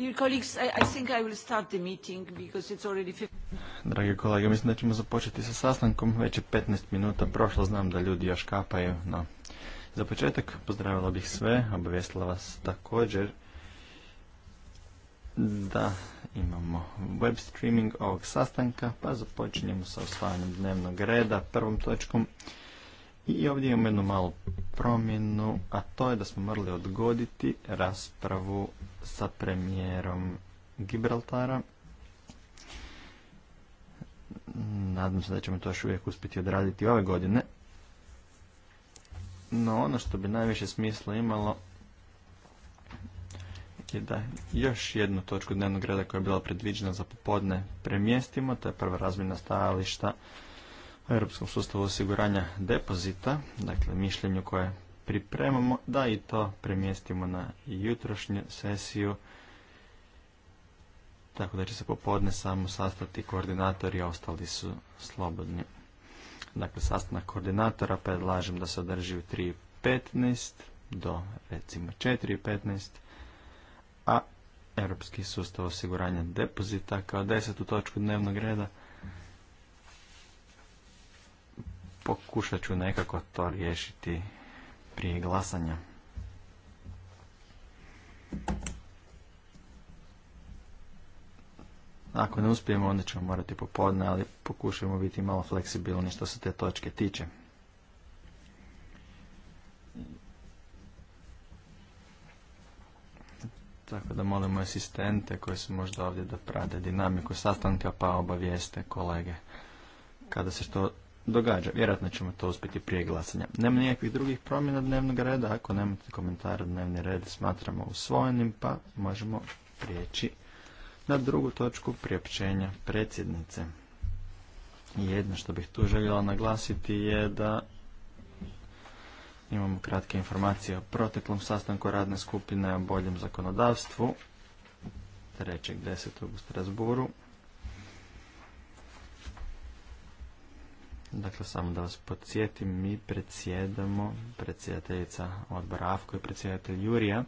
Dragi kolege, mislim da ćemo započeti sa sastankom. Već je 15 minuta prošlo, znam da ljudi još kapaju, no... Za početak pozdravila bih sve, obavijestila vas također da imamo web streaming ovog sastanka, pa započinjemo sa osvajanjem dnevnog reda, prvom točkom. I ovdje imamo jednu malu promjenu, a to je da smo morali odgoditi raspravu sa premijerom Gibraltara. Nadam se da ćemo to još uvijek uspjeti odraditi ove godine. No ono što bi najviše smisla imalo je da još jednu točku dnevnog reda koja je bila predviđena za popodne premjestimo. To je prva razmjena stajališta Europskom sustavu osiguranja depozita, dakle mišljenju koje pripremamo da i to premjestimo na jutrošnju sesiju. Tako da će se popodne samo sastati koordinatori, a ostali su slobodni. Dakle, sastanak koordinatora predlažem da se održi u 3.15 do recimo 4.15, a Europski sustav osiguranja depozita kao desetu točku dnevnog reda pokušat ću nekako to riješiti prije glasanja. Ako ne uspijemo, onda ćemo morati popodne, ali pokušajmo biti malo fleksibilni što se te točke tiče. Tako da molimo asistente koji su možda ovdje da prate dinamiku sastanka pa obavijeste kolege kada se što događa. Vjerojatno ćemo to uspjeti prije glasanja. Nema nikakvih drugih promjena dnevnog reda. Ako nemate komentara dnevni red smatramo usvojenim pa možemo prijeći na drugu točku priopćenja predsjednice. Jedno što bih tu željela naglasiti je da imamo kratke informacije o proteklom sastanku radne skupine o boljem zakonodavstvu 3.10. u Strasburu. Dakle, samo da vas podsjetim, mi predsjedamo predsjedateljica odbora AFKO i predsjedatelj Jurija.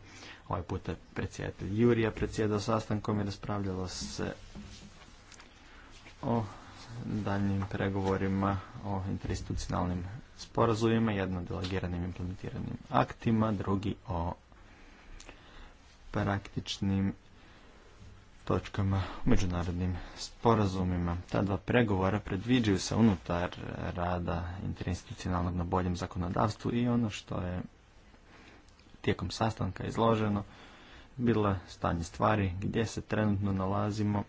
Ovaj je predsjedatelj Jurija predsjedao sastankom i raspravljalo se o daljnjim pregovorima o interinstitucionalnim sporazumima, jedno delegiranim implementiranim aktima, drugi o praktičnim točkama u međunarodnim sporazumima. Ta dva pregovora predviđaju se unutar rada interinstitucionalnog na boljem zakonodavstvu i ono što je tijekom sastanka izloženo bilo stanje stvari gdje se trenutno nalazimo.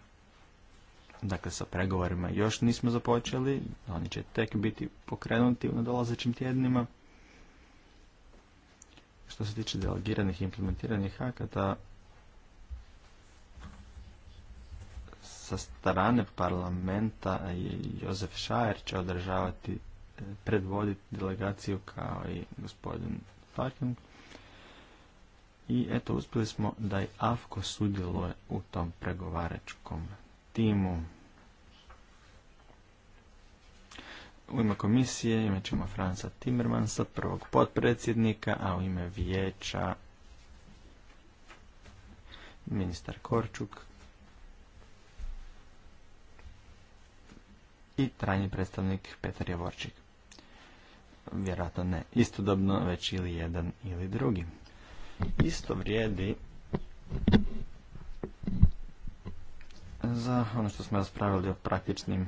Dakle, sa pregovorima još nismo započeli, oni će tek biti pokrenuti u nadolazećim tjednima. Što se tiče delegiranih i implementiranih akata, sa strane parlamenta Jozef Šajer će održavati, e, predvoditi delegaciju kao i gospodin Farkin. I eto, uspjeli smo da i AFKO sudjeluje u tom pregovaračkom timu. U ime komisije imat ćemo Franca Timmermansa, prvog potpredsjednika, a u ime vijeća ministar Korčuk. i trajni predstavnik Petar Javorčik. Vjerojatno ne istodobno, već ili jedan ili drugi. Isto vrijedi za ono što smo raspravili o praktičnim e,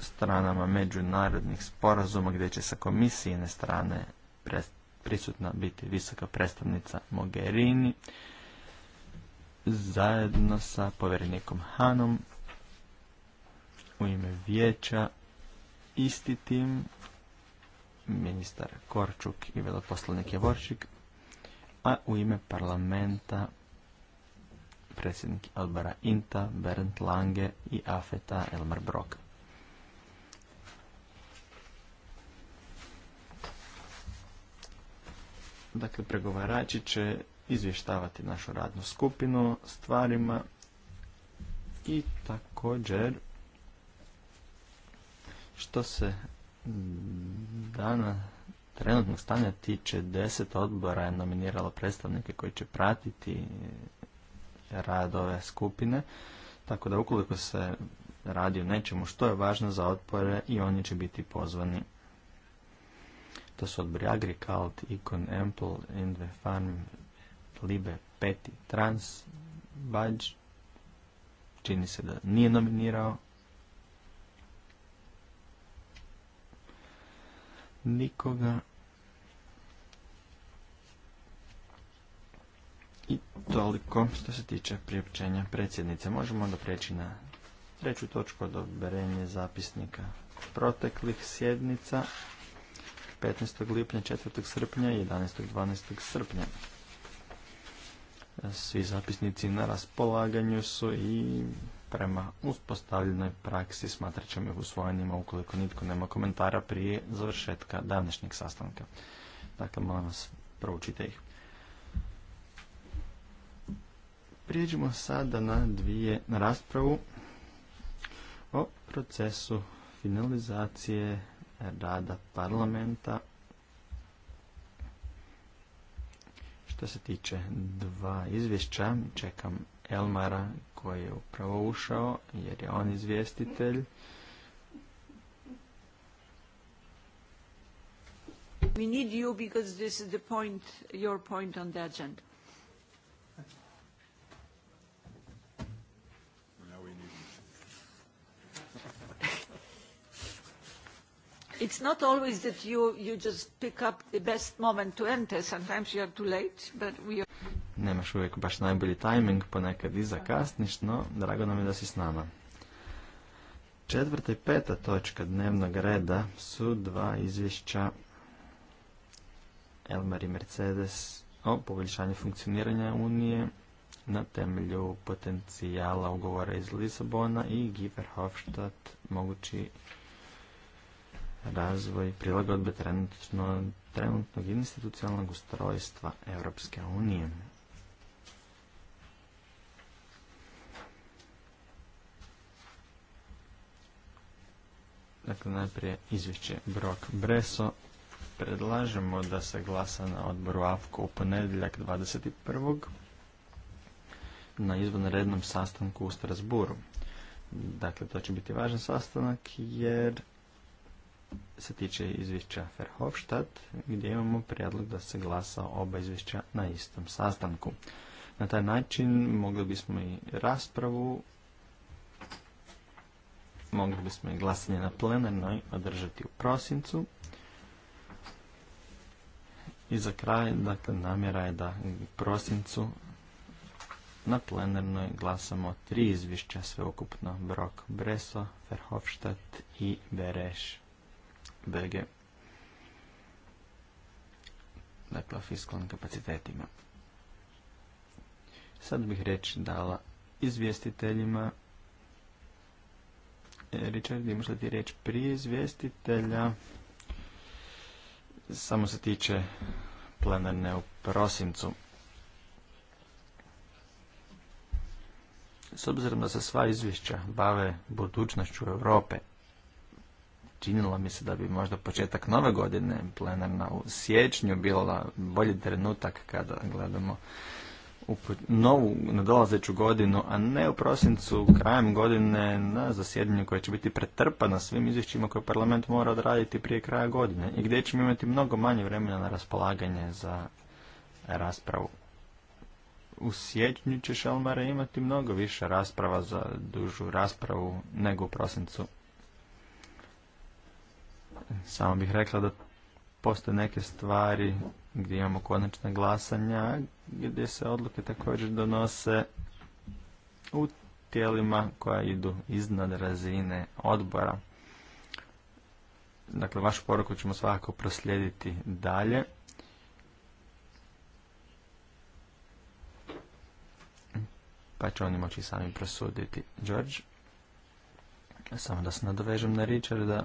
stranama međunarodnih sporazuma gdje će sa komisijine strane prisutna biti visoka predstavnica Mogherini zajedno sa povjerenikom Hanom u ime vijeća isti tim ministar Korčuk i veloposlanik Jevorčik, a u ime parlamenta predsjednik Albara Inta, Bernd Lange i Afeta Elmar Brok. Dakle, pregovarači će izvještavati našu radnu skupinu stvarima i također što se dana trenutnog stanja tiče, deset odbora je nominiralo predstavnike koji će pratiti rad ove skupine, tako da ukoliko se radi o nečemu što je važno za odpore i oni će biti pozvani. To su odbori Agricult, Icon, Ample, Indve, Farm, Libe, Peti, Trans, Čini se da nije nominirao nikoga. I toliko što se tiče priopćenja predsjednice. Možemo onda prijeći na treću točku odobrenje zapisnika proteklih sjednica 15. lipnja, 4. srpnja i 11. 12. srpnja. Svi zapisnici na raspolaganju su i prema uspostavljenoj praksi smatrat ćemo ih usvojenima ukoliko nitko nema komentara prije završetka današnjeg sastanka. Dakle, molim vas, proučite ih. Prijeđimo sada na dvije na raspravu o procesu finalizacije rada parlamenta što se tiče dva izvješća, čekam Elmara koji je upravo ušao jer je on izvjestitelj. We need you because this is the point, your point on the agenda. not always that you, just pick up the best moment to enter. Sometimes you are too late, but we Nemaš uvijek baš najbolji tajming, ponekad i zakasniš, no drago nam je da si s nama. Četvrta i peta točka dnevnog reda su dva izvješća Elmar i Mercedes o poboljšanju funkcioniranja Unije na temelju potencijala ugovora iz Lisabona i Giverhofstadt mogući razvoj prilagodbe trenutno, trenutnog institucionalnog ustrojstva Europske unije. Dakle, najprije izvješće Brok Breso. Predlažemo da se glasa na odboru AFKO u ponedjeljak 21. na izvanrednom sastanku u Strasburu. Dakle, to će biti važan sastanak jer se tiče izvješća Verhofstadt, gdje imamo prijedlog da se glasa oba izvješća na istom sastanku. Na taj način mogli bismo i raspravu, mogli bismo i glasanje na plenarnoj održati u prosincu. I za kraj, dakle, namjera je da u prosincu na plenarnoj glasamo tri izvješća sveukupno Brok Breso, Verhofstadt i Bereš. BG. Dakle, o fiskalnim kapacitetima. Sad bih reći dala izvjestiteljima. E, Richard, imaš li ti reći prije izvjestitelja? Samo se tiče plenarne u prosincu. S obzirom da se sva izvješća bave budućnošću Europe, činilo mi se da bi možda početak nove godine plenarna u siječnju bila bolji trenutak kada gledamo u novu nadolazeću godinu, a ne u prosincu krajem godine na zasjedanju koje će biti pretrpana svim izvješćima koje parlament mora odraditi prije kraja godine i gdje ćemo imati mnogo manje vremena na raspolaganje za raspravu. U sjećnju će Šelmare imati mnogo više rasprava za dužu raspravu nego u prosincu. Samo bih rekla da postoje neke stvari gdje imamo konačna glasanja, gdje se odluke također donose u tijelima koja idu iznad razine odbora. Dakle, vašu poruku ćemo svakako proslijediti dalje. Pa će oni moći sami prosuditi. George, samo da se nadovežem na Richarda.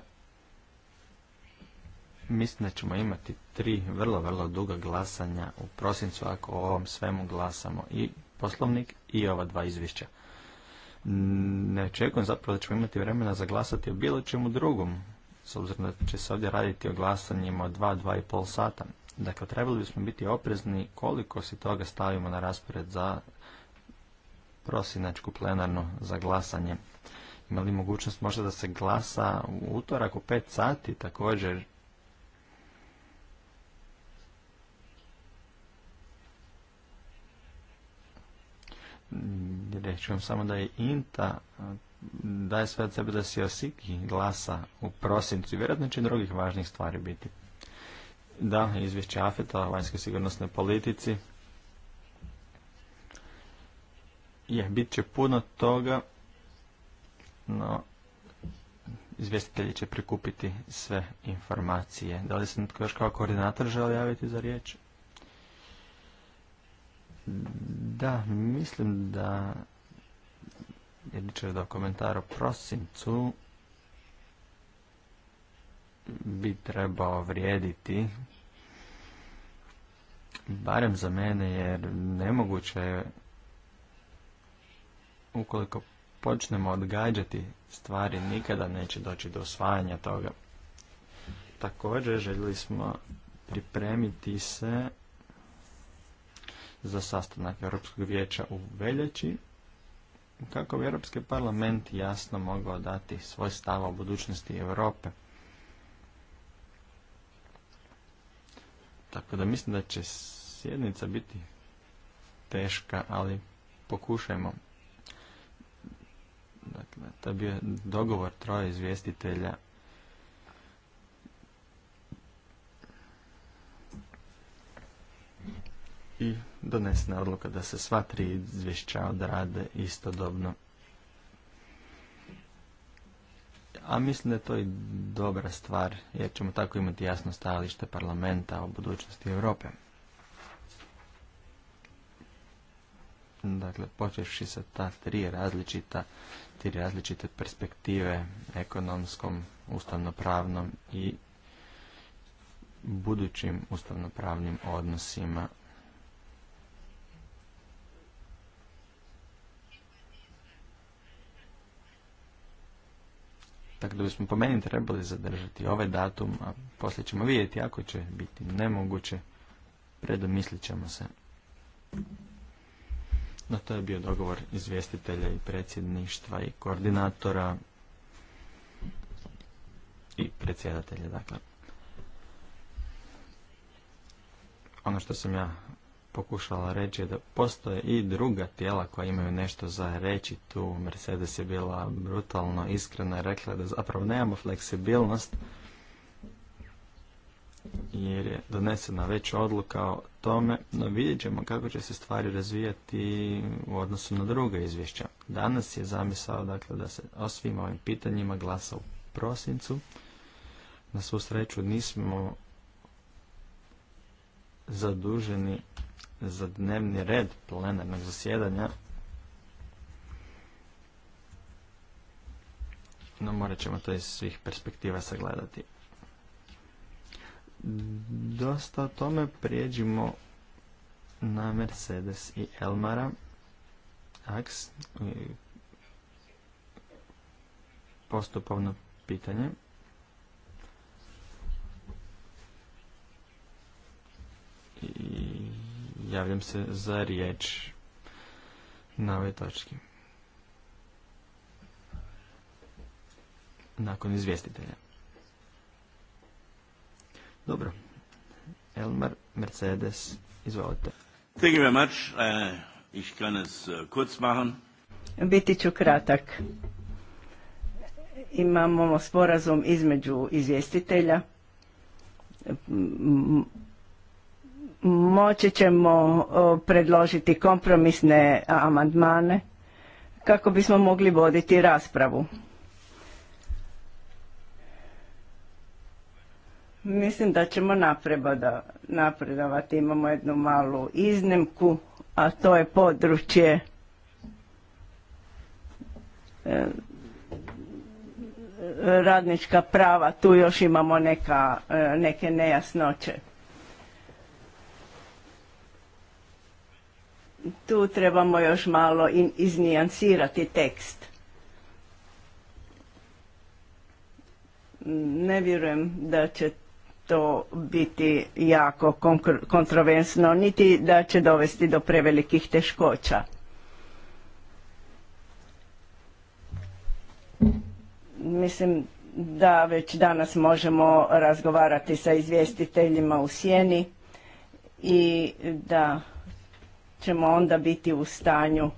Mislim da ćemo imati tri vrlo, vrlo duga glasanja u prosincu ako o ovom svemu glasamo i poslovnik i ova dva izvješća. Ne očekujem zapravo da ćemo imati vremena za glasati o bilo čemu drugom, s obzirom da će se ovdje raditi o glasanjima od i pol sata. Dakle, trebali bismo biti oprezni koliko si toga stavimo na raspored za prosinačku plenarnu za glasanje. Imali mogućnost možda da se glasa u utorak u pet sati također Mm, reći vam samo da je INTA daje sve od sebe da se osiki glasa u prosincu i vjerojatno će drugih važnih stvari biti. Da, izvješće AFETA o vanjskoj sigurnosnoj politici. Je, bit će puno toga, no izvjestitelji će prikupiti sve informacije. Da li se netko još kao koordinator želi javiti za riječ? Da, mislim da je ličer do komentara prosincu bi trebao vrijediti barem za mene jer nemoguće je ukoliko počnemo odgađati stvari nikada neće doći do osvajanja toga. Također željeli smo pripremiti se za sastanak Europskog vijeća u veljači kako bi Europski parlament jasno mogao dati svoj stav o budućnosti Europe. Tako da mislim da će sjednica biti teška, ali pokušajmo. Dakle, to bio dogovor troje izvjestitelja i donesena odluka da se sva tri izvješća odrade istodobno. A mislim da je to i dobra stvar, jer ćemo tako imati jasno stajalište parlamenta o budućnosti Europe. Dakle, počevši sa ta tri različita, tri različite perspektive ekonomskom, ustavnopravnom i budućim ustavnopravnim odnosima Tako da bismo po meni trebali zadržati ovaj datum, a poslije ćemo vidjeti ako će biti nemoguće, predomislit ćemo se. No to je bio dogovor izvjestitelja i predsjedništva i koordinatora i predsjedatelja, dakle. Ono što sam ja pokušala reći da postoje i druga tijela koja imaju nešto za reći tu. Mercedes je bila brutalno iskrena i rekla da zapravo nemamo fleksibilnost jer je donesena već odluka o tome, no vidjet ćemo kako će se stvari razvijati u odnosu na druga izvješća. Danas je zamisao dakle, da se o svim ovim pitanjima glasa u prosincu. Na svu sreću nismo zaduženi za dnevni red plenarnog zasjedanja. No morat ćemo to iz svih perspektiva sagledati. Dosta o tome prijeđimo na Mercedes i Elmara. postupovno pitanje. i javljam se za riječ na ovoj točki. Nakon izvjestitelja. Dobro. Elmar Mercedes, izvolite. Thank you very much. Uh, ich es uh, kurz machen. Biti ću kratak. Imamo sporazum između izvjestitelja moći ćemo predložiti kompromisne amandmane kako bismo mogli voditi raspravu. Mislim da ćemo napredovati. Imamo jednu malu iznemku, a to je područje e, radnička prava. Tu još imamo e, neke nejasnoće. tu trebamo još malo iznijansirati tekst. Ne vjerujem da će to biti jako kontrovensno niti da će dovesti do prevelikih teškoća. Mislim da već danas možemo razgovarati sa izvjestiteljima u sjeni i da ćemo onda biti u stanju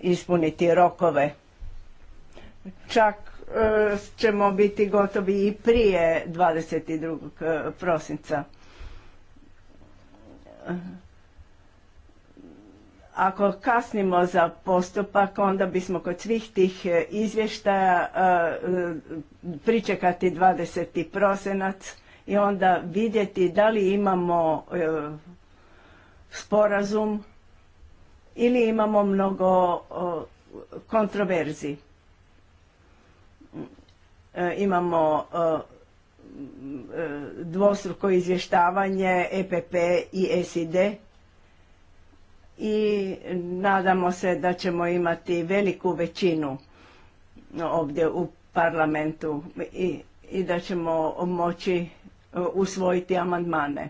ispuniti rokove. Čak e, ćemo biti gotovi i prije 22. E, prosinca. Ako kasnimo za postupak, onda bismo kod svih tih e, izvještaja pričekati 20. prosinac i onda vidjeti da li imamo sporazum ili imamo mnogo kontroverzi. E, imamo e, dvostruko izvještavanje EPP i e SID i nadamo se da ćemo imati veliku većinu ovdje u parlamentu i, i da ćemo moći usvojiti amandmane.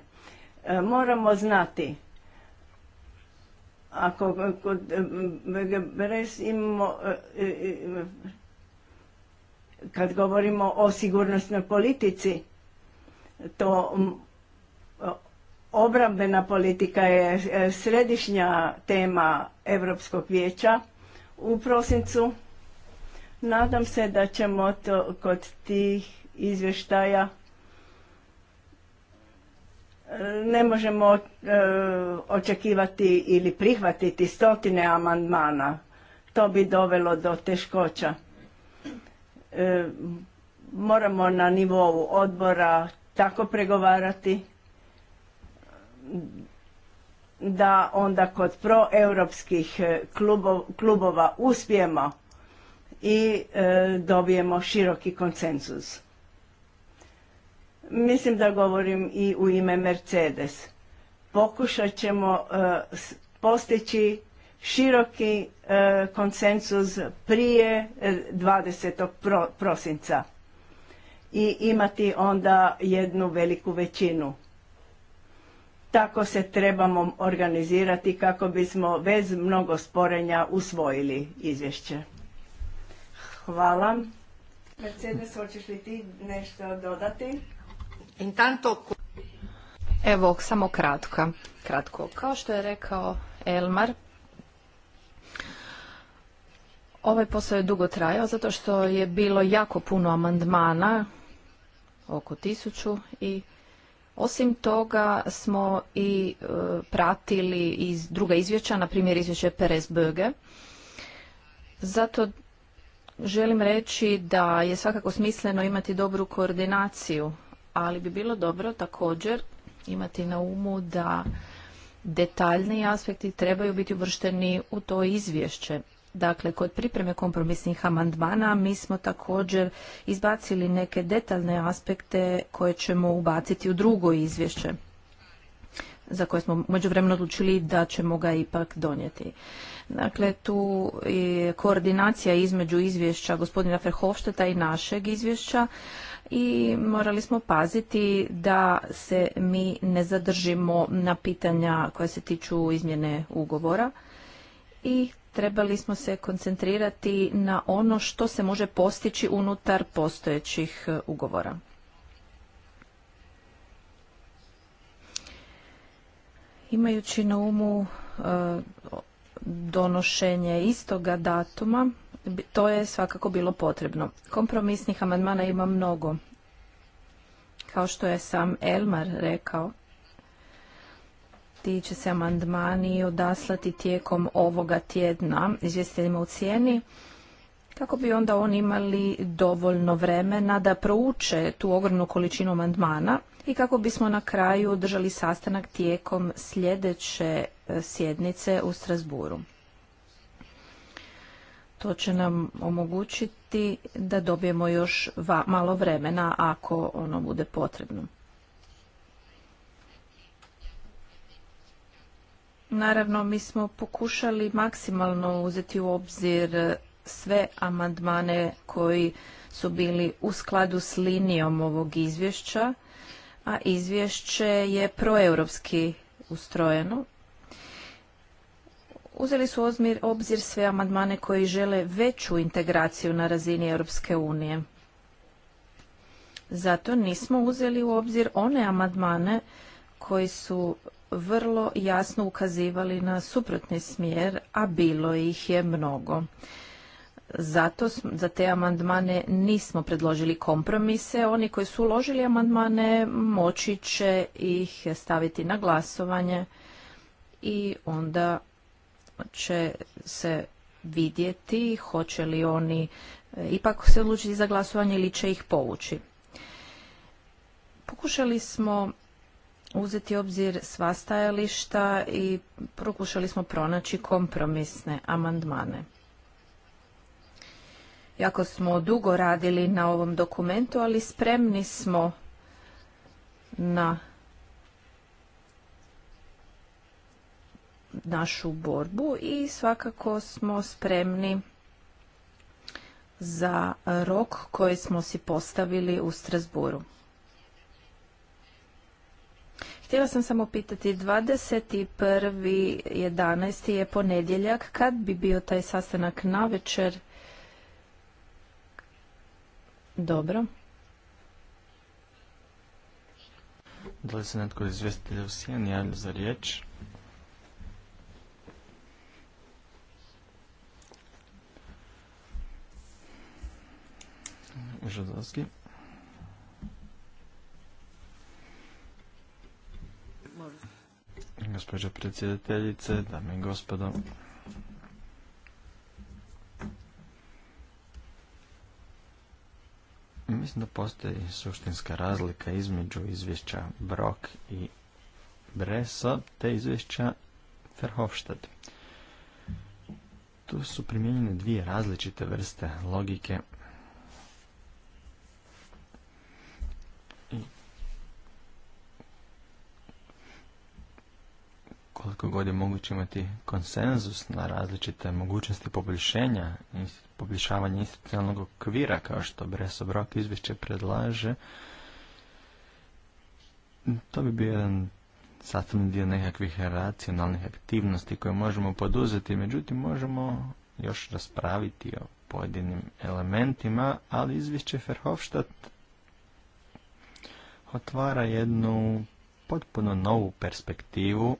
Moramo znati ako kod eh, imamo, eh, eh, kad govorimo o sigurnosnoj politici, to mm, obrambena politika je središnja tema Europskog vijeća u prosincu. Nadam se da ćemo kod tih izvještaja ne možemo e, očekivati ili prihvatiti stotine amandmana. To bi dovelo do teškoća. E, moramo na nivou odbora tako pregovarati da onda kod proeuropskih e, klubova uspijemo i dobijemo široki konsenzus. Mislim da govorim i u ime Mercedes. Pokušat ćemo e, postići široki e, konsensus prije 20. E, prosinca i imati onda jednu veliku većinu. Tako se trebamo organizirati kako bismo bez mnogo sporenja usvojili izvješće. Hvala. Mercedes, hoćeš li ti nešto dodati? Intanto... Evo, samo kratko. kratko. Kao što je rekao Elmar, ovaj posao je dugo trajao zato što je bilo jako puno amandmana, oko tisuću i osim toga smo i e, pratili iz druga izvješća, na primjer izvješće Perez Böge. Zato želim reći da je svakako smisleno imati dobru koordinaciju ali bi bilo dobro također imati na umu da detaljni aspekti trebaju biti uvršteni u to izvješće. Dakle, kod pripreme kompromisnih amandmana mi smo također izbacili neke detaljne aspekte koje ćemo ubaciti u drugo izvješće za koje smo međuvremeno odlučili da ćemo ga ipak donijeti. Dakle, tu je koordinacija između izvješća gospodina Ferhofšteta i našeg izvješća, i morali smo paziti da se mi ne zadržimo na pitanja koja se tiču izmjene ugovora i trebali smo se koncentrirati na ono što se može postići unutar postojećih e, ugovora. Imajući na umu e, donošenje istoga datuma, to je svakako bilo potrebno. Kompromisnih amandmana ima mnogo. Kao što je sam Elmar rekao, ti će se amandmani odaslati tijekom ovoga tjedna izvjestiteljima u cijeni kako bi onda oni imali dovoljno vremena da prouče tu ogromnu količinu amandmana i kako bismo na kraju održali sastanak tijekom sljedeće e, sjednice u Strasburu. To će nam omogućiti da dobijemo još malo vremena ako ono bude potrebno. Naravno, mi smo pokušali maksimalno uzeti u obzir sve amandmane koji su bili u skladu s linijom ovog izvješća, a izvješće je proeuropski ustrojeno uzeli su obzir sve amandmane koji žele veću integraciju na razini Europske unije. Zato nismo uzeli u obzir one amandmane koji su vrlo jasno ukazivali na suprotni smjer, a bilo ih je mnogo. Zato za te amandmane nismo predložili kompromise. Oni koji su uložili amandmane moći će ih staviti na glasovanje i onda će se vidjeti hoće li oni e, ipak se odlučiti za glasovanje ili će ih povući. Pokušali smo uzeti obzir sva stajališta i pokušali smo pronaći kompromisne amandmane. Jako smo dugo radili na ovom dokumentu, ali spremni smo na našu borbu i svakako smo spremni za rok koji smo si postavili u Strasburu. Htjela sam samo pitati, 21.11. je ponedjeljak, kad bi bio taj sastanak na večer? Dobro. Da li se netko u javlja za riječ? Žazovski. Gospođo predsjedateljice, dame i gospodo. Mislim da postoji suštinska razlika između izvješća Brok i Bresa te izvješća Verhofstadt. Tu su primijenjene dvije različite vrste logike koliko god je moguće imati konsenzus na različite mogućnosti poboljšenja, poboljšavanja institucionalnog okvira, kao što Breso Brok izvješće predlaže, to bi bio jedan sastavni dio nekakvih racionalnih aktivnosti koje možemo poduzeti, međutim možemo još raspraviti o pojedinim elementima, ali izvješće Verhofstadt otvara jednu potpuno novu perspektivu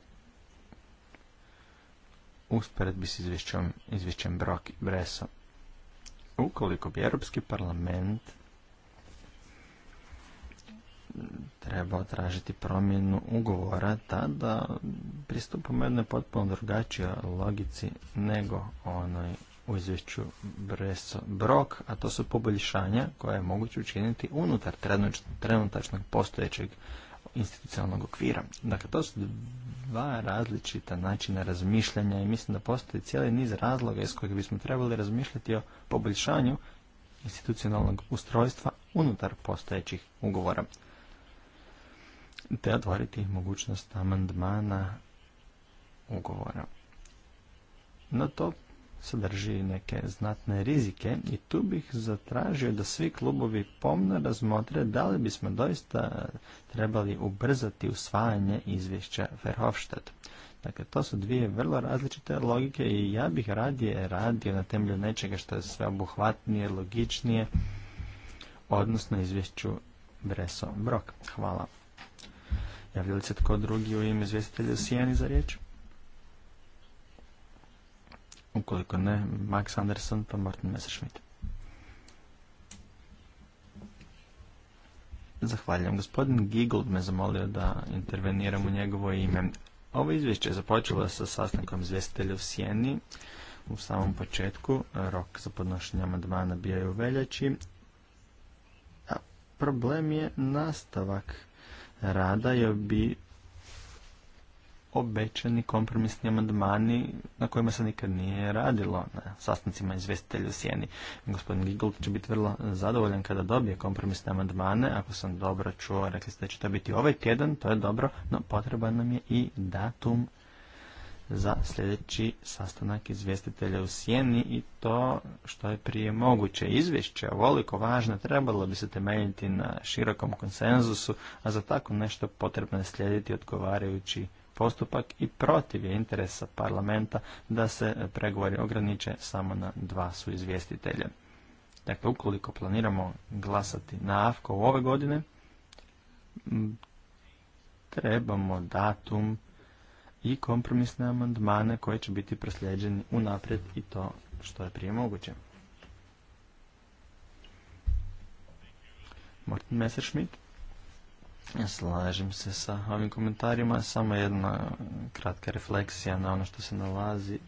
usporedbi s izvješćem Brok i Breso. Ukoliko bi Europski parlament trebao tražiti promjenu ugovora, tada pristupamo jednoj potpuno drugačijoj logici nego onoj u izvješću Breso Brok, a to su poboljšanja koje je moguće učiniti unutar trenutačnog postojećeg institucionalnog okvira. Dakle, to su dva različita načina razmišljanja i mislim da postoji cijeli niz razloga iz kojeg bismo trebali razmišljati o poboljšanju institucionalnog ustrojstva unutar postojećih ugovora. Te otvoriti mogućnost amandmana ugovora. No to sadrži neke znatne rizike i tu bih zatražio da svi klubovi pomno razmotre da li bismo doista trebali ubrzati usvajanje izvješća Verhofstadt. Dakle, to su dvije vrlo različite logike i ja bih radije radio na temelju nečega što je sve obuhvatnije, logičnije, odnosno izvješću Breso Brok. Hvala. Javljali se tko drugi u ime izvjestitelja Sijani za riječ? Ukoliko ne, Max Anderson pa Martin Messerschmidt. Zahvaljujem. Gospodin Gigold me zamolio da interveniram u njegovo ime. Ovo izvješće je započelo sa sastankom izvjestitelja u Sjeni. U samom početku rok za podnošenje amandmana bio je u veljači. A problem je nastavak rada je bi obećani kompromisni amandmani na kojima se nikad nije radilo na sastancima izvjestitelja u sjeni. Gospodin Gigl će biti vrlo zadovoljan kada dobije kompromisne amandmane. Ako sam dobro čuo, rekli ste da će to biti ovaj tjedan, to je dobro, no potreban nam je i datum za sljedeći sastanak izvjestitelja u sjeni i to što je prije moguće. Izvješće ovoliko važno trebalo bi se temeljiti na širokom konsenzusu, a za tako nešto potrebno je slijediti odgovarajući postupak i protiv je interesa parlamenta da se pregovori ograniče samo na dva su izvjestitelja. Dakle, ukoliko planiramo glasati na AFKO ove godine, trebamo datum i kompromisne amandmane koji će biti prosljeđeni unaprijed i to što je prije moguće. Morten Messerschmidt. Slažem se sa ovim komentarima, samo jedna kratka refleksija na ono što se nalazi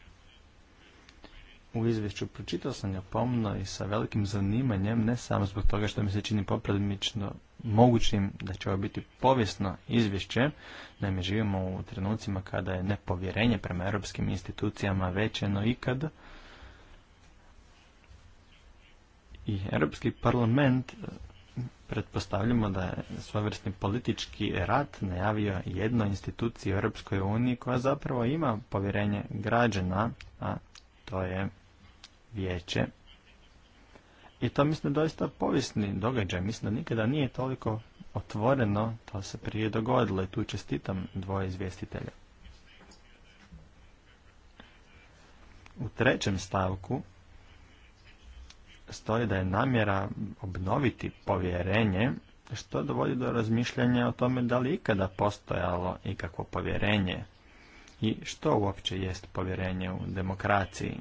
u izvješću. Pročitao sam ga pomno i sa velikim zanimanjem, ne samo zbog toga što mi se čini poprilično mogućim da će ovo biti povijesno izvješće, da mi živimo u trenucima kada je nepovjerenje prema europskim institucijama veće ikad. I Europski parlament pretpostavljamo da je svojevrsni politički rat najavio jedno instituciji u Europskoj uniji koja zapravo ima povjerenje građana, a to je vijeće. I to mislim doista povijesni događaj. Mislim da nikada nije toliko otvoreno, to se prije dogodilo i tu čestitam dvoje izvjestitelja. U trećem stavku stoji da je namjera obnoviti povjerenje, što dovodi do razmišljanja o tome da li ikada postojalo ikakvo povjerenje i što uopće jest povjerenje u demokraciji.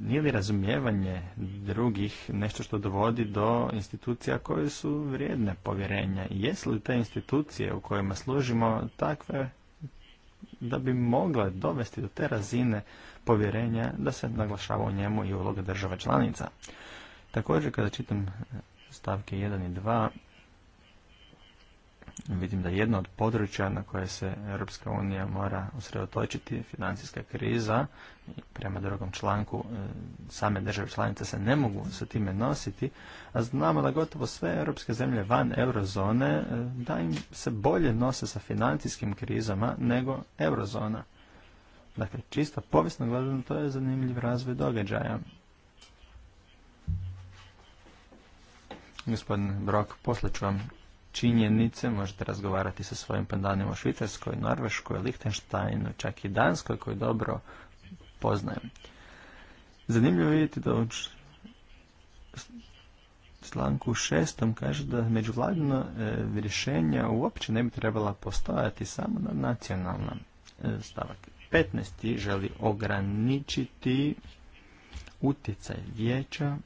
Nije li razumijevanje drugih nešto što dovodi do institucija koje su vrijedne povjerenja? Jesu li te institucije u kojima služimo takve da bi mogle dovesti do te razine povjerenja da se naglašava u njemu i uloga država članica. Također kada čitam stavke 1 i 2 vidim da jedno od područja na koje se Europska unija mora usredotočiti, financijska kriza, prema drugom članku e, same države članice se ne mogu sa time nositi, a znamo da gotovo sve europske zemlje van eurozone e, da im se bolje nose sa financijskim krizama nego eurozona. Dakle, čisto povijesno gledano to je zanimljiv razvoj događaja. Gospodin Brok, posle ću vam činjenice, možete razgovarati sa svojim pandanima u Švicarskoj, Norveškoj, Lichtensteinu, čak i Danskoj koju dobro poznajem. Zanimljivo vidjeti da u slanku šestom kaže da međuvladina e, rješenja uopće ne bi trebala postojati samo na nacionalnom e, stavak 15. želi ograničiti utjecaj vijeća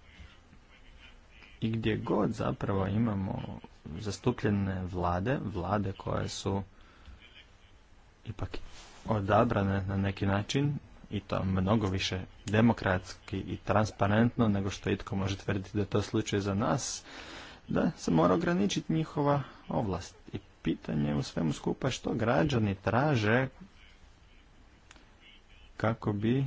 i gdje god zapravo imamo zastupljene vlade, vlade koje su ipak odabrane na neki način i to mnogo više demokratski i transparentno nego što itko može tvrditi da to slučaj za nas, da se mora ograničiti njihova ovlast. I pitanje u svemu skupa što građani traže kako bi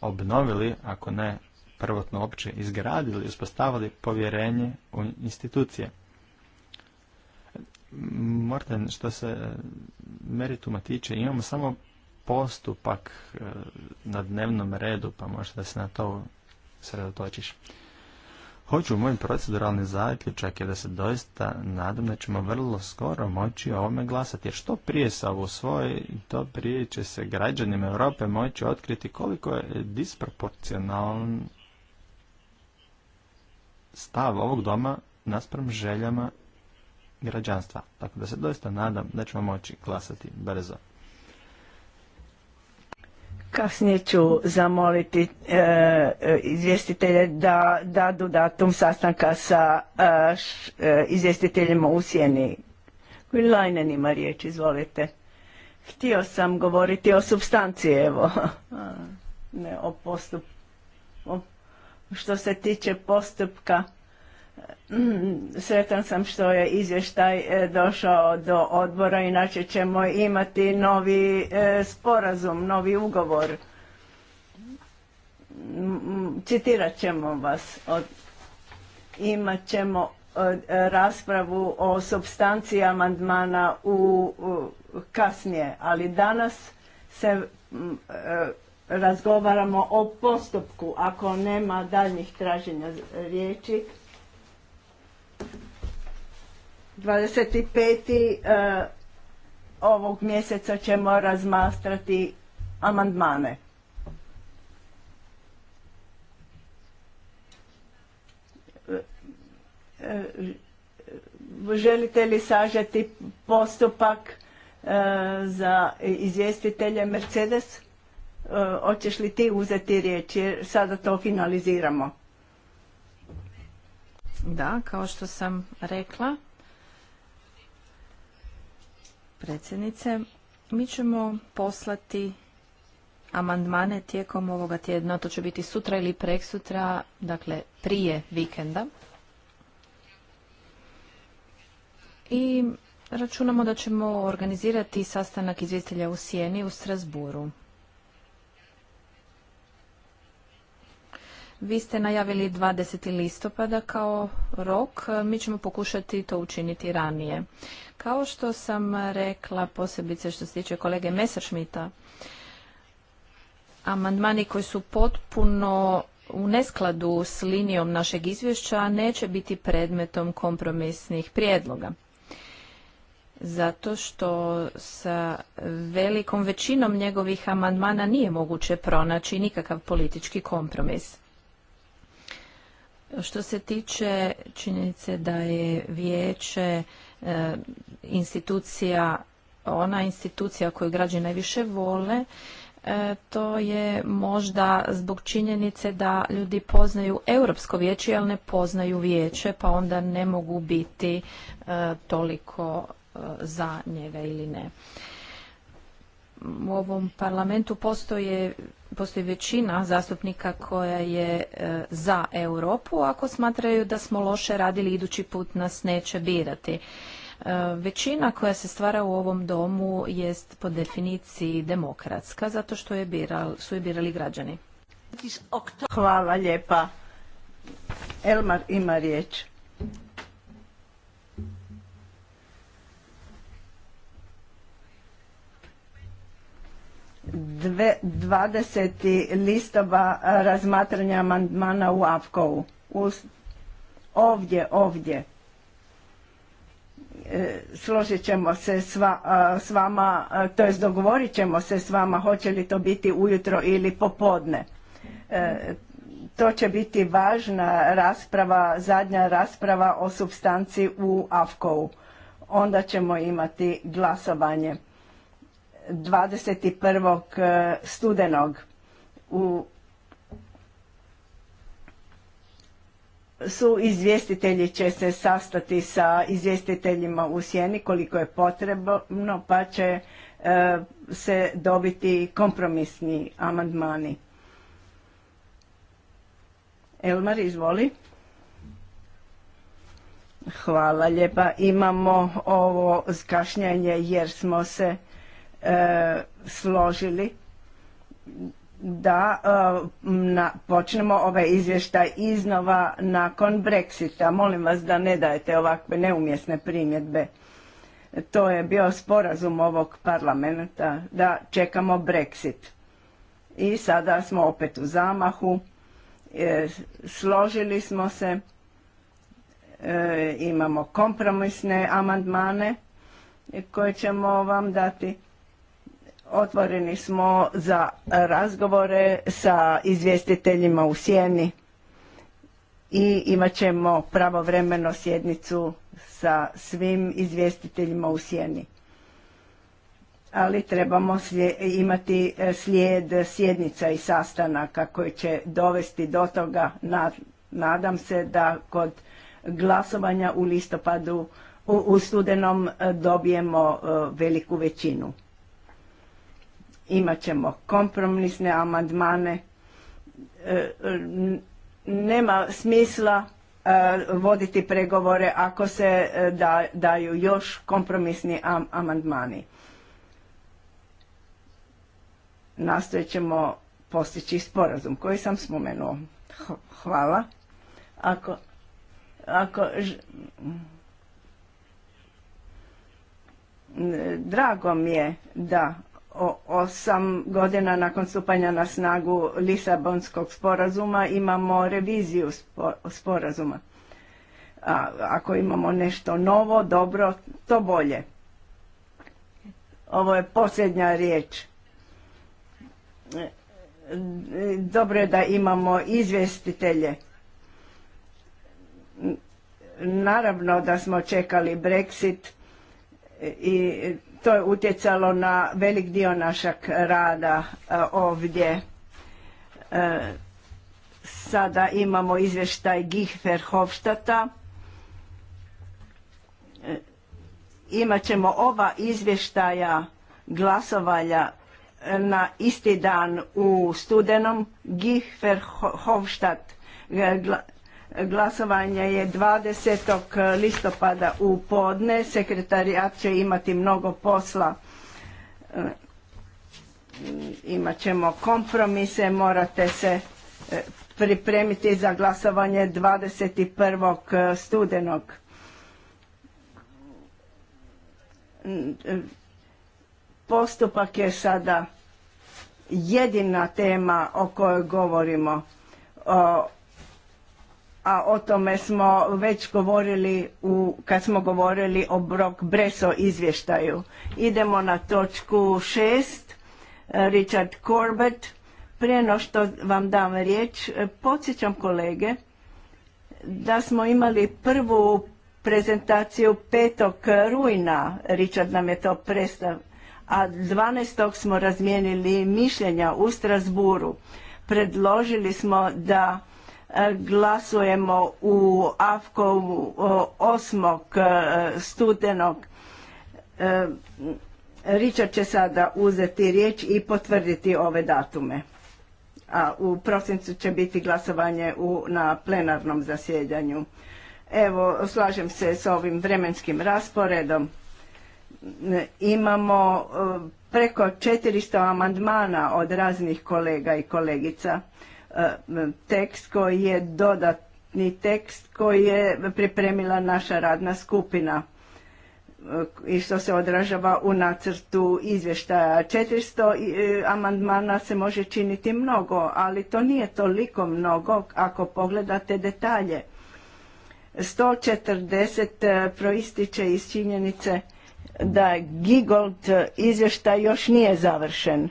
obnovili, ako ne prvotno opće izgradili, uspostavili povjerenje u institucije. Morten, što se e, merituma tiče, imamo samo postupak e, na dnevnom redu, pa možda se na to sredotočiš hoću moj proceduralni zaključak je da se doista nadam da ćemo vrlo skoro moći o ovome glasati. Jer što prije se ovo svoje, to prije će se građanima Europe moći otkriti koliko je disproporcionalan stav ovog doma naspram željama građanstva. Tako da se doista nadam da ćemo moći glasati brzo. Kasnije ću zamoliti e, e, izvjestitelje da dadu datum sastanka sa e, izvjestiteljima u Sjeni. Lajnen ima riječ, izvolite. Htio sam govoriti o substanci, evo, ne o postupku. Što se tiče postupka, Mm, sretan sam što je izvještaj e, došao do odbora, inače ćemo imati novi e, sporazum, novi ugovor. Mm, mm, citirat ćemo vas. Imat ćemo e, raspravu o substanciji amandmana u, kasnije, ali danas se razgovaramo o postupku. Ako nema daljnjih traženja riječi, 25. E, ovog mjeseca ćemo razmastrati amandmane. E, e, želite li sažeti postupak za izvjestitelje Mercedes? Hoćeš li ti uzeti riječ jer sada to finaliziramo? Da, kao što sam rekla, predsjednice. Mi ćemo poslati amandmane tijekom ovoga tjedna, to će biti sutra ili preksutra, dakle prije vikenda. I računamo da ćemo organizirati sastanak izvjestelja u Sijeni u Strasburu. Vi ste najavili 20. listopada kao rok, mi ćemo pokušati to učiniti ranije. Kao što sam rekla, posebice što se tiče kolege Messerschmitta, amandmani koji su potpuno u neskladu s linijom našeg izvješća neće biti predmetom kompromisnih prijedloga zato što sa velikom većinom njegovih amandmana nije moguće pronaći nikakav politički kompromis. Što se tiče činjenice da je vijeće e, institucija, ona institucija koju građani najviše vole, e, to je možda zbog činjenice da ljudi poznaju Europsko vijeće, ali ne poznaju vijeće, pa onda ne mogu biti e, toliko za njega ili ne. U ovom parlamentu postoje postoji većina zastupnika koja je e, za Europu, ako smatraju da smo loše radili idući put nas neće birati. E, većina koja se stvara u ovom domu jest po definiciji demokratska, zato što je su je birali građani. Hvala lijepa. Elmar ima riječ. Dvadeset 20. listova razmatranja amandmana u Avkovu. Ovdje, ovdje. E, složit ćemo se s vama, to jest dogovorit ćemo se s vama hoće li to biti ujutro ili popodne. E, to će biti važna rasprava, zadnja rasprava o substanci u Avkovu. Onda ćemo imati glasovanje 21. E, studenog u su izvjestitelji će se sastati sa izvjestiteljima u sjeni koliko je potrebno pa će e, se dobiti kompromisni amandmani. Elmar, izvoli. Hvala lijepa. Imamo ovo zkašnjanje jer smo se E, složili da e, na, počnemo ovaj izvještaj iznova nakon Brexita. Molim vas da ne dajete ovakve neumjesne primjedbe. To je bio sporazum ovog parlamenta da čekamo Brexit. I sada smo opet u zamahu. E, složili smo se. imamo kompromisne amandmane koje ćemo vam dati Otvoreni smo za razgovore sa izvjestiteljima u sjeni i imat ćemo pravovremeno sjednicu sa svim izvjestiteljima u sjeni. Ali trebamo imati e, slijed sjednica i sastanaka koji će dovesti do toga. Nadam se da kod glasovanja u listopadu u, u studenom e, dobijemo e, veliku većinu. Imat ćemo kompromisne amandmane. E, nema smisla e, voditi pregovore ako se e, daju još kompromisni amandmani. Nastojit ćemo postići sporazum koji sam spomenuo. Hvala. Ako, ako Drago mi je da osam godina nakon stupanja na snagu Lisabonskog sporazuma imamo reviziju sporazuma. A, ako imamo nešto novo, dobro, to bolje. Ovo je posljednja riječ. Dobro je da imamo izvjestitelje. Naravno da smo čekali Brexit i to je utjecalo na velik dio našeg rada e, ovdje. E, sada imamo izvještaj Gihfer Hofštata. E, Imaćemo ova izvještaja glasovanja na isti dan u studenom Gihfer Glasovanje je 20. listopada u podne. Sekretarijat će imati mnogo posla. E, imat ćemo kompromise, morate se e, pripremiti za glasovanje 21. E, studenog. Postupak je sada jedina tema o kojoj govorimo a o tome smo već govorili u, kad smo govorili o Brock Breso izvještaju. Idemo na točku šest, Richard Corbett. Prije no što vam dam riječ, podsjećam kolege da smo imali prvu prezentaciju petog rujna, Richard nam je to predstav, a 12. smo razmijenili mišljenja u Strasburu. Predložili smo da Glasujemo u AFKOM-u 8. E, studenog. E, Richard će sada uzeti riječ i potvrditi ove datume. A u prosincu će biti glasovanje u, na plenarnom zasjedanju. Evo, slažem se s ovim vremenskim rasporedom. Imamo e, preko 400 amandmana od raznih kolega i kolegica tekst koji je dodatni tekst koji je pripremila naša radna skupina i što se odražava u nacrtu izvještaja. 400 e, amandmana se može činiti mnogo, ali to nije toliko mnogo ako pogledate detalje. 140 e, proističe iz činjenice da Gigold izvještaj još nije završen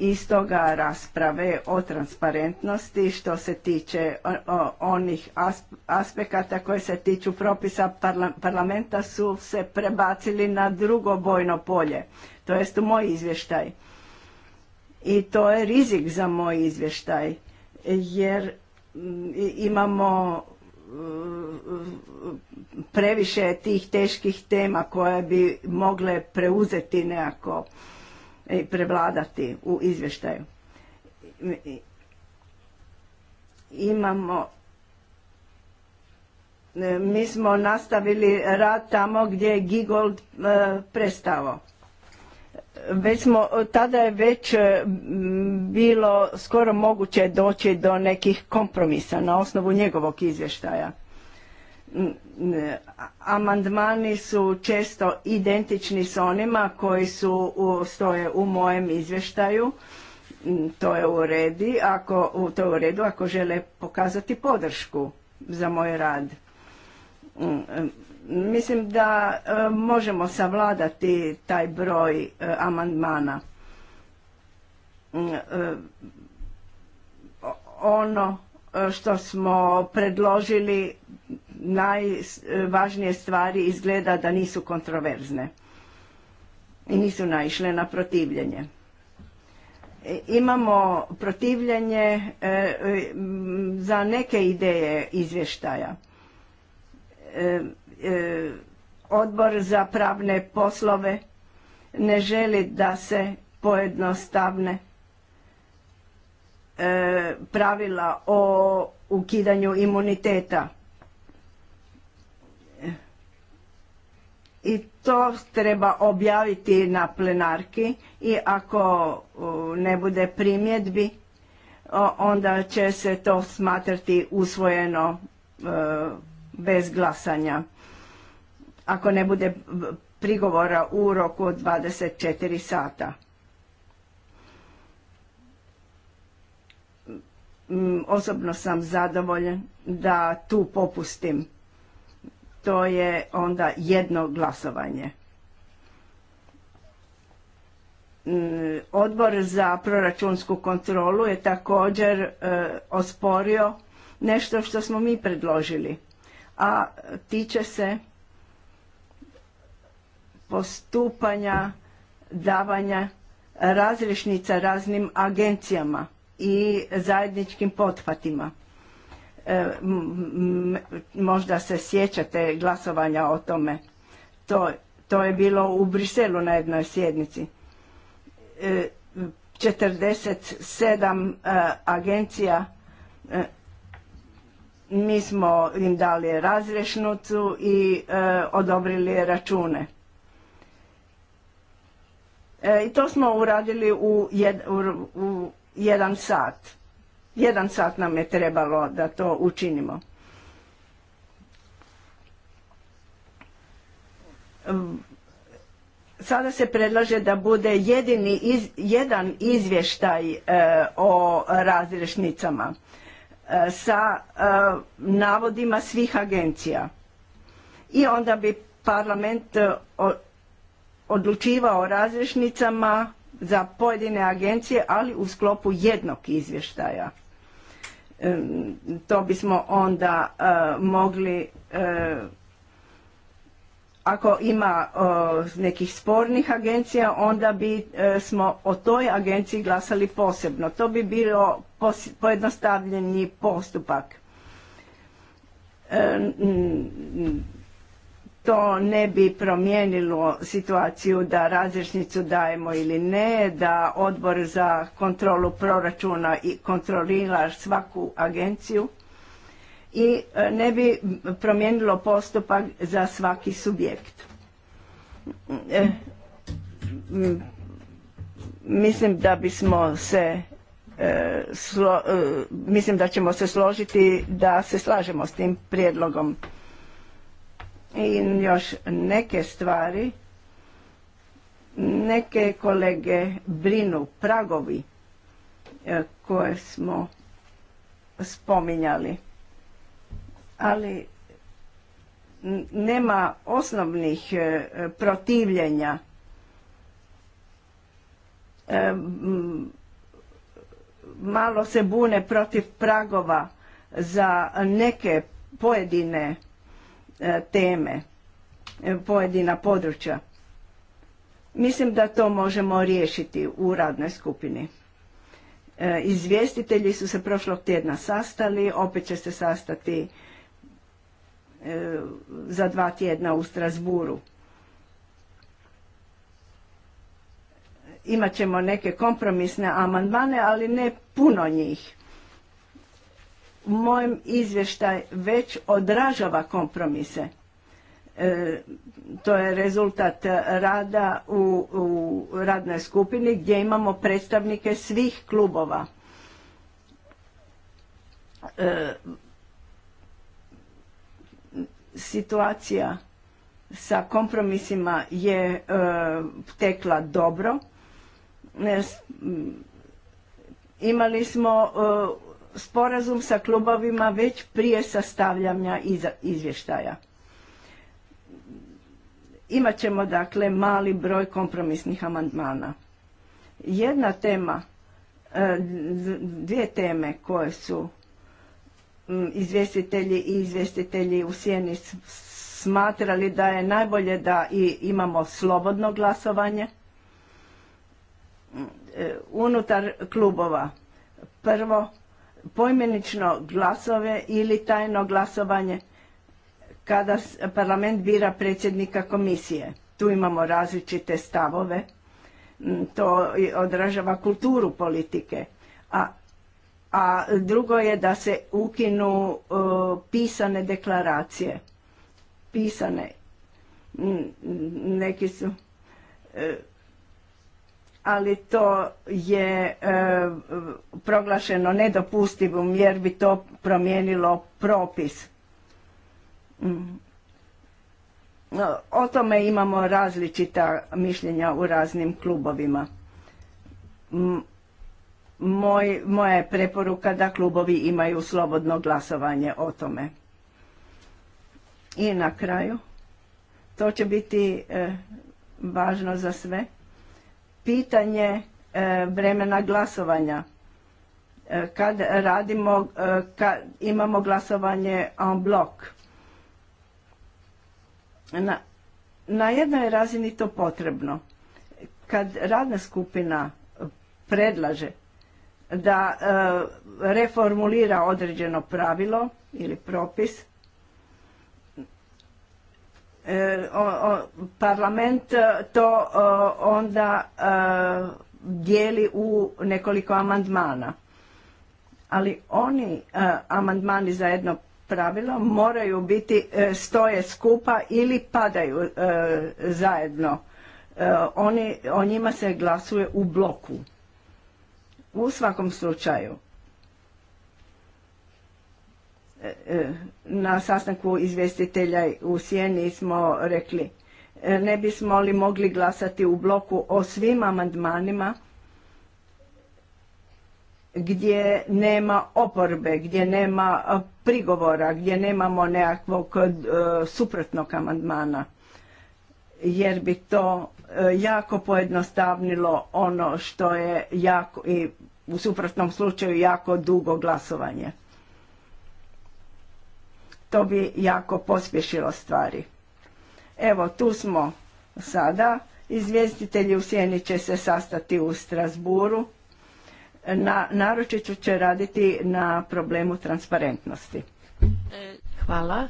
iz toga rasprave o transparentnosti što se tiče onih aspekata koje se tiču propisa parlamenta su se prebacili na drugo bojno polje, to jest u moj izvještaj. I to je rizik za moj izvještaj jer mm, imamo mm, previše tih teških tema koje bi mogle preuzeti nekako prevladati u izvještaju. Imamo e, mi smo nastavili rad tamo gdje je Gigold e, prestao. Već smo, tada je već e, bilo skoro moguće doći do nekih kompromisa na osnovu njegovog izvještaja. Amandmani su često identični s onima koji su, stoje u mojem izvještaju. To je u redu, ako, to je u redu ako žele pokazati podršku za moj rad. Mislim da e, možemo savladati taj broj e, amandmana. E, ono što smo predložili najvažnije stvari izgleda da nisu kontroverzne i nisu naišle na protivljenje. E, imamo protivljenje e, za neke ideje izvještaja. E, odbor za pravne poslove ne želi da se pojednostavne pravila o ukidanju imuniteta i to treba objaviti na plenarki i ako ne bude primjedbi onda će se to smatrati usvojeno e, bez glasanja ako ne bude prigovora u roku od 24 sata. Osobno sam zadovoljan da tu popustim to je onda jedno glasovanje. Mm, odbor za proračunsku kontrolu je također e, osporio nešto što smo mi predložili, a tiče se postupanja davanja razrješnica raznim agencijama i zajedničkim pothvatima. E, možda se sjećate glasovanja o tome. To, je bilo u Briselu na jednoj sjednici. 47 e, e, agencija mi smo im dali razrešnicu i odobrili račune. I to smo uradili u jedan sat. Jedan sat nam je trebalo da to učinimo. Sada se predlaže da bude jedini jedan izvještaj e, o razrešnicama e, sa e, navodima svih agencija. I onda bi parlament odlučivao o razrešnicama za pojedine agencije, ali u sklopu jednog izvještaja. to bismo onda e, mogli, e, ako ima nekih spornih agencija, onda bi e, smo o toj agenciji glasali posebno. To bi bilo pojednostavljeni postupak to ne bi promijenilo situaciju da razrešnicu dajemo ili ne, da odbor za kontrolu proračuna i kontrolira svaku agenciju i e, ne bi promijenilo postupak za svaki subjekt. E, mislim da bismo se e, mislim da ćemo se složiti da se slažemo s tim prijedlogom i još neke stvari neke kolege brinu pragovi e, koje smo spominjali ali nema osnovnih e, protivljenja e, malo se bune protiv pragova za neke pojedine E, teme, e, pojedina područja. Mislim da to možemo riješiti u radnoj skupini. E, izvjestitelji su se prošlog tjedna sastali, opet će se sastati za dva tjedna u Strasburu. Imaćemo neke kompromisne amandmane, ali ne puno njih mojem izvještaj već odražava kompromise. E, to je rezultat rada u, radnoj skupini gdje imamo predstavnike svih klubova. E, situacija sa kompromisima je e, tekla dobro. Imali smo sporazum sa klubovima već prije sastavljanja izvještaja. Imaćemo dakle mali broj kompromisnih amandmana. Jedna tema, e, dvije teme koje su izvjestitelji i izvjestitelji u sjeni smatrali da je najbolje da i imamo slobodno glasovanje e, unutar klubova. Prvo, pojmenično glasove ili tajno glasovanje kada parlament bira predsjednika komisije. Tu imamo različite stavove. Mm, to odražava kulturu politike. A, drugo je da se ukinu pisane deklaracije. Pisane. Mm, mm, neki su... E, ali to je e, proglašeno nedopustivom jer bi to promijenilo propis. Mm. O tome imamo različita mišljenja u raznim klubovima. Moj, moja je preporuka da klubovi imaju slobodno glasovanje o tome. I na kraju, to će biti e, važno za sve pitanje e, vremena glasovanja. E, kad radimo, e, kad imamo glasovanje en blok. Na, na jednoj razini to potrebno. Kad radna skupina predlaže da reformulira određeno pravilo ili propis, E, parlament e, to e, onda dijeli u nekoliko amandmana. Ali oni amandmani za jedno pravilo moraju biti stoje skupa ili padaju zajedno. Oni, o njima se glasuje u bloku. U svakom slučaju na sastanku izvjestitelja u Sjeni smo rekli e, ne bismo li mogli glasati u bloku o svim amandmanima gdje nema oporbe, gdje nema prigovora, gdje nemamo nekakvog e, suprotnog amandmana. Jer bi to e, jako pojednostavnilo ono što je jako i u suprotnom slučaju jako dugo glasovanje. To bi jako pospješilo stvari. Evo, tu smo sada. Izvjestitelji u Sjeni će se sastati u Strasburu. Na, naročito će raditi na problemu transparentnosti. Hvala.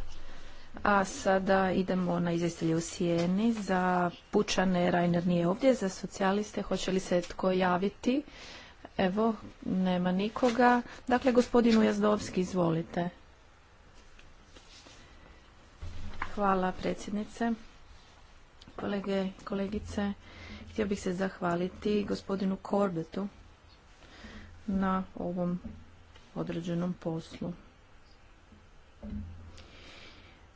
A sada idemo na izvjestitelji u sjeni Za pučane Rainer nije ovdje, za socijaliste hoće li se tko javiti? Evo, nema nikoga. Dakle, gospodinu Jazdovski, izvolite. Hvala predsjednice. Kolege, kolegice, htio bih se zahvaliti gospodinu Korbetu na ovom određenom poslu.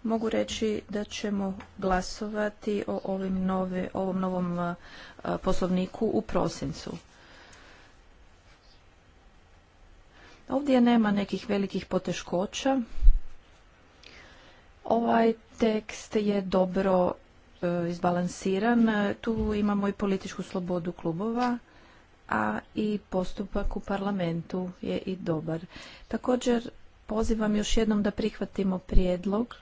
Mogu reći da ćemo glasovati o ovim nove, ovom novom poslovniku u prosincu. Ovdje nema nekih velikih poteškoća. Ovaj tekst je dobro e, izbalansiran. Tu imamo i političku slobodu klubova, a i postupak u parlamentu je i dobar. Također pozivam još jednom da prihvatimo prijedlog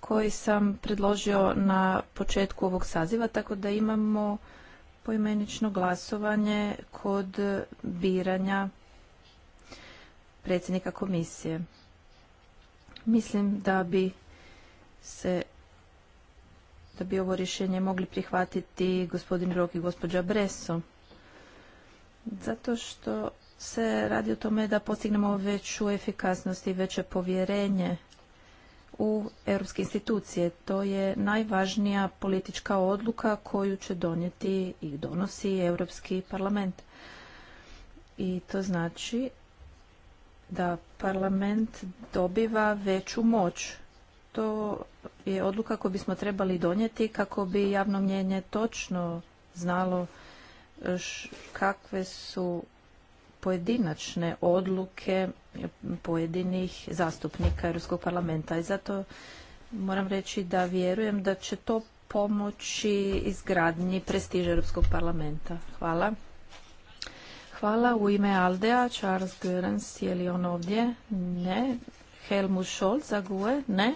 koji sam predložio na početku ovog saziva, tako da imamo poimenično glasovanje kod biranja predsjednika komisije. Mislim da bi se da bi ovo rješenje mogli prihvatiti gospodin Rok i gospođa Breso. Zato što se radi o tome da postignemo veću efikasnost i veće povjerenje u europske institucije. To je najvažnija politička odluka koju će donijeti i donosi Europski parlament. I to znači da parlament dobiva veću moć. To je odluka koju bismo trebali donijeti kako bi javno mnjenje točno znalo e, kakve su pojedinačne odluke pojedinih zastupnika Europskog parlamenta i zato moram reći da vjerujem da će to pomoći izgradnji prestiža Europskog parlamenta. Hvala. Hvala. U ime Aldea, Charles Görens, je li on ovdje? Ne. Helmut Scholz, Zague? Ne.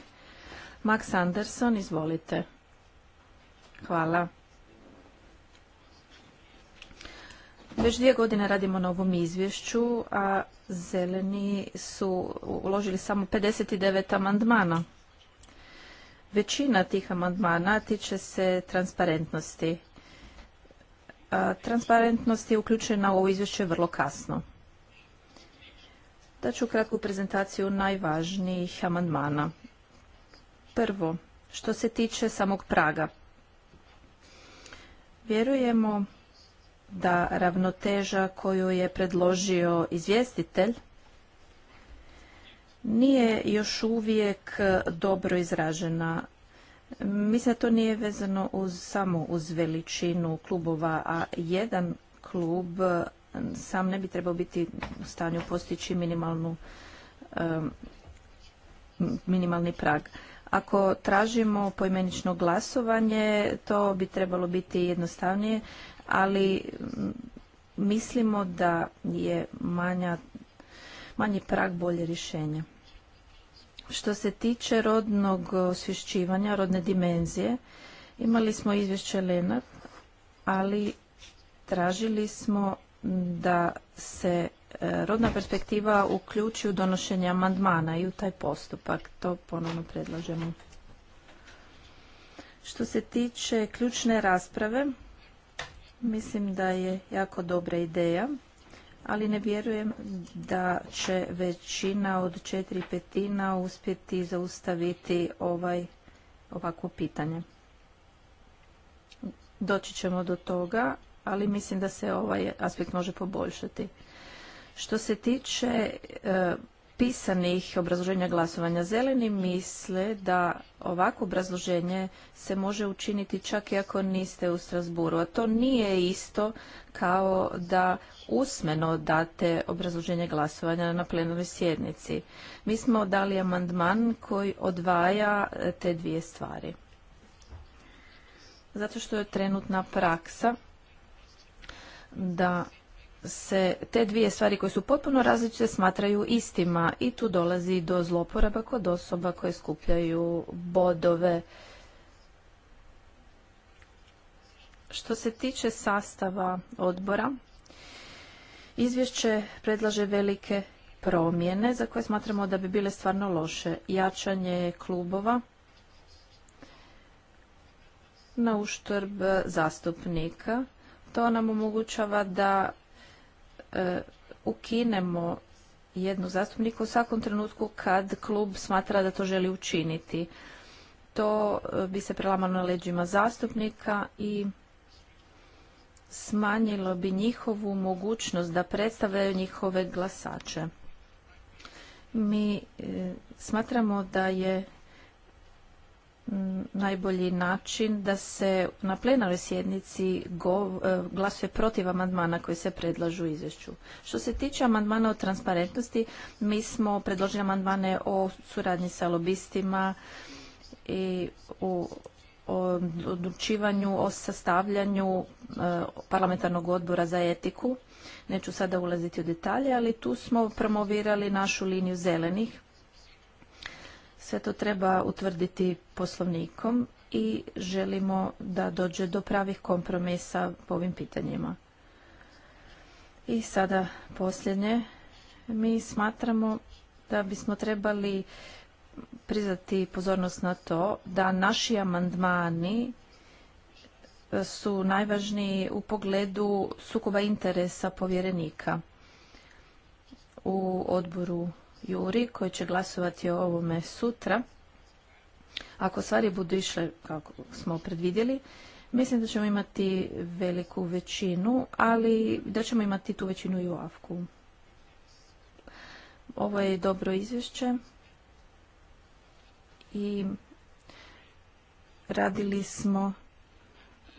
Max Anderson, izvolite. Hvala. Već dvije godine radimo na ovom izvješću, a zeleni su uložili samo 59 amandmana. Većina tih amandmana tiče se transparentnosti. Transparentnost je uključena u ovo izvješće vrlo kasno. ću kratku prezentaciju najvažnijih amandmana. Prvo, što se tiče samog praga. Vjerujemo da ravnoteža koju je predložio izvjestitelj nije još uvijek dobro izražena Mislim da to nije vezano uz, samo uz veličinu klubova, a jedan klub sam ne bi trebao biti u stanju postići minimalnu, minimalni prag. Ako tražimo poimenično glasovanje, to bi trebalo biti jednostavnije, ali mislimo da je manja, manji prag bolje rješenje. Što se tiče rodnog osvješćivanja, rodne dimenzije, imali smo izvješće Lenak, ali tražili smo da se e, rodna perspektiva uključi u donošenje amandmana i u taj postupak. To ponovno predlažemo. Što se tiče ključne rasprave, mislim da je jako dobra ideja ali ne vjerujem da će većina od četiri petina uspjeti zaustaviti ovaj, ovakvo pitanje. Doći ćemo do toga, ali mislim da se ovaj aspekt može poboljšati. Što se tiče e, pisanih obrazloženja glasovanja. Zeleni misle da ovako obrazloženje se može učiniti čak i ako niste u Strasburu, a to nije isto kao da usmeno date obrazloženje glasovanja na plenarnoj sjednici. Mi smo dali amandman koji odvaja e, te dvije stvari. Zato što je trenutna praksa da se te dvije stvari koje su potpuno različite smatraju istima i tu dolazi do zloporaba kod osoba koje skupljaju bodove. Što se tiče sastava odbora, izvješće predlaže velike promjene za koje smatramo da bi bile stvarno loše. Jačanje klubova na uštrb zastupnika. To nam omogućava da E, ukinemo jednu zastupniku u svakom trenutku kad klub smatra da to želi učiniti. To e, bi se prelamalo na leđima zastupnika i smanjilo bi njihovu mogućnost da predstavljaju njihove glasače. Mi e, smatramo da je Mm, najbolji način da se na plenarnoj sjednici e, glasuje protiv amandmana koji se predlažu u izvješću. Što se tiče amandmana o transparentnosti, mi smo predložili amandmane o suradnji sa lobistima i o odlučivanju o sastavljanju e, parlamentarnog odbora za etiku. Neću sada ulaziti u detalje, ali tu smo promovirali našu liniju zelenih sve to treba utvrditi poslovnikom i želimo da dođe do pravih kompromisa po ovim pitanjima. I sada posljednje. Mi smatramo da bismo trebali prizati pozornost na to da naši amandmani su najvažniji u pogledu sukoba interesa povjerenika u odboru Juri koji će glasovati o ovome sutra. Ako stvari budu išle kako smo predvidjeli, mislim da ćemo imati veliku većinu, ali da ćemo imati tu većinu i u Avku. Ovo je dobro izvješće i radili smo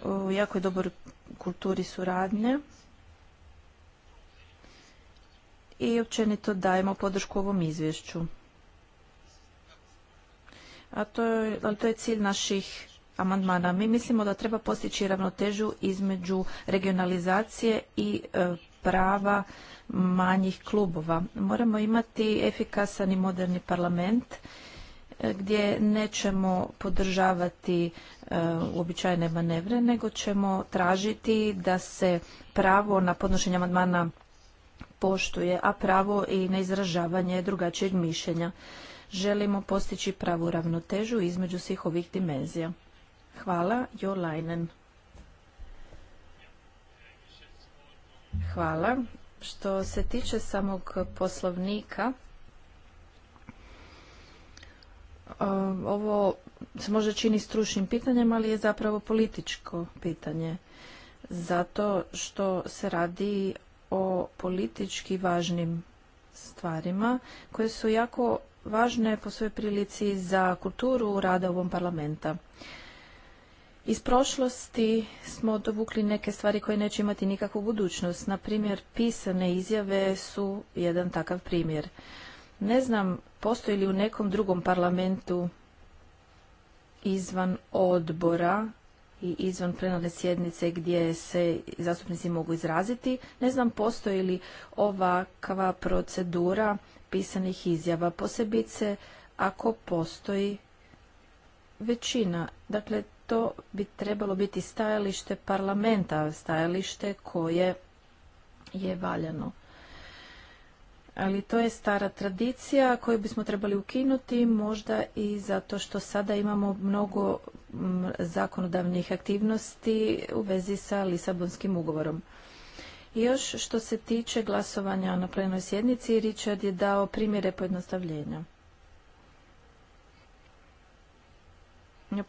u jako dobroj kulturi suradnje i općenito dajemo podršku ovom izvješću. A to je, ali to je cilj naših amandmana. Mi mislimo da treba postići ravnotežu između regionalizacije i e, prava manjih klubova. Moramo imati efikasan i moderni parlament e, gdje nećemo podržavati e, uobičajene manevre, nego ćemo tražiti da se pravo na podnošenje amandmana poštuje, a pravo i neizražavanje drugačijeg mišljenja. Želimo postići pravu ravnotežu između svih ovih dimenzija. Hvala, Jo Hvala. Što se tiče samog poslovnika, ovo se možda čini stručnim pitanjem, ali je zapravo političko pitanje. Zato što se radi o politički važnim stvarima koje su jako važne po svojoj prilici za kulturu rada ovom parlamenta. Iz prošlosti smo dovukli neke stvari koje neće imati nikakvu budućnost. Na primjer, pisane izjave su jedan takav primjer. Ne znam, postoji li u nekom drugom parlamentu izvan odbora i izvan plenarne sjednice gdje se zastupnici mogu izraziti. Ne znam postoji li ovakva procedura pisanih izjava, posebice ako postoji većina. Dakle, to bi trebalo biti stajalište parlamenta, stajalište koje je valjano ali to je stara tradicija koju bismo trebali ukinuti možda i zato što sada imamo mnogo zakonodavnih aktivnosti u vezi sa Lisabonskim ugovorom. I još što se tiče glasovanja na plenoj sjednici, Richard je dao primjere pojednostavljenja.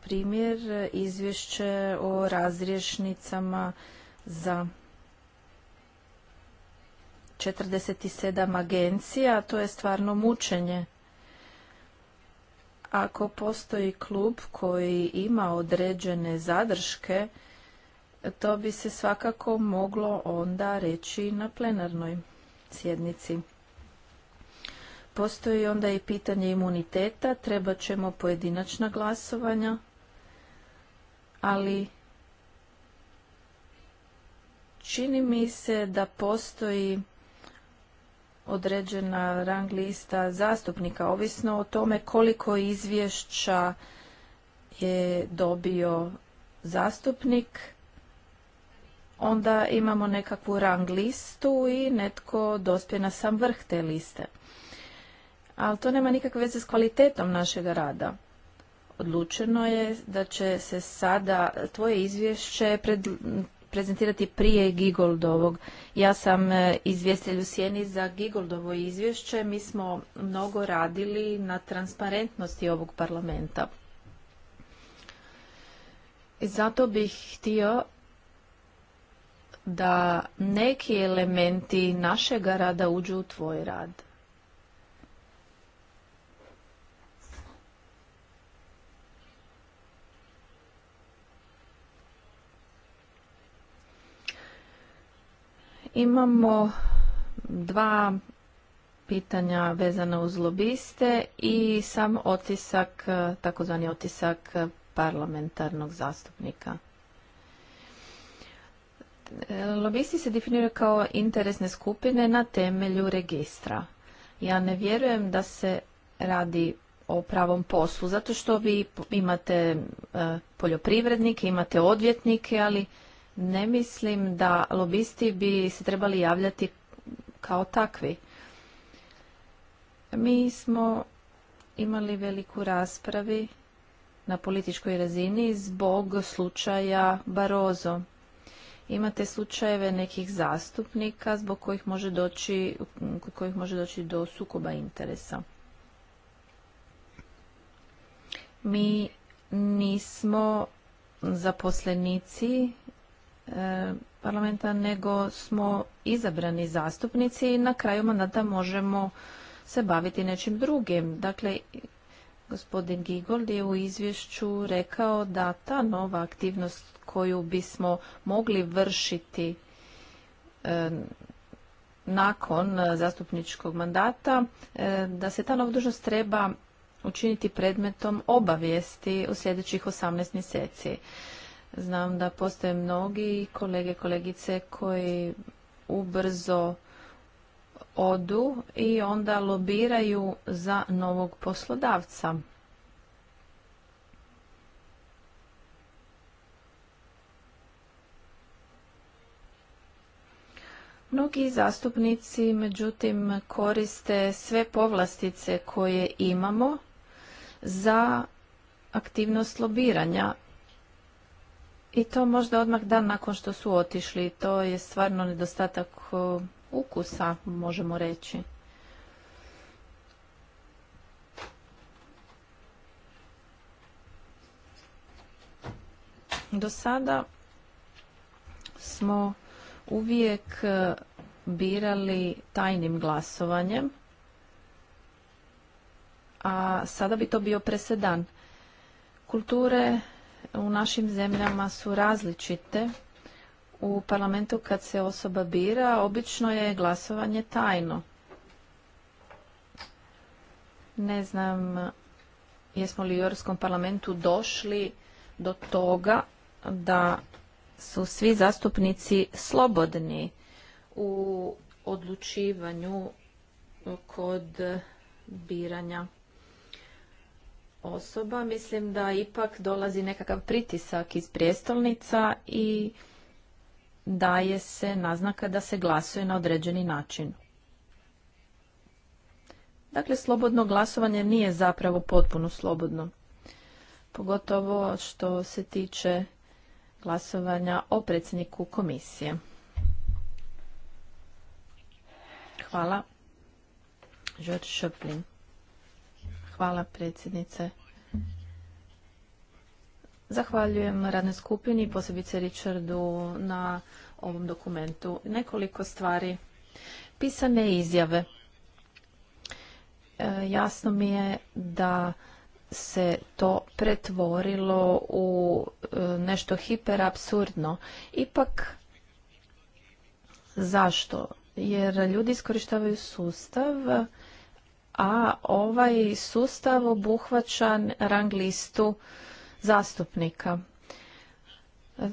primjer, izvješće o razriješnicama za 47 agencija, to je stvarno mučenje. Ako postoji klub koji ima određene zadrške, to bi se svakako moglo onda reći na plenarnoj sjednici. Postoji onda i pitanje imuniteta, treba ćemo pojedinačna glasovanja, ali čini mi se da postoji određena rang lista zastupnika, ovisno o tome koliko izvješća je dobio zastupnik, onda imamo nekakvu rang listu i netko dospije na sam vrh te liste. Ali to nema nikakve veze s kvalitetom našega rada. Odlučeno je da će se sada tvoje izvješće pred, prezentirati prije Gigoldovog. Ja sam e, izvjestitelj u Sjeni za Gigoldovo izvješće. Mi smo mnogo radili na transparentnosti ovog parlamenta. Zato bih htio da neki elementi našega rada uđu u tvoj rad. Imamo dva pitanja vezana uz lobiste i sam otisak, takozvani otisak parlamentarnog zastupnika. Lobisti se definiraju kao interesne skupine na temelju registra. Ja ne vjerujem da se radi o pravom poslu, zato što vi imate eh, poljoprivrednike, imate odvjetnike, ali ne mislim da lobisti bi se trebali javljati kao takvi. Mi smo imali veliku raspravi na političkoj razini zbog slučaja Barozo. Imate slučajeve nekih zastupnika zbog kojih može doći, kojih može doći do sukoba interesa. Mi nismo zaposlenici E, parlamenta, nego smo izabrani zastupnici i na kraju mandata možemo se baviti nečim drugim. Dakle, gospodin Gigold je u izvješću rekao da ta nova aktivnost koju bismo mogli vršiti e, nakon zastupničkog mandata, e, da se ta nova dužnost treba učiniti predmetom obavijesti u sljedećih 18 mjeseci. Znam da postoje mnogi kolege, kolegice koji ubrzo odu i onda lobiraju za novog poslodavca. Mnogi zastupnici, međutim, koriste sve povlastice koje imamo za aktivnost lobiranja i to možda odmah dan nakon što su otišli. To je stvarno nedostatak ukusa, možemo reći. Do sada smo uvijek e, birali tajnim glasovanjem, a sada bi to bio presedan. Kulture u našim zemljama su različite. U parlamentu kad se osoba bira, obično je glasovanje tajno. Ne znam jesmo li u Europskom parlamentu došli do toga da su svi zastupnici slobodni u odlučivanju kod biranja osoba, mislim da ipak dolazi nekakav pritisak iz prijestolnica i daje se naznaka da se glasuje na određeni način. Dakle, slobodno glasovanje nije zapravo potpuno slobodno. Pogotovo što se tiče glasovanja o predsjedniku komisije. Hvala. George Chaplin. Hvala predsjednice. Zahvaljujem radnoj skupini i posebice Richardu na ovom dokumentu. Nekoliko stvari. Pisane izjave. E, jasno mi je da se to pretvorilo u e, nešto hiperapsurdno. Ipak, zašto? Jer ljudi iskorištavaju sustav a ovaj sustav obuhvaća rang listu zastupnika.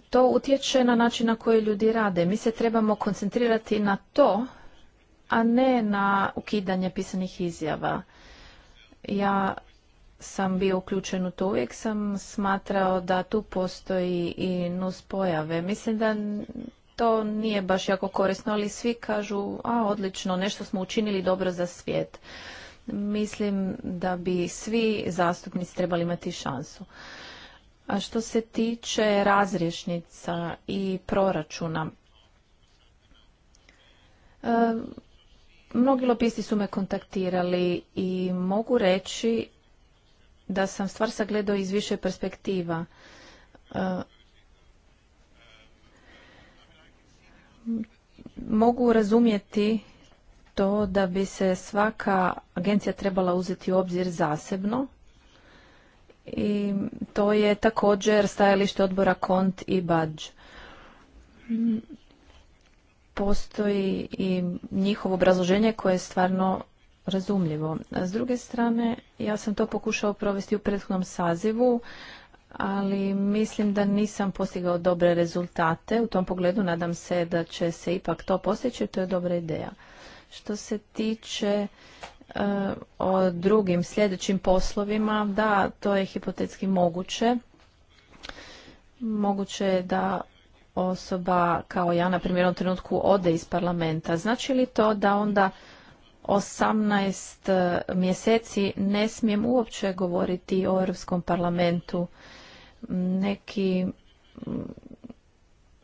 To utječe na način na koji ljudi rade. Mi se trebamo koncentrirati na to, a ne na ukidanje pisanih izjava. Ja sam bio uključen u to, uvijek sam smatrao da tu postoji i nus pojave. Mislim da to nije baš jako korisno, ali svi kažu, a odlično, nešto smo učinili dobro za svijet mislim da bi svi zastupnici trebali imati šansu. A što se tiče razrješnica i proračuna, e, mnogi lopisti su me kontaktirali i mogu reći da sam stvar sagledao iz više perspektiva. E, mogu razumjeti to da bi se svaka agencija trebala uzeti u obzir zasebno i to je također stajalište odbora KONT i BADŽ. Postoji i njihovo obrazloženje koje je stvarno razumljivo. s druge strane, ja sam to pokušao provesti u prethodnom sazivu, ali mislim da nisam postigao dobre rezultate. U tom pogledu nadam se da će se ipak to postići, to je dobra ideja. Što se tiče e, o drugim sljedećim poslovima, da, to je hipotetski moguće. Moguće je da osoba kao ja na primjer u trenutku ode iz parlamenta. Znači li to da onda 18 e, mjeseci ne smijem uopće govoriti o Europskom parlamentu? Neki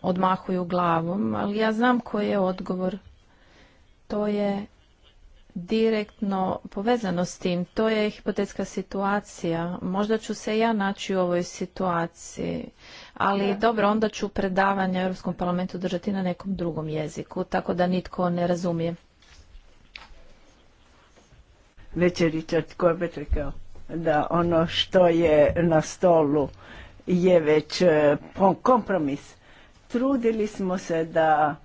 odmahuju glavom, ali ja znam koji je odgovor to je direktno povezano s tim. To je hipotetska situacija. Možda ću se ja naći u ovoj situaciji, ali dobro, onda ću predavanje u Europskom parlamentu držati na nekom drugom jeziku, tako da nitko ne razumije. Već je Richard rekao da ono što je na stolu je već eh, kompromis. Trudili smo se da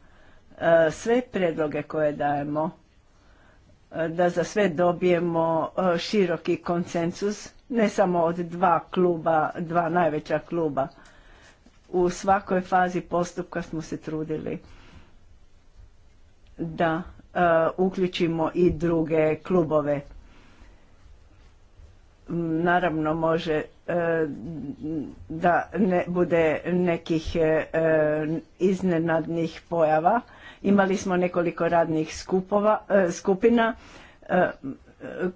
E, sve predloge koje dajemo, e, da za sve dobijemo e, široki konsensus, ne samo od dva kluba, dva najveća kluba. U svakoj fazi postupka smo se trudili da uključimo i druge klubove. Naravno može da ne bude nekih iznenadnih pojava, Imali smo nekoliko radnih skupova, e, skupina e,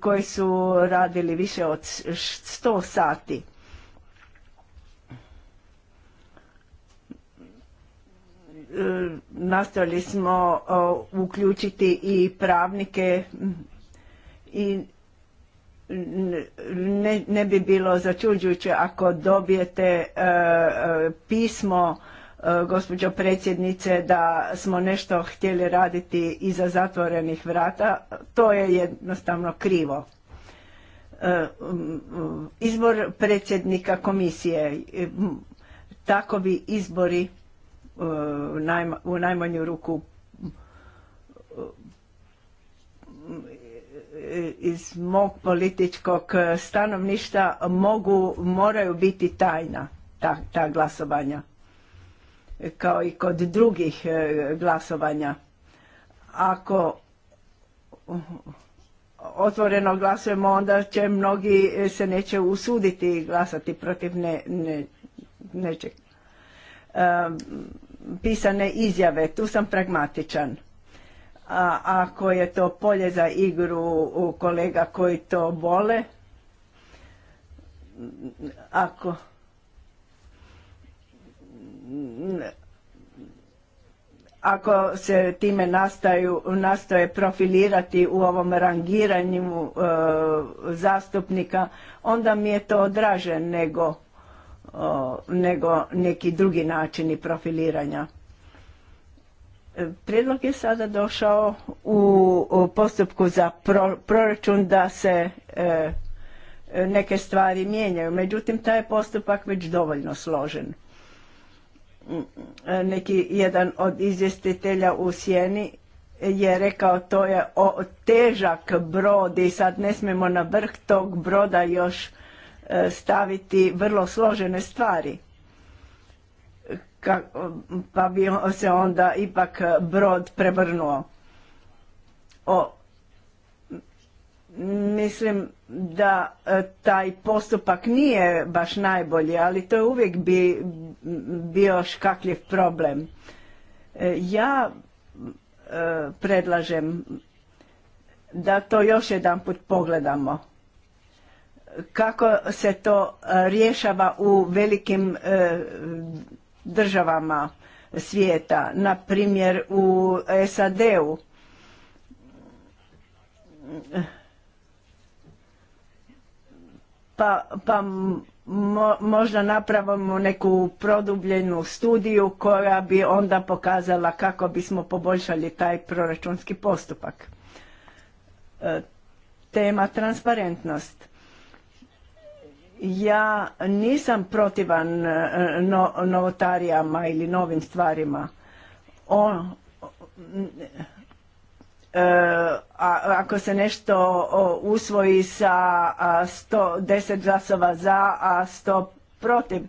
koji su radili više od 100 sati. E, Nastavili smo uključiti i pravnike i ne, bi bilo začuđujuće ako dobijete pismo E, gospođo predsjednice, da smo nešto htjeli raditi iza zatvorenih vrata. To je jednostavno krivo. E, izbor predsjednika komisije, e, takovi izbori u najmanju ruku iz mog političkog stanovništa mogu, moraju biti tajna ta glasovanja kao i kod drugih e, glasovanja. Ako otvoreno glasujemo, onda će mnogi e, se neće usuditi glasati protiv ne, nečeg. E, pisane izjave, tu sam pragmatičan. A ako je to polje za igru u kolega koji to bole, ako ako se time nastaju, nastoje profilirati u ovom rangiranju e, zastupnika, onda mi je to draže nego, nego neki drugi načini profiliranja. E, prijedlog je sada došao u, postupku za proračun da se e, neke stvari mijenjaju, međutim taj je postupak već dovoljno složen neki jedan od izvjestitelja u sjeni je rekao to je o, težak brod i sad ne smemo na vrh tog broda još e, staviti vrlo složene stvari. Ka, pa bi se onda ipak brod prebrnuo. O, Mislim da e, taj postupak nije baš najbolji, ali to je uvijek bi bio škakljiv problem. E, ja e, predlažem da to još jedanput pogledamo kako se to rješava u velikim državama svijeta, na primjer u SAD-u pa, pa možda napravimo neku produbljenu studiju koja bi onda pokazala kako bismo poboljšali taj proračunski postupak. E, tema transparentnost. Ja nisam protivan e, novotarijama ili novim stvarima. O, E, ako se nešto usvoji sa 110 glasova za, a 100 protiv.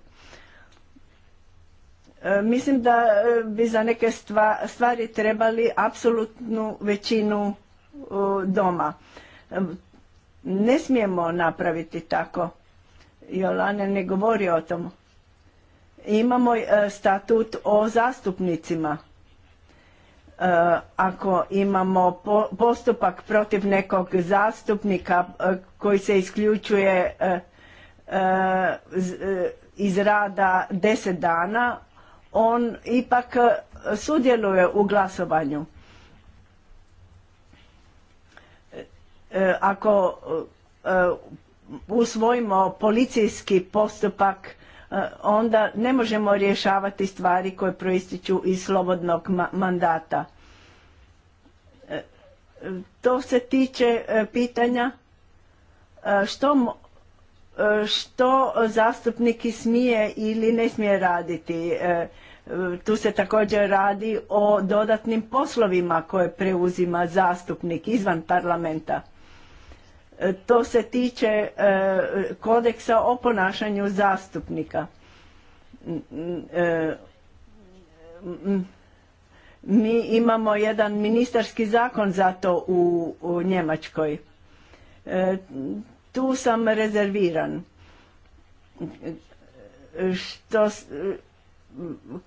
E, mislim da e, bi za neke stvari trebali apsolutnu većinu doma. Ne smijemo napraviti tako. Jolana ne govori o tomu. Imamo statut o zastupnicima Eh, ako imamo postupak protiv nekog zastupnika eh, koji se isključuje eh, iz rada deset dana, on ipak sudjeluje u glasovanju. Ako usvojimo policijski postupak, onda ne možemo rješavati stvari koje proističu iz slobodnog mandata to se tiče e, pitanja e, što, e, što zastupniki smije ili ne smije raditi. Tu se također radi o dodatnim poslovima koje preuzima zastupnik izvan parlamenta. To se tiče kodeksa o ponašanju zastupnika. Mm, mm, mm, mi imamo jedan ministarski zakon za to u, Njemačkoj. E, tu sam rezerviran. Što,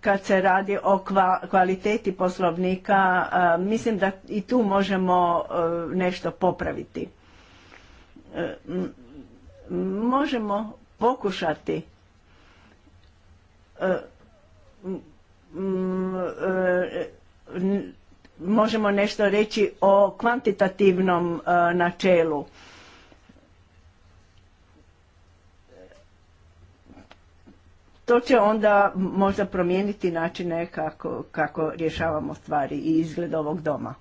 kad se radi o kvaliteti poslovnika, mislim da i tu možemo e, nešto popraviti. E, možemo pokušati možemo nešto reći o kvantitativnom e, načelu. To će onda možda promijeniti načine kako, kako rješavamo stvari i izgled ovog doma.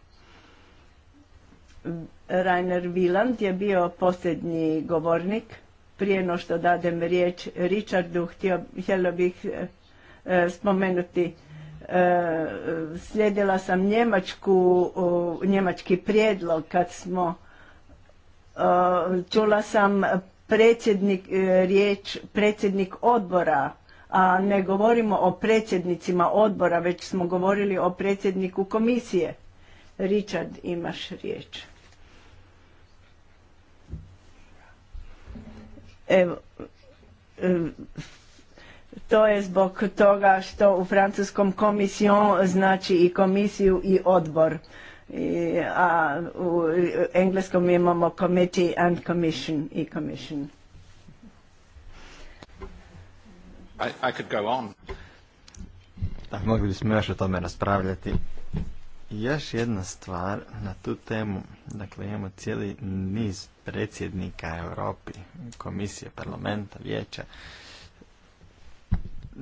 Rainer Wieland je bio posljednji govornik. Prije no što dadem riječ Richardu, htio, bih e, e, spomenuti E, slijedila sam njemačku, njemački prijedlog kad smo e, čula sam predsjednik e, riječ predsjednik odbora a ne govorimo o predsjednicima odbora već smo govorili o predsjedniku komisije Richard imaš riječ evo to je zbog toga što u francuskom komision znači i komisiju i odbor. I, a u engleskom imamo committee and commission i commission. I, I could go on. Da, mogli bismo još o tome raspravljati. Još jedna stvar na tu temu. Dakle, imamo cijeli niz predsjednika Europi, komisije, parlamenta, vijeća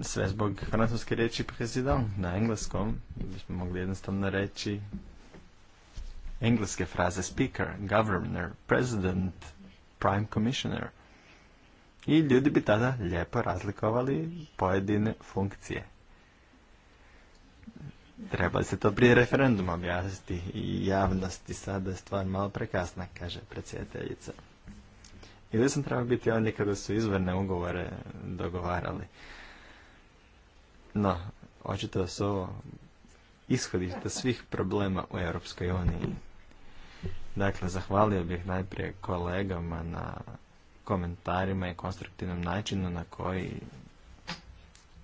sve zbog francuske riječi president na engleskom bismo mogli jednostavno reći engleske fraze speaker, governor, president, prime commissioner. I ljudi bi tada lijepo razlikovali pojedine funkcije. Treba se to prije referenduma objasniti i javnosti sada je stvar malo prekasna, kaže predsjedateljica. Ili sam trebao biti ovdje kada su izvorne ugovore dogovarali. No, očito da ovo ishodište svih problema u Europskoj uniji. Dakle, zahvalio bih najprije kolegama na komentarima i konstruktivnom načinu na koji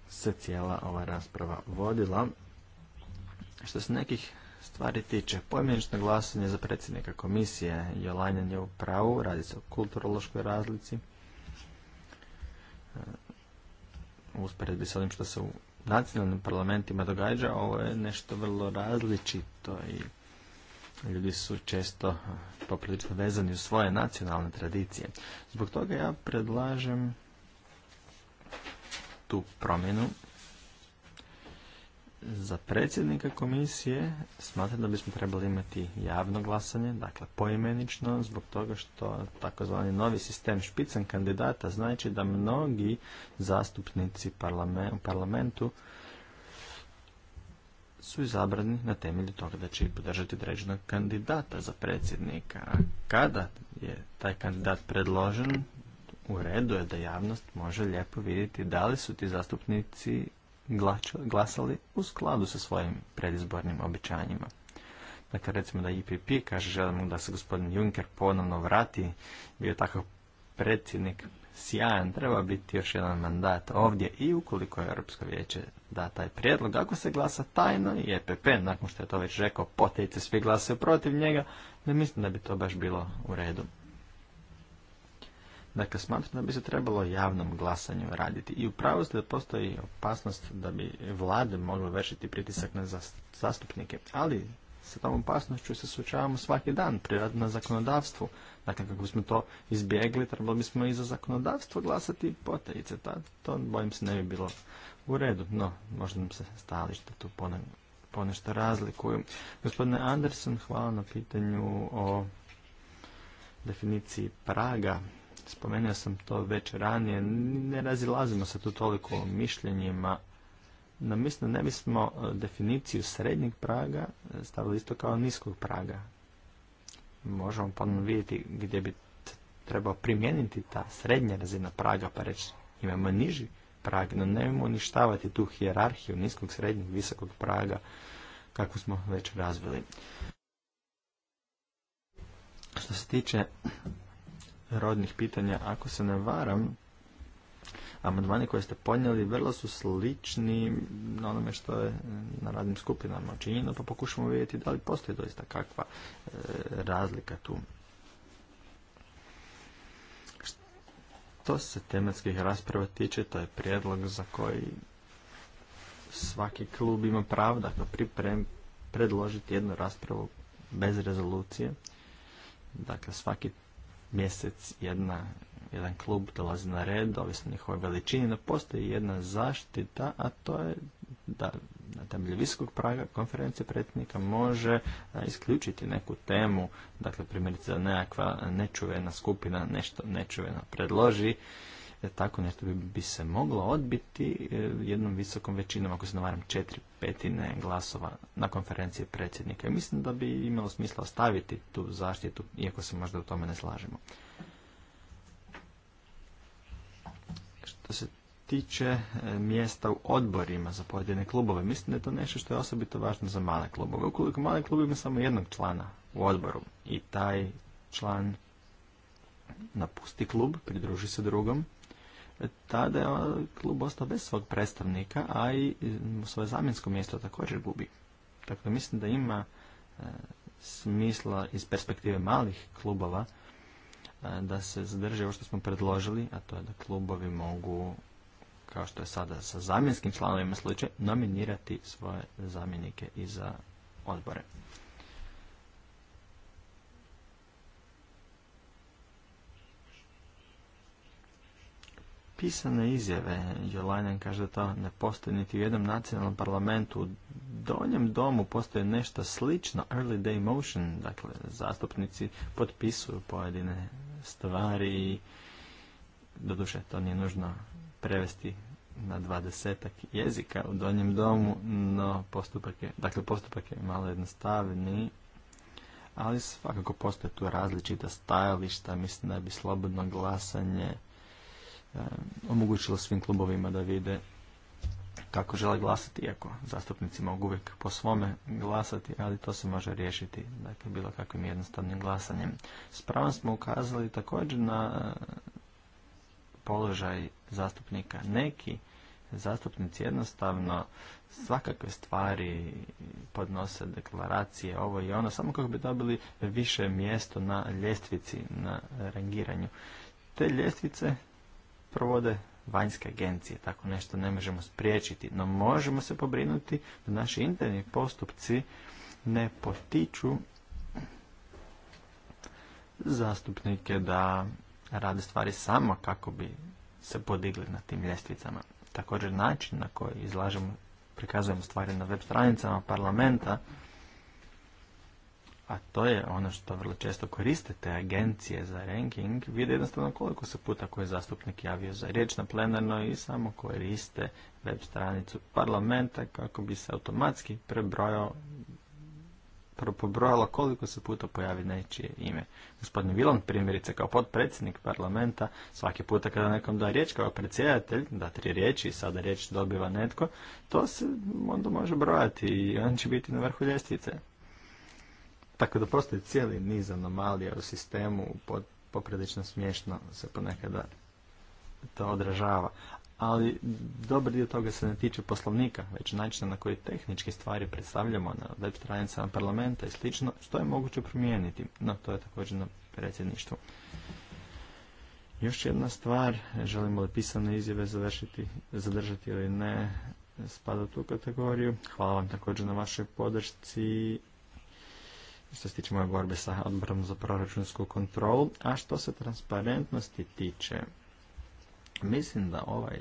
se cijela ova rasprava vodila. Što se nekih stvari tiče, pojmenično glasanje za predsjednika komisije Jolanjan je u pravu, radi se o kulturološkoj razlici. Usporedbi s onim što se u nacionalnim parlamentima događa, ovo je nešto vrlo različito i ljudi su često poprilično vezani u svoje nacionalne tradicije. Zbog toga ja predlažem tu promjenu za predsjednika komisije smatram da bismo trebali imati javno glasanje, dakle poimenično, zbog toga što takozvani novi sistem špicen kandidata znači da mnogi zastupnici u parlamentu su izabrani na temelju toga da će podržati određenog kandidata za predsjednika. A kada je taj kandidat predložen, u redu je da javnost može lijepo vidjeti da li su ti zastupnici glasali u skladu sa svojim predizbornim običanjima. Dakle, recimo da IPP e kaže želimo da se gospodin Juncker ponovno vrati, bio je takav predsjednik sjajan, treba biti još jedan mandat ovdje i ukoliko je Europsko vijeće da taj prijedlog, ako se glasa tajno i EPP, nakon što je to već rekao, potajice svi glasaju protiv njega, ne mislim da bi to baš bilo u redu. Dakle, smatram da bi se trebalo javnom glasanju raditi. I u pravu da postoji opasnost da bi vlade mogle vršiti pritisak na zastupnike, ali sa tom opasnošću se suočavamo svaki dan, radu na zakonodavstvu. Dakle, kako bismo to izbjegli, trebalo bismo i za zakonodavstvo glasati potajice. Ta, to, bojim se, ne bi bilo u redu. No, možda nam se stalište tu ponešto razlikuju. Gospodine Anderson, hvala na pitanju o definiciji praga spomenuo sam to već ranije, ne razilazimo se tu toliko o mišljenjima, no mislim ne bismo e, definiciju srednjeg praga e, stavili isto kao niskog praga. Možemo ponovno vidjeti gdje bi trebao primijeniti ta srednja razina praga, pa reći imamo niži prag, no nemojmo uništavati tu hijerarhiju niskog, srednjeg, visokog praga kako smo već razvili. Što se tiče rodnih pitanja, ako se ne varam, amandmani koje ste podnijeli vrlo su slični na onome što je na radnim skupinama činjeno, pa pokušamo vidjeti da li postoji doista kakva e, razlika tu. Što se tematskih rasprava tiče, to je prijedlog za koji svaki klub ima pravo, da dakle, priprem, predložiti jednu raspravu bez rezolucije. Dakle, svaki mjesec jedna, jedan klub dolazi na red, ovisno njihovoj veličini, no postoji jedna zaštita, a to je da na temelju visokog praga konferencije predsjednika može e, isključiti neku temu, dakle primjerice da nekakva nečuvena skupina nešto nečuveno predloži, E, tako nešto bi, bi se moglo odbiti e, jednom visokom većinom, ako se navaram četiri petine glasova na konferenciji predsjednika. I mislim da bi imalo smisla ostaviti tu zaštitu, iako se možda u tome ne slažemo. Što se tiče e, mjesta u odborima za pojedine klubove, mislim da je to nešto što je osobito važno za male klubove. Ukoliko male klub ima samo jednog člana u odboru i taj član napusti klub, pridruži se drugom, tada je klub ostao bez svog predstavnika, a i svoje zamjensko mjesto također gubi. da mislim da ima e, smisla iz perspektive malih klubova e, da se zadrži ovo što smo predložili, a to je da klubovi mogu, kao što je sada sa zamjenskim članovima slučaj, nominirati svoje zamjenike i za odbore. pisane izjave. Jolajnen kaže da to ne postoji niti u jednom nacionalnom parlamentu. U donjem domu postoji nešto slično, early day motion, dakle zastupnici potpisuju pojedine stvari i doduše to nije nužno prevesti na dvadesetak jezika u donjem domu, no postupak je, dakle postupak je malo jednostavniji, ali svakako postoje tu različita stajališta, mislim da bi slobodno glasanje E, omogućilo svim klubovima da vide kako žele glasati, iako zastupnici mogu uvijek po svome glasati, ali to se može riješiti dakle, bilo kakvim jednostavnim glasanjem. S pravom smo ukazali također na e, položaj zastupnika. Neki zastupnici jednostavno svakakve stvari podnose deklaracije, ovo i ono, samo kako bi dobili više mjesto na ljestvici, na rangiranju. Te ljestvice provode vanjske agencije. Tako nešto ne možemo spriječiti, no možemo se pobrinuti da naši interni postupci ne potiču zastupnike da rade stvari samo kako bi se podigli na tim ljestvicama. Također način na koji izlažemo, prikazujemo stvari na web stranicama parlamenta a to je ono što vrlo često koriste te agencije za ranking, vide jednostavno koliko se puta koji zastupnik javio za riječ na plenarno i samo koriste web stranicu parlamenta kako bi se automatski prebrojao pobrojalo koliko se puta pojavi nečije ime. Gospodin Vilon, primjerice, kao potpredsjednik parlamenta, svaki puta kada nekom da riječ kao predsjedatelj, da tri riječi i sada riječ dobiva netko, to se onda može brojati i on će biti na vrhu ljestvice. Tako da postoji cijeli niz anomalija u sistemu, poprilično smiješno se ponekada to odražava. Ali dobar dio toga se ne tiče poslovnika, već načina na koji tehnički stvari predstavljamo na web stranicama parlamenta i slično, što je moguće promijeniti. No, to je također na predsjedništvu. Još jedna stvar, želimo li pisane izjave završiti, zadržati ili ne, spada u tu kategoriju. Hvala vam također na vašoj podršci što se tiče moje borbe sa odborom za proračunsku kontrolu. A što se transparentnosti tiče, mislim da ovaj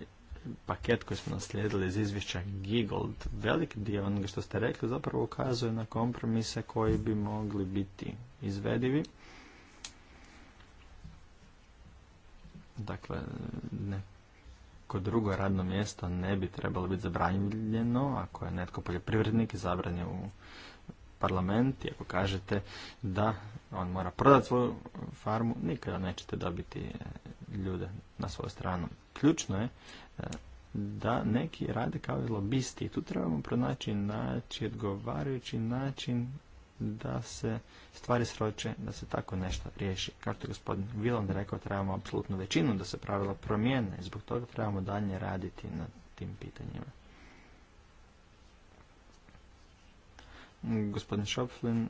paket koji smo naslijedili iz izvješća Gigold, velik dio onoga što ste rekli zapravo ukazuje na kompromise koji bi mogli biti izvedivi. Dakle, ne drugo radno mjesto ne bi trebalo biti zabranjeno, ako je netko poljoprivrednik zabranjen u parlament i ako kažete da on mora prodati svoju farmu, nikada nećete dobiti e, ljude na svoju stranu. Ključno je e, da neki rade kao i lobisti. Tu trebamo pronaći način, odgovarajući način da se stvari sroče, da se tako nešto riješi. Kao što je gospodin Viland rekao, trebamo apsolutnu većinu da se pravila promijene i zbog toga trebamo dalje raditi na tim pitanjima. Gospodin Šopflin.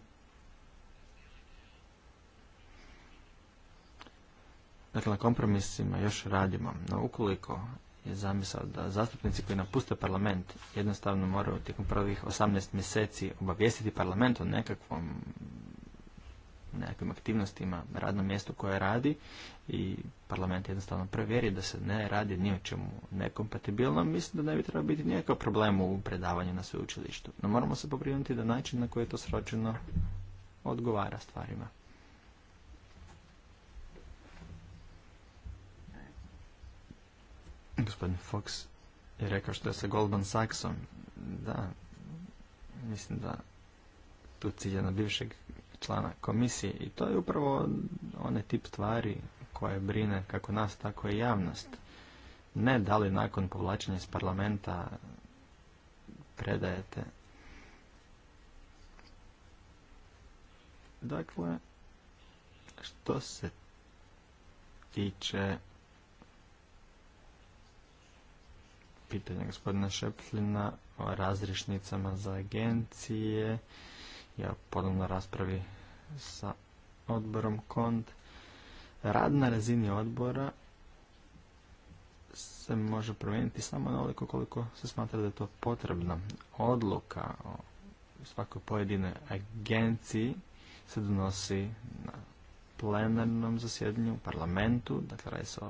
Dakle, na kompromisima još radimo, no ukoliko je zamisao da zastupnici koji napuste parlament jednostavno moraju tijekom prvih 18 mjeseci obavijestiti parlament o nekakvom nekakvim aktivnostima, radnom mjestu koje radi i parlament jednostavno provjeri da se ne radi ni o čemu nekompatibilno, mislim da ne bi trebao biti nikakav problem u predavanju na sveučilištu. No moramo se pobrinuti da način na koji je to sročeno odgovara stvarima. Gospodin Fox je rekao što je sa Goldman Sachsom. Da, mislim da tu cilja na bivšeg člana komisije i to je upravo one tip stvari koje brine kako nas, tako i javnost. Ne da li nakon povlačenja iz parlamenta predajete. Dakle, što se tiče pitanja gospodina Šepflina o razrišnicama za agencije, ja ponovno raspravi sa odborom KONT. Rad na razini odbora se može promijeniti samo onoliko koliko se smatra da je to potrebno. Odluka o svakoj pojedinoj agenciji se donosi na plenarnom zasjedanju u parlamentu, dakle radi se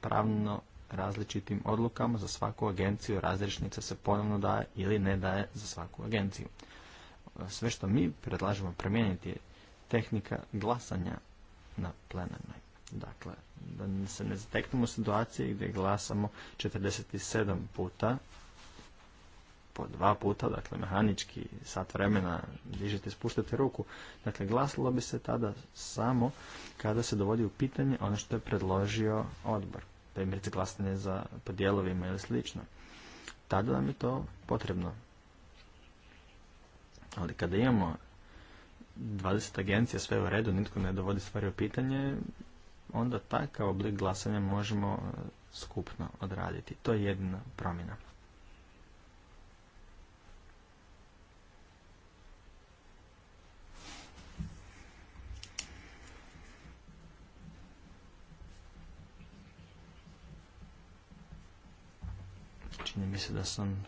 pravno različitim odlukama za svaku agenciju, razrešnica se ponovno daje ili ne daje za svaku agenciju. Sve što mi predlažemo promijeniti tehnika glasanja na plenarnoj. Dakle, da se ne zateknemo u situaciji gdje glasamo 47 puta, po dva puta, dakle mehanički sat vremena dižete i spuštate ruku. Dakle, glasilo bi se tada samo kada se dovodi u pitanje ono što je predložio odbor. Primjerice glasanje za podjelovima ili slično. Tada nam je to potrebno. Ali kada imamo 20 agencija sve u redu, nitko ne dovodi stvari u pitanje, onda takav oblik glasanja možemo e, skupno odraditi. To je jedna promjena. Čini mi se da sam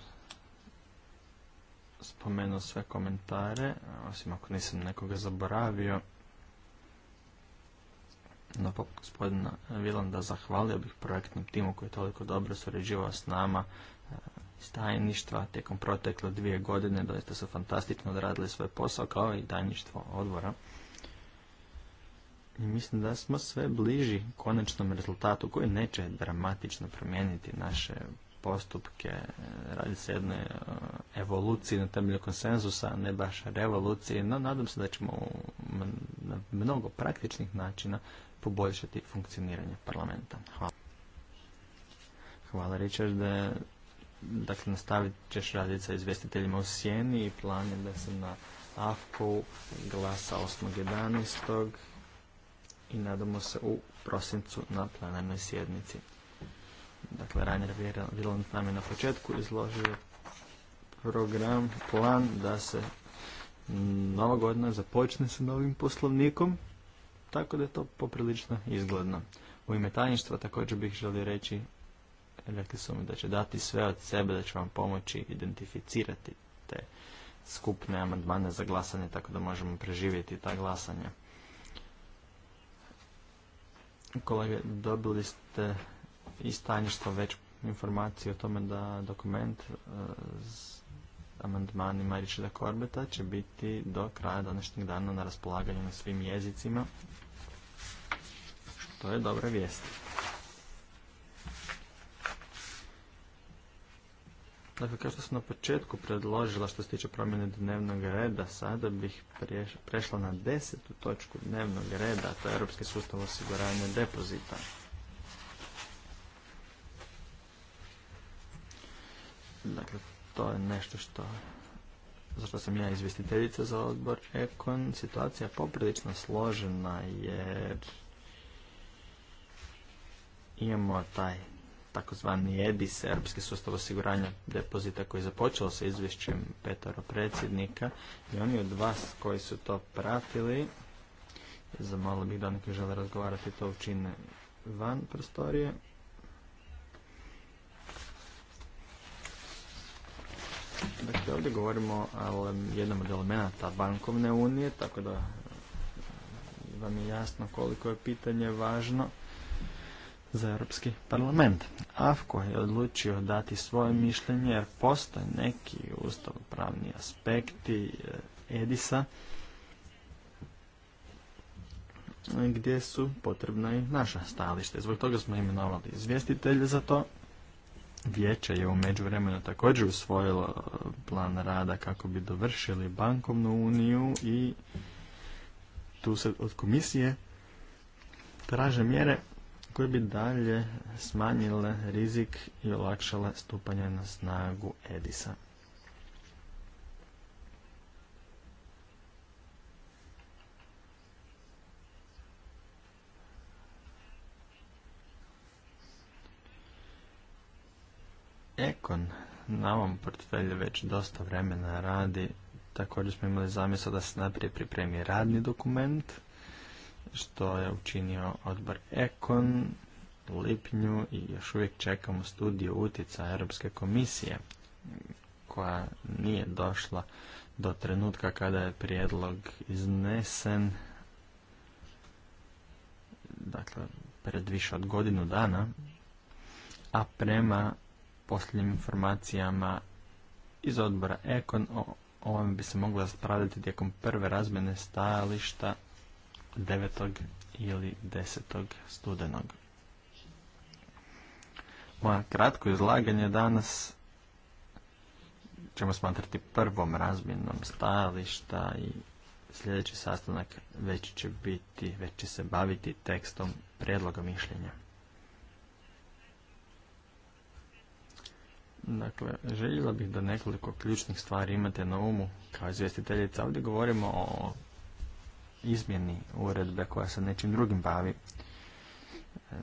spomenuo sve komentare, osim ako nisam nekoga zaboravio. No, poput pa gospodina Vilanda, zahvalio bih projektnom timu koji je toliko dobro surađivao s nama e, iz tajništva tijekom protekle dvije godine. Doista se fantastično odradili svoj posao kao i tajništvo odvora. I mislim da smo sve bliži konačnom rezultatu koji neće dramatično promijeniti naše postupke. Radi se jednoj e, evoluciji na temelju konsenzusa, ne baš revolucije, no nadam se da ćemo na mnogo praktičnih načina poboljšati funkcioniranje parlamenta. Hvala. Hvala Richard. Dakle, nastavit ćeš raditi sa izvjestiteljima u Sjeni i plan je da se na AFKU glasa 8.11. i nadamo se u prosincu na plenarnoj sjednici je Rainer nam je na početku izložio program, plan da se nova godina započne sa novim poslovnikom, tako da je to poprilično izgledno. U ime tajništva također bih želio reći, rekli su mi da će dati sve od sebe, da će vam pomoći identificirati te skupne amandmane za glasanje, tako da možemo preživjeti ta glasanja. Kolege, dobili ste i stanje što već informacije o tome da dokument e, s amandmanima Richarda Korbeta će biti do kraja današnjeg dana na raspolaganju na svim jezicima, To je dobra vijest. Dakle, kao što sam na početku predložila što se tiče promjene dnevnog reda, sada bih prešla na desetu točku dnevnog reda, to je Europski sustav osiguranja depozita. Dakle, to je nešto što sam ja izvjestiteljica za odbor Ekon. Situacija je poprilično složena jer imamo taj takozvani EDIS, Europski sustav osiguranja depozita koji je započeo sa izvješćem petero predsjednika i oni od vas koji su to pratili zamolio bih da oni koji žele razgovarati to učine van prostorije. Dakle, ovdje govorimo o jednom od elemenata bankovne unije, tako da vam je jasno koliko je pitanje važno za Europski parlament. AFKO je odlučio dati svoje mišljenje jer postoje neki ustavopravni aspekti eh, Edisa gdje su potrebna i naša stajališta. Zbog toga smo imenovali izvjestitelje za to. Vijeće je u međuvremenu također usvojilo e, plan rada kako bi dovršili bankovnu uniju i tu se od komisije traže mjere koje bi dalje smanjile rizik i olakšale stupanje na snagu Edisa. on na ovom portfelju već dosta vremena radi. Također smo imali zamisao da se najprije pripremi radni dokument, što je učinio odbor Ekon u lipnju i još uvijek čekamo studiju utjecaja Europske komisije koja nije došla do trenutka kada je prijedlog iznesen dakle pred više od godinu dana a prema posljednjim informacijama iz odbora Ekon o ovom bi se moglo raspravljati tijekom prve razmjene stajališta 9. ili 10. studenog. Moja kratko izlaganje danas ćemo smatrati prvom razmjenom stajališta i sljedeći sastanak već će biti, već će se baviti tekstom prijedloga mišljenja. Dakle, željela bih da nekoliko ključnih stvari imate na umu kao izvjestiteljica. Ovdje govorimo o izmjeni uredbe koja se nečim drugim bavi. E,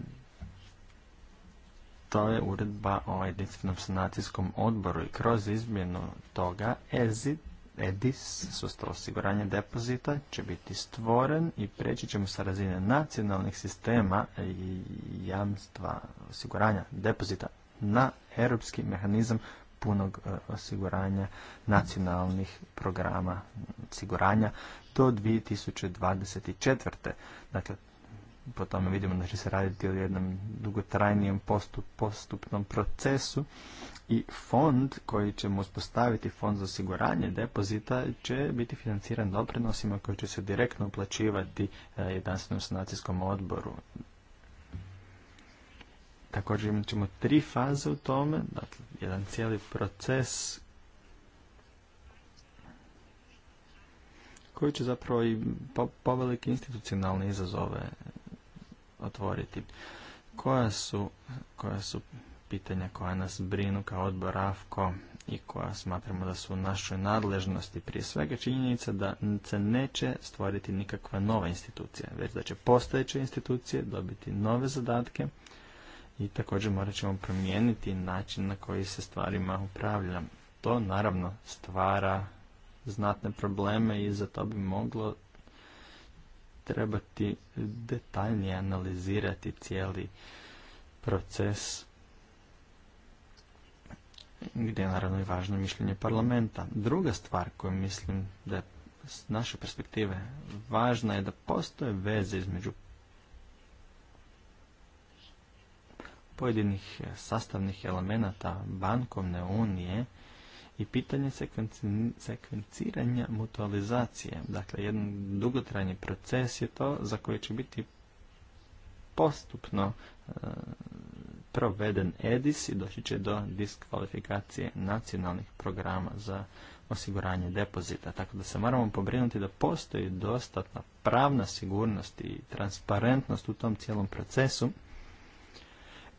to je uredba o jedinstvenom sanacijskom odboru i kroz izmjenu toga EZIT EDIS, sustav osiguranja depozita, će biti stvoren i preći ćemo sa razine nacionalnih sistema i jamstva osiguranja depozita na europski mehanizam punog e, osiguranja nacionalnih programa osiguranja do 2024. Dakle, po tome vidimo da će se raditi o jednom dugotrajnijem postup, postupnom procesu i fond koji ćemo uspostaviti, fond za osiguranje depozita, će biti financiran doprinosima koji će se direktno uplaćivati e, jedanstvenom sanacijskom odboru Također imat ćemo tri faze u tome, dakle, jedan cijeli proces koji će zapravo i povelike institucionalne izazove otvoriti. Koja su, koja su pitanja koja nas brinu kao odbor AFKO i koja smatramo da su u našoj nadležnosti prije svega činjenica da se neće stvoriti nikakva nova institucija, već da će postojeće institucije dobiti nove zadatke i također morat ćemo promijeniti način na koji se stvarima upravljam. To naravno stvara znatne probleme i za to bi moglo trebati detaljnije analizirati cijeli proces gdje je naravno i važno mišljenje parlamenta. Druga stvar koju mislim da je s naše perspektive važna je da postoje veze između pojedinih e, sastavnih elemenata bankovne unije i pitanje sekvenciranja mutualizacije. Dakle, jedan dugotrajni proces je to za koji će biti postupno e, proveden EDIS i doći će do diskvalifikacije nacionalnih programa za osiguranje depozita. Tako da se moramo pobrinuti da postoji dostatna pravna sigurnost i transparentnost u tom cijelom procesu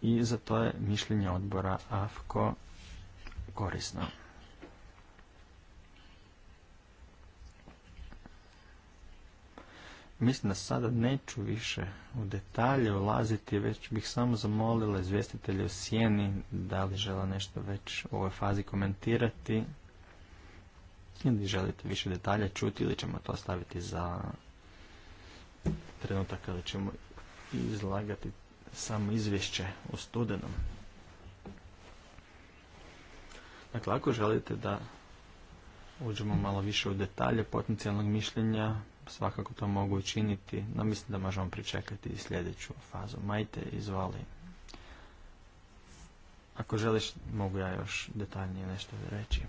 i za to je mišljenje odbora AFKO korisno. Mislim da sada neću više u detalje ulaziti, već bih samo zamolila izvjestitelje u sjeni da li žele nešto već u ovoj fazi komentirati ili želite više detalja čuti ili ćemo to staviti za trenutak kada ćemo izlagati samo izvješće u studenom. Dakle, ako želite da uđemo malo više u detalje potencijalnog mišljenja, svakako to mogu učiniti, no mislim da možemo pričekati i sljedeću fazu. Majte, izvali. Ako želiš, mogu ja još detaljnije nešto reći.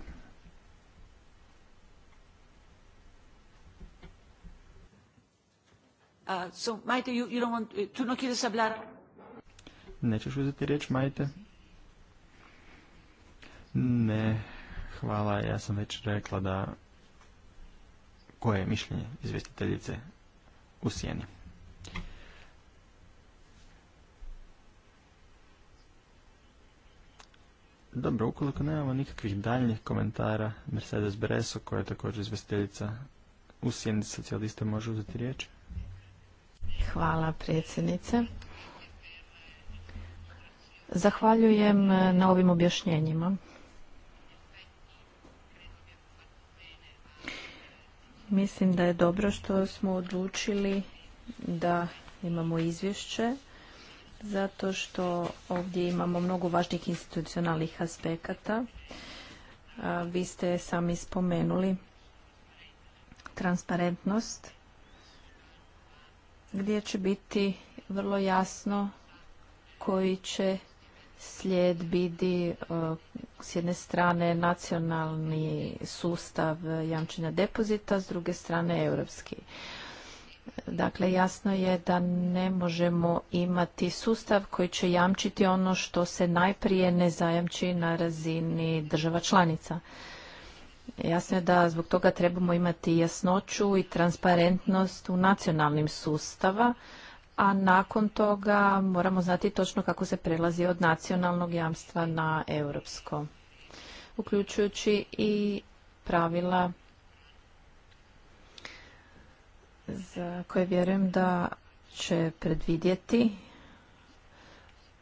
Uh, so, Maite, you, don't want uh, Nećeš uzeti riječ, Majte? Ne, hvala. Ja sam već rekla da koje je mišljenje izvestiteljice u sjeni. Dobro, ukoliko nemamo nikakvih daljnjih komentara, Mercedes Breso, koja je također izvestiteljica u sjeni socijalista, može uzeti riječ. Hvala predsjednice. Zahvaljujem na ovim objašnjenjima. Mislim da je dobro što smo odlučili da imamo izvješće zato što ovdje imamo mnogo važnih institucionalnih aspekata. Vi ste sami spomenuli transparentnost gdje će biti vrlo jasno koji će slijed vidi e, s jedne strane nacionalni sustav jamčenja depozita, s druge strane europski. Dakle, jasno je da ne možemo imati sustav koji će jamčiti ono što se najprije ne zajamči na razini država članica. Jasno je da zbog toga trebamo imati jasnoću i transparentnost u nacionalnim sustava, a nakon toga moramo znati točno kako se prelazi od nacionalnog jamstva na europsko, uključujući i pravila za koje vjerujem da će predvidjeti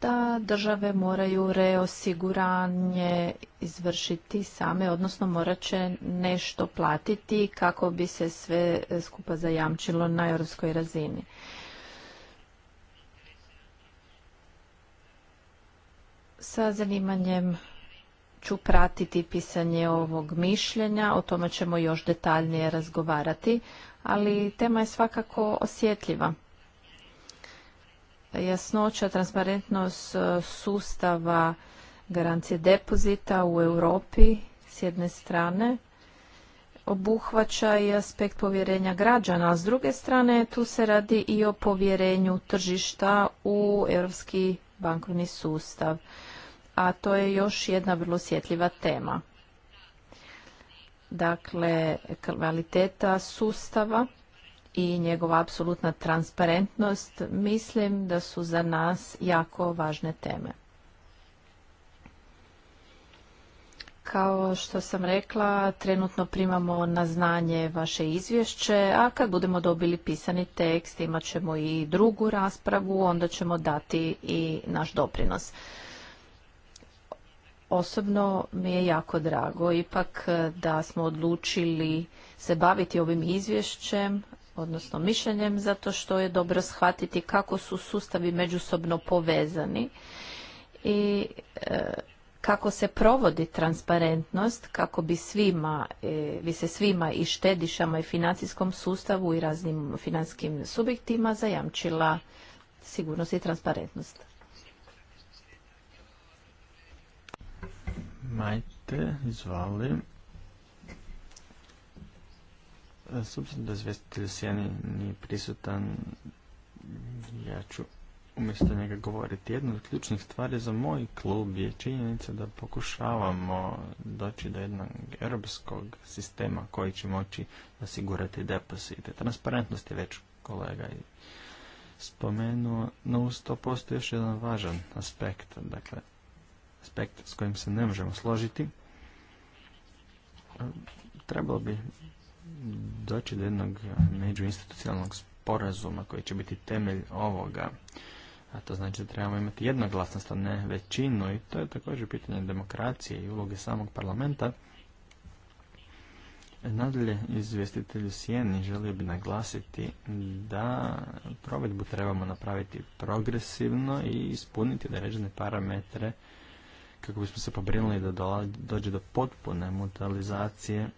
da države moraju reosiguranje izvršiti same, odnosno morat će nešto platiti kako bi se sve skupa zajamčilo na europskoj razini. Sa zanimanjem ću pratiti pisanje ovog mišljenja, o tome ćemo još detaljnije razgovarati, ali tema je svakako osjetljiva. Jasnoća, transparentnost e, sustava garancije depozita u Europi s jedne strane obuhvaća i aspekt povjerenja građana, a s druge strane tu se radi i o povjerenju tržišta u europski bankovni sustav a to je još jedna vrlo osjetljiva tema. Dakle, kvaliteta sustava i njegova apsolutna transparentnost mislim da su za nas jako važne teme. Kao što sam rekla, trenutno primamo na znanje vaše izvješće, a kad budemo dobili pisani tekst, imat ćemo i drugu raspravu, onda ćemo dati i naš doprinos. Osobno mi je jako drago ipak e, da smo odlučili se baviti ovim izvješćem, odnosno mišljenjem, zato što je dobro shvatiti kako su sustavi međusobno povezani i e, kako se provodi transparentnost, kako bi svima, e, se svima i štedišama i financijskom sustavu i raznim financijskim subjektima zajamčila sigurnost i transparentnost. Majte, izvali. E, S obzirom da izvestitelj Sjeni nije prisutan, ja ću umjesto njega govoriti. Jedna od ključnih stvari za moj klub je činjenica da pokušavamo doći do jednog europskog sistema koji će moći osigurati deposite. Transparentnost je već kolega spomenuo, no uz to postoji još jedan važan aspekt. Dakle, aspekt s kojim se ne možemo složiti. E, trebalo bi doći do jednog međuinstitucionalnog sporazuma koji će biti temelj ovoga. A to znači da trebamo imati jednoglasnost, a ne većinu i to je također pitanje demokracije i uloge samog parlamenta. Nadalje, izvjestitelju Sijeni želio bi naglasiti da provedbu trebamo napraviti progresivno i ispuniti određene parametre kako bismo se pobrinuli da dođe do potpune mutualizacije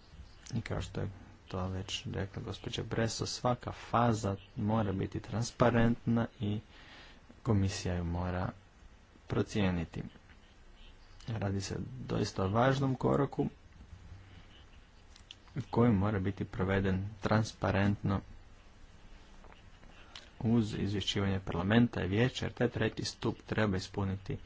i kao što je to već rekla gospođa Breso, svaka faza mora biti transparentna i komisija ju mora procijeniti. Radi se doista o važnom koraku koji mora biti proveden transparentno uz izvješćivanje parlamenta i vijeća, jer taj treći stup treba ispuniti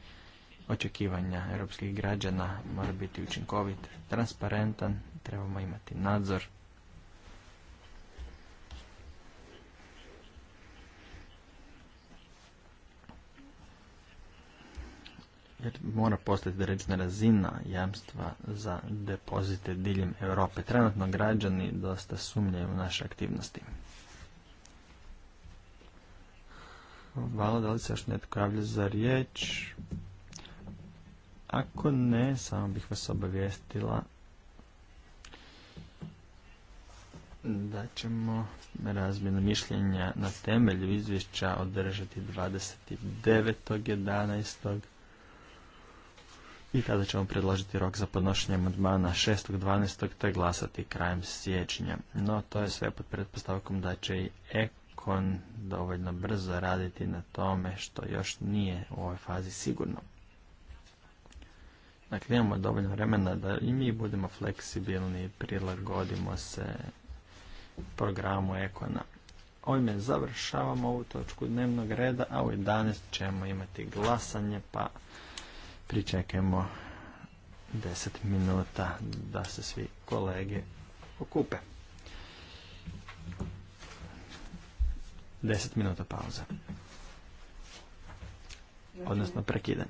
očekivanja europskih građana mora biti učinkovit, transparentan, trebamo imati nadzor. Jer mora postati određena razina jamstva za depozite diljem Europe. Trenutno građani dosta sumnjaju u naše aktivnosti. Hvala, da li se još netko javlja za riječ? Ako ne, samo bih vas obavijestila da ćemo razmjenu mišljenja na temelju izvješća održati 29.11. I tada ćemo predložiti rok za podnošenje amandmana 6.12. te glasati krajem siječnja. No, to je sve pod pretpostavkom da će i Ekon dovoljno brzo raditi na tome što još nije u ovoj fazi sigurno. Dakle, imamo dovoljno vremena da i mi budemo fleksibilni i prilagodimo se programu Ekona. Ovime završavamo ovu točku dnevnog reda, a u 11 ćemo imati glasanje, pa pričekajmo 10 minuta da se svi kolege okupe. 10 minuta pauze. Odnosno prekidanje.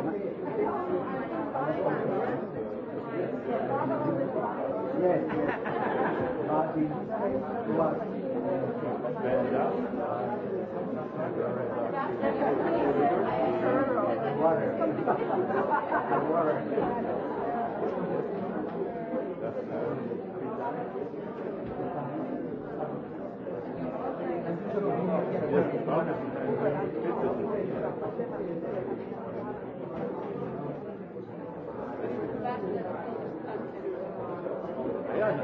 Hvala Hvala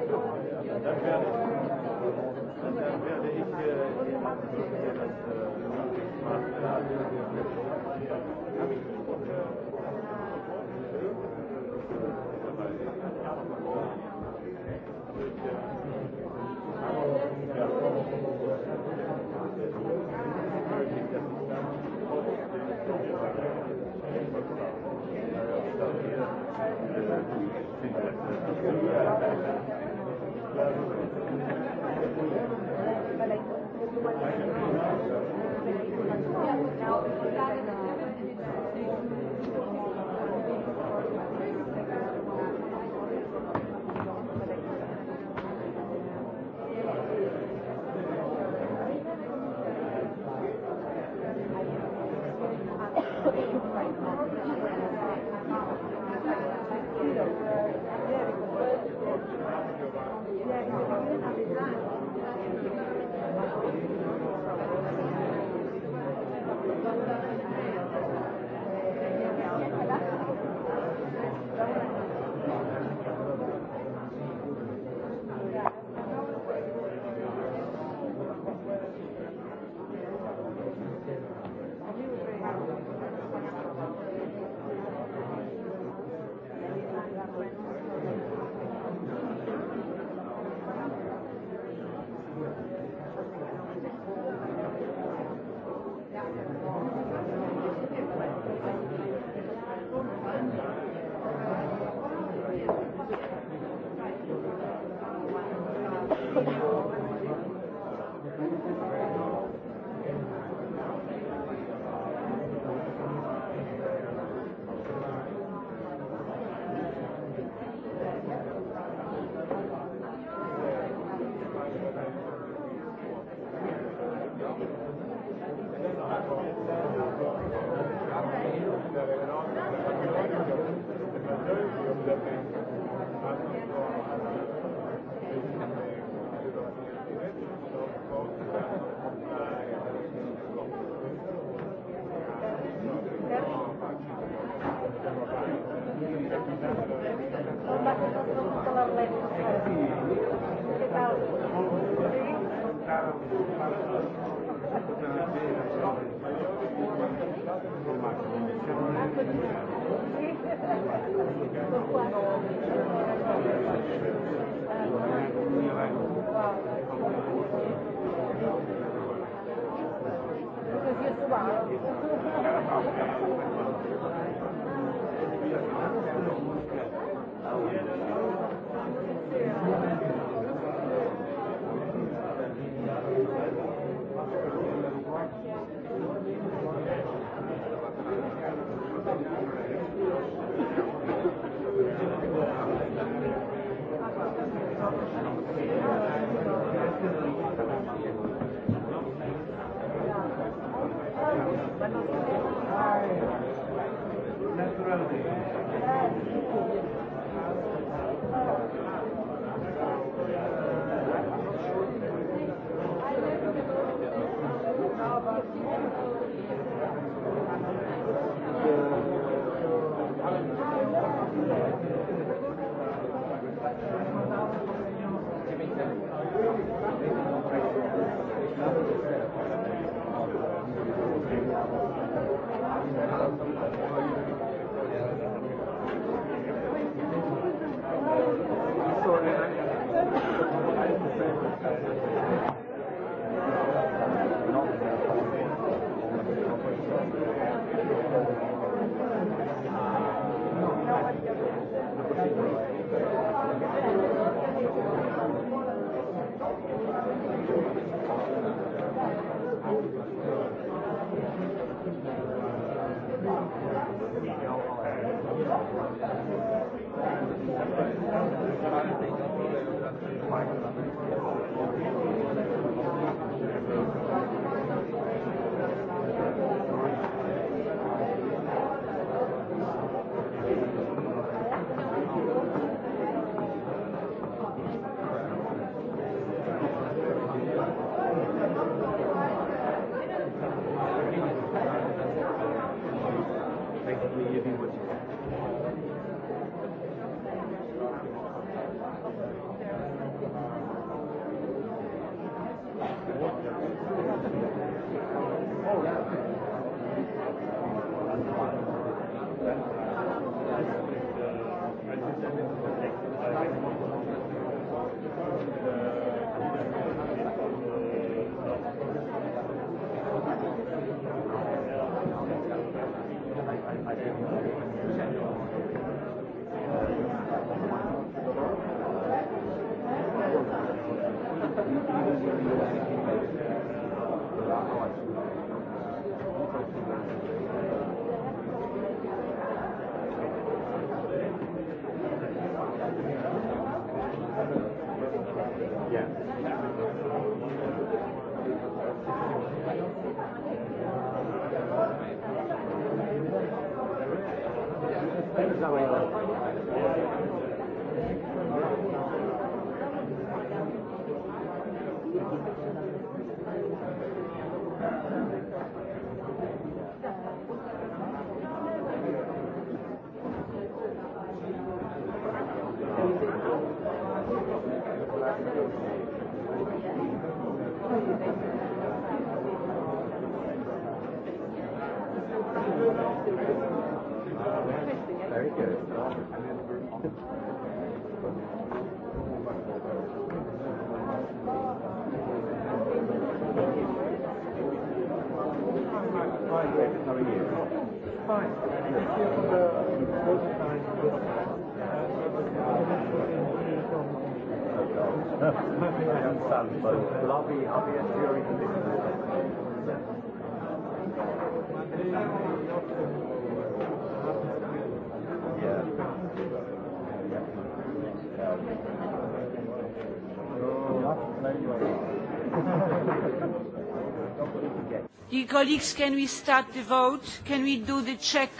colleagues, can we start the vote? Can we do the check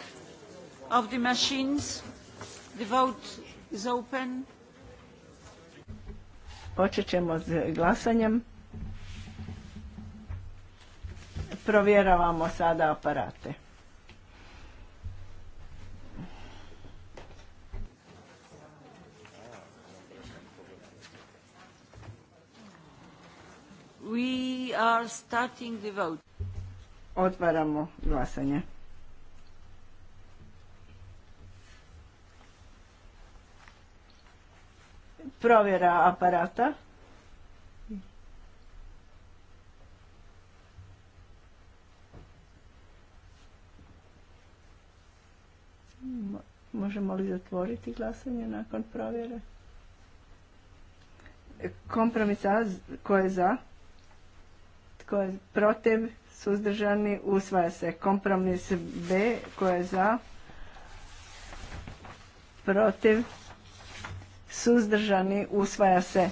of the machines? The vote is open. Počet ćemo s glasanjem. Provjeravamo sada aparate. We are starting the vote. Otvaramo glasanje. Provjera aparata. Možemo li zatvoriti glasanje nakon provjere? Kompromis tko je za? Tko je protiv? suzdržani, usvaja se. Kompromis B, koji je za, protiv, suzdržani, usvaja se.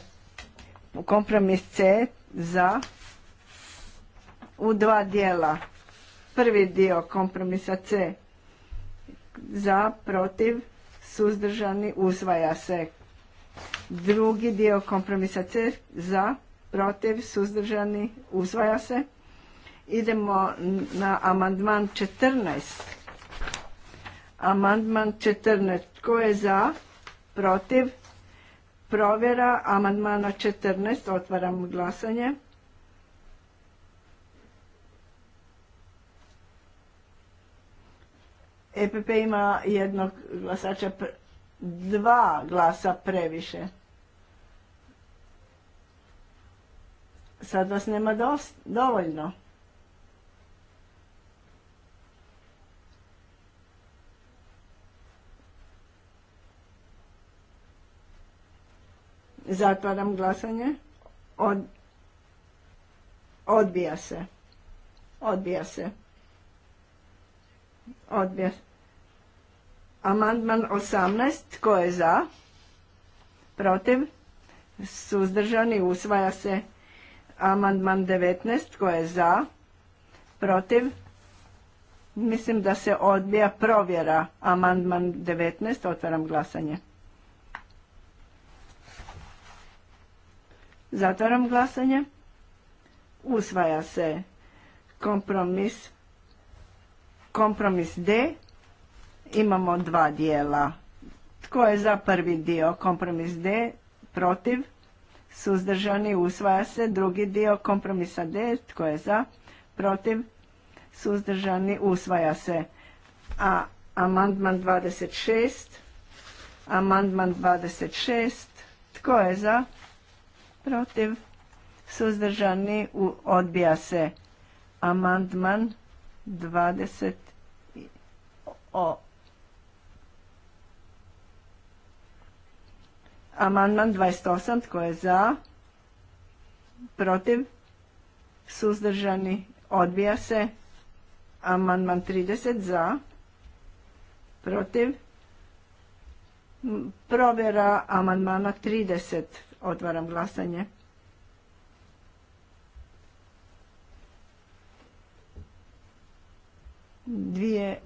Kompromis C, za, u dva dijela. Prvi dio kompromisa C, za, protiv, suzdržani, usvaja se. Drugi dio kompromisa C, za, protiv, suzdržani, usvaja se. Idemo na amandman 14. Amandman 14. Tko je za? Protiv? Provjera amandmana 14. Otvaram glasanje. EPP ima jednog glasača, dva glasa previše. Sad vas nema dovoljno. Zatvaram glasanje. odbija se. Odbija se. Odbija se. Amandman 18. Tko je za? Protiv? Suzdržani? Usvaja se. Amandman 19. Tko je za? Protiv? Mislim da se odbija provjera. Amandman 19. Otvaram glasanje. Zatvaram glasanje. Usvaja se kompromis kompromis D. Imamo dva dijela. Tko je za prvi dio? Kompromis D. Protiv. Suzdržani. Usvaja se. Drugi dio kompromisa D. Tko je za? Protiv. Suzdržani. Usvaja se. A amandman 26. Amandman 26. Tko je za? protiv, suzdržani, odbija se. Amandman 20 o Amandman 28, tko je za, protiv, suzdržani, odbija se. Amandman 30, za, protiv, provjera amandmana 30. Otvaram glasanje. Dvije,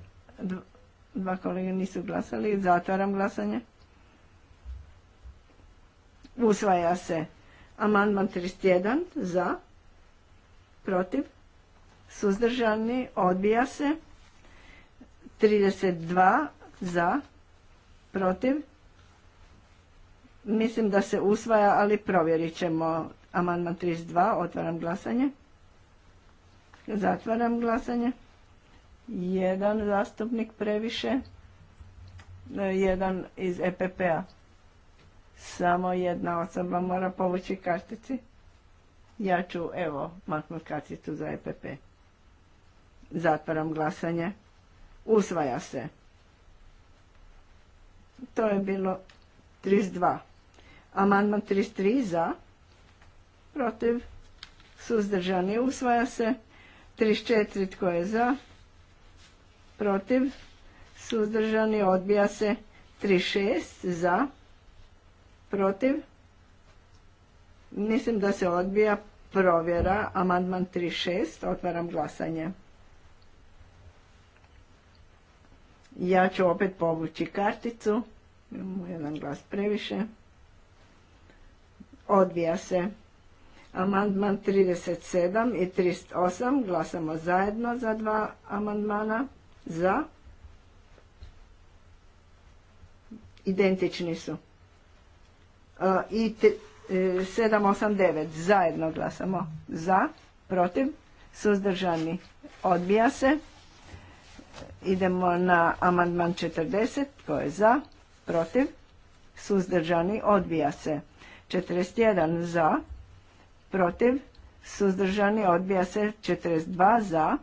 dva kolege nisu glasali. Zatvaram glasanje. Usvaja se amandman 31 za, protiv, suzdržani, odbija se. 32 za, protiv, Mislim da se usvaja, ali provjerit ćemo. Amandman 32, otvaram glasanje. Zatvaram glasanje. Jedan zastupnik previše. E, jedan iz EPP-a. Samo jedna osoba mora povući kartici. Ja ću, evo, maknut karticu za EPP. Zatvaram glasanje. Usvaja se. To je bilo 32. Amandman 33 za, protiv, suzdržani, usvaja se. 34 tko je za, protiv, suzdržani, odbija se. 36 za, protiv, mislim da se odbija provjera, amandman 36, otvaram glasanje. Ja ću opet povući karticu, imamo jedan glas previše. Odbija se. Amandman 37 i 38. Glasamo zajedno za dva amandmana. Za. Identični su. E, I 7, 8, 9 Zajedno glasamo za. Protiv. Suzdržani. Odbija se. Idemo na amandman 40. to je za? Protiv. Suzdržani. Odbija se. 41 za, protiv, suzdržani, odbija se 42 za,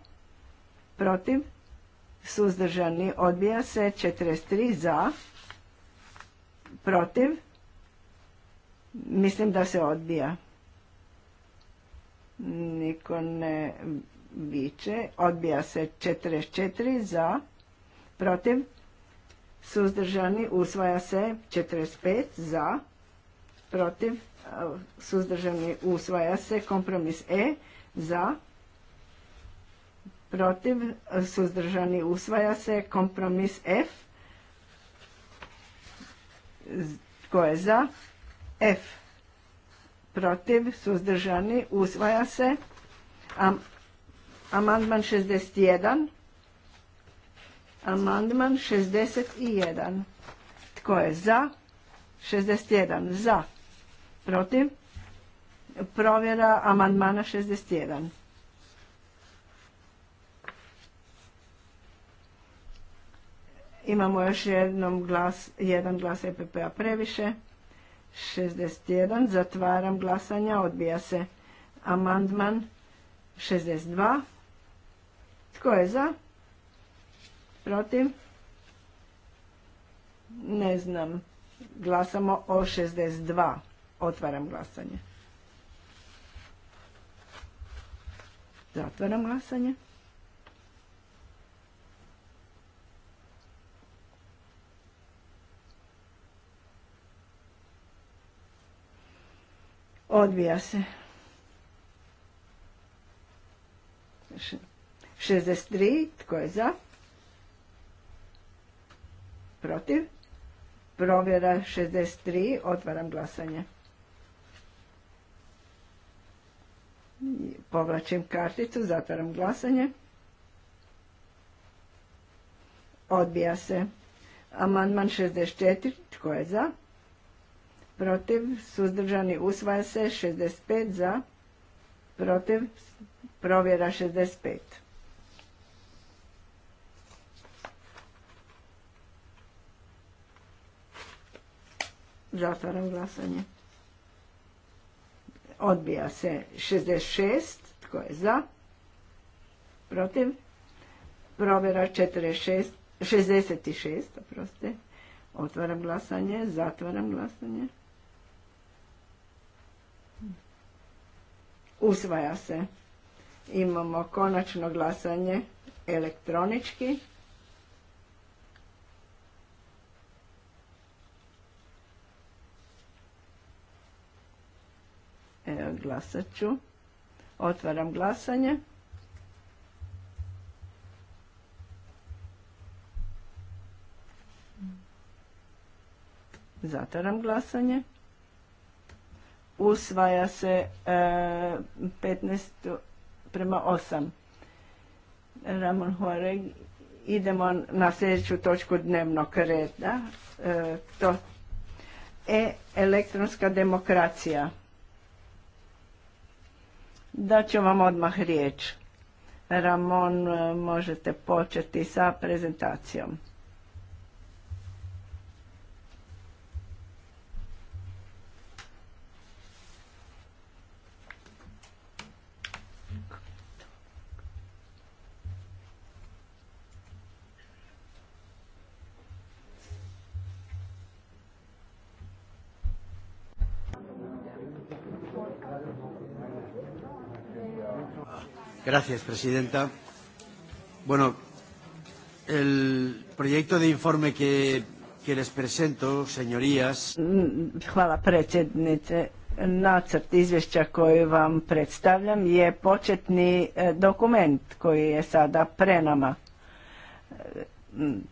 protiv, suzdržani, odbija se 43 za, protiv, mislim da se odbija. Niko ne viče, odbija se 44 za, protiv, suzdržani, usvaja se 45 za, protiv, protiv, suzdržani usvaja se, kompromis E, za, protiv, suzdržani usvaja se, kompromis F, tko je za, F, protiv, suzdržani usvaja se, amandman 61, amandman 61, tko je za, 61, za, protiv, provjera amandmana 61. Imamo još jednom glas, jedan glas EPP-a previše. 61. Zatvaram glasanja. Odbija se amandman 62. Tko je za? Protiv? Ne znam. Glasamo o 62. Otvaram glasanje. Zatvaram glasanje. Odbija se. 63. Tko je za? Protiv? Provjera 63. Otvaram glasanje. Povlačim karticu, zatvaram glasanje. Odbija se. Amandman 64. Tko je za? Protiv. Suzdržani usvaja se. 65 za. Protiv. Provjera 65. Zatvaram glasanje odbija se 66, tko je za, protiv, provjera 66, otvaram glasanje, zatvaram glasanje, usvaja se, imamo konačno glasanje elektronički, Glasat ću. Otvaram glasanje. Zatvaram glasanje. Usvaja se 15 e, prema 8. Ramon Horeg. Idemo na sljedeću točku dnevnog reda. E, to e elektronska demokracija. Da ću vam odmah riječ. Ramon, možete početi sa prezentacijom. Gracias, presidenta. Bueno, el proyecto de informe que, que les presento, señorías. Mm, hvala predsjednice. Nacrt izvješća koji vam predstavljam je početni e, dokument koji je sada pre nama. E, mm,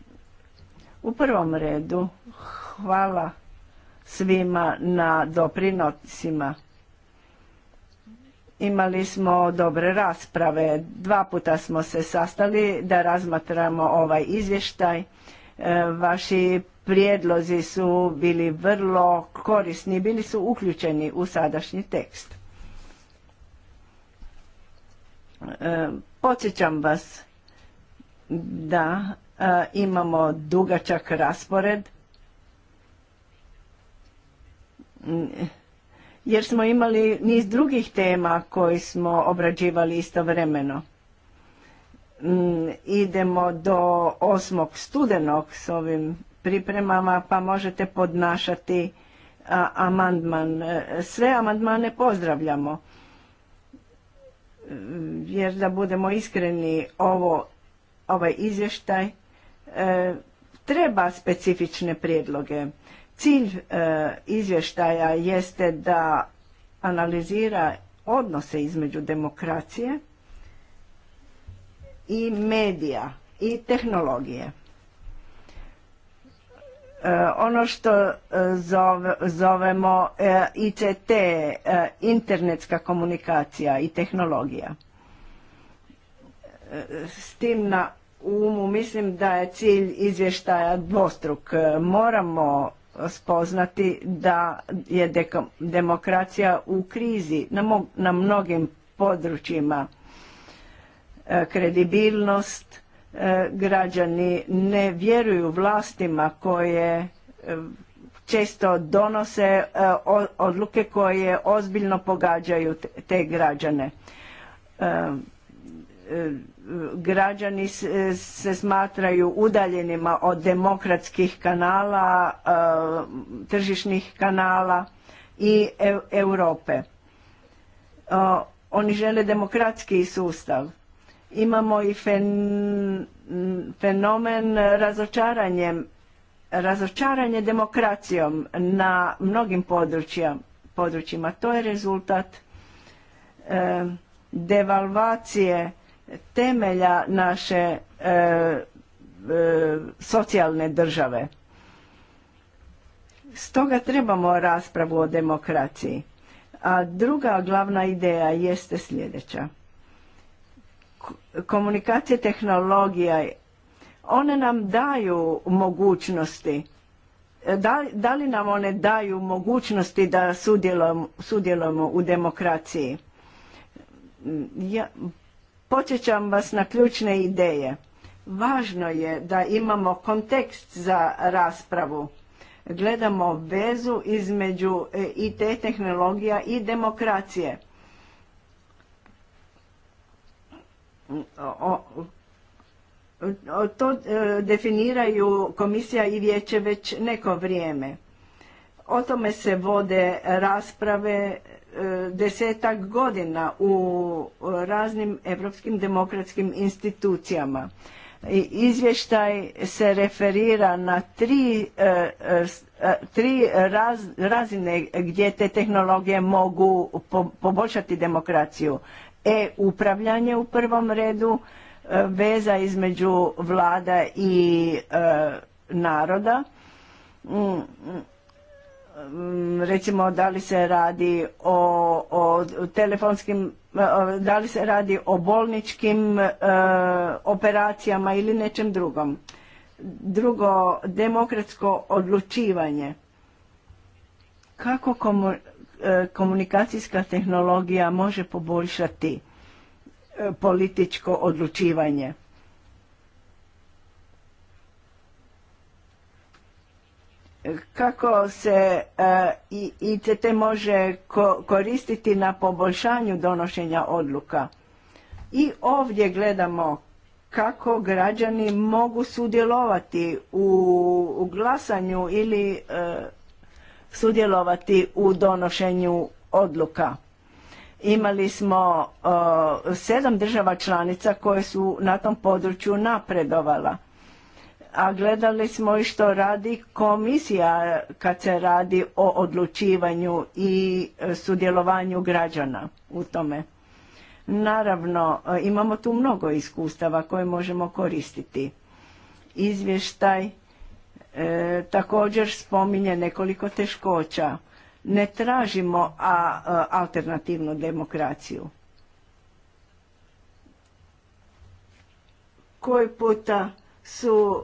u prvom redu hvala svima na doprinosima Imali smo dobre rasprave, dva puta smo se sastali da razmatramo ovaj izvještaj. E, vaši prijedlozi su bili vrlo korisni, bili su uključeni u sadašnji tekst. E, podsjećam vas da e, imamo dugačak raspored jer smo imali niz drugih tema koji smo obrađivali istovremeno. Mm, idemo do 8. studenog s ovim pripremama pa možete podnašati amandman. E, sve amandmane pozdravljamo. E, jer da budemo iskreni, ovo, ovaj izvještaj e, treba specifične prijedloge Cilj e, izvještaja jeste da analizira odnose između demokracije i medija i tehnologije. E, ono što e, zovemo ICT, internetska komunikacija i tehnologija. S tim na umu mislim da je cilj izvještaja dvostruk. Moramo spoznati da je demokracija u krizi na mnogim područjima. E, kredibilnost, e, građani ne vjeruju vlastima koje e, često donose odluke koje ozbiljno pogađaju te građane građani se smatraju udaljenima od demokratskih kanala, e, tržišnih kanala i e, Europe. E, oni žele demokratski sustav. Imamo i fenomen razočaranjem, razočaranje demokracijom na mnogim područjima. To je rezultat devalvacije temelja naše e, e, socijalne države. Stoga trebamo raspravu o demokraciji. A druga glavna ideja jeste sljedeća. Komunikacije tehnologija, one nam daju mogućnosti. Da, li nam one daju mogućnosti da sudjelujemo, sudjelujemo u demokraciji? Ja, Podsjećam vas na ključne ideje. Važno je da imamo kontekst za raspravu. Gledamo vezu između e, IT tehnologija i demokracije. to e, definiraju komisija i vijeće već neko vrijeme. O tome se vode rasprave desetak godina u raznim europskim demokratskim institucijama. Izvještaj se referira na tri, e, e, tri razine gdje te tehnologije mogu poboljšati demokraciju. E-upravljanje u prvom redu, e, veza između vlada i naroda, mm, Mm, recimo da li se radi o, telefonskim, e, da li se radi o bolničkim e, operacijama ili nečem drugom. Drugo, demokratsko odlučivanje. Kako e, komunikacijska tehnologija može poboljšati političko odlučivanje? kako se e, i ICT može koristiti na poboljšanju donošenja odluka. I ovdje gledamo kako građani mogu sudjelovati u, glasanju ili e, sudjelovati u donošenju odluka. Imali smo e, sedam država članica koje su na tom području napredovala a gledali smo i što radi komisija kad se radi o odlučivanju i e, sudjelovanju građana u tome. Naravno, e, imamo tu mnogo iskustava koje možemo koristiti. Izvještaj e, također spominje nekoliko teškoća. Ne tražimo a, a alternativnu demokraciju. Koji puta su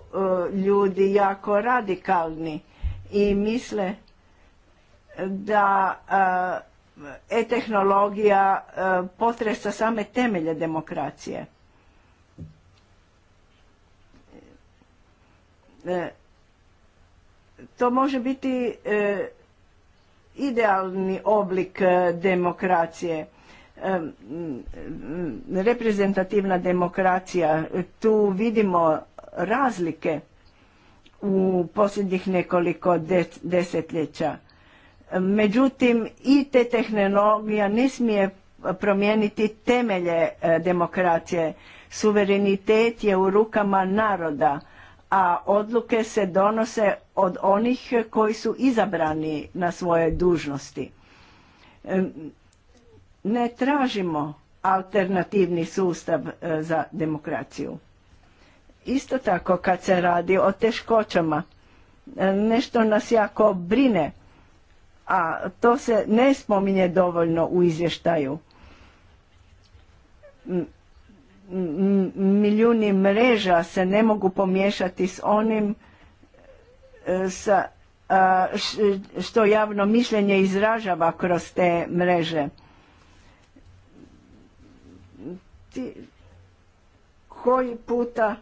e, ljudi jako radikalni i misle da e, e-tehnologija e, potresa same temelje demokracije. To može biti idealni oblik demokracije reprezentativna demokracija tu vidimo razlike u posljednjih nekoliko desetljeća. Međutim, i te tehnologija ne smije promijeniti temelje e, demokracije. Suverenitet je u rukama naroda, a odluke se donose od onih koji su izabrani na svoje dužnosti. E, ne tražimo alternativni sustav e, za demokraciju. Isto tako kad se radi o teškoćama, e, nešto nas jako brine, a to se ne spominje dovoljno u izvještaju. Milijuni mreža se ne mogu pomiješati s onim e, sa, što javno mišljenje izražava kroz te mreže. Koji puta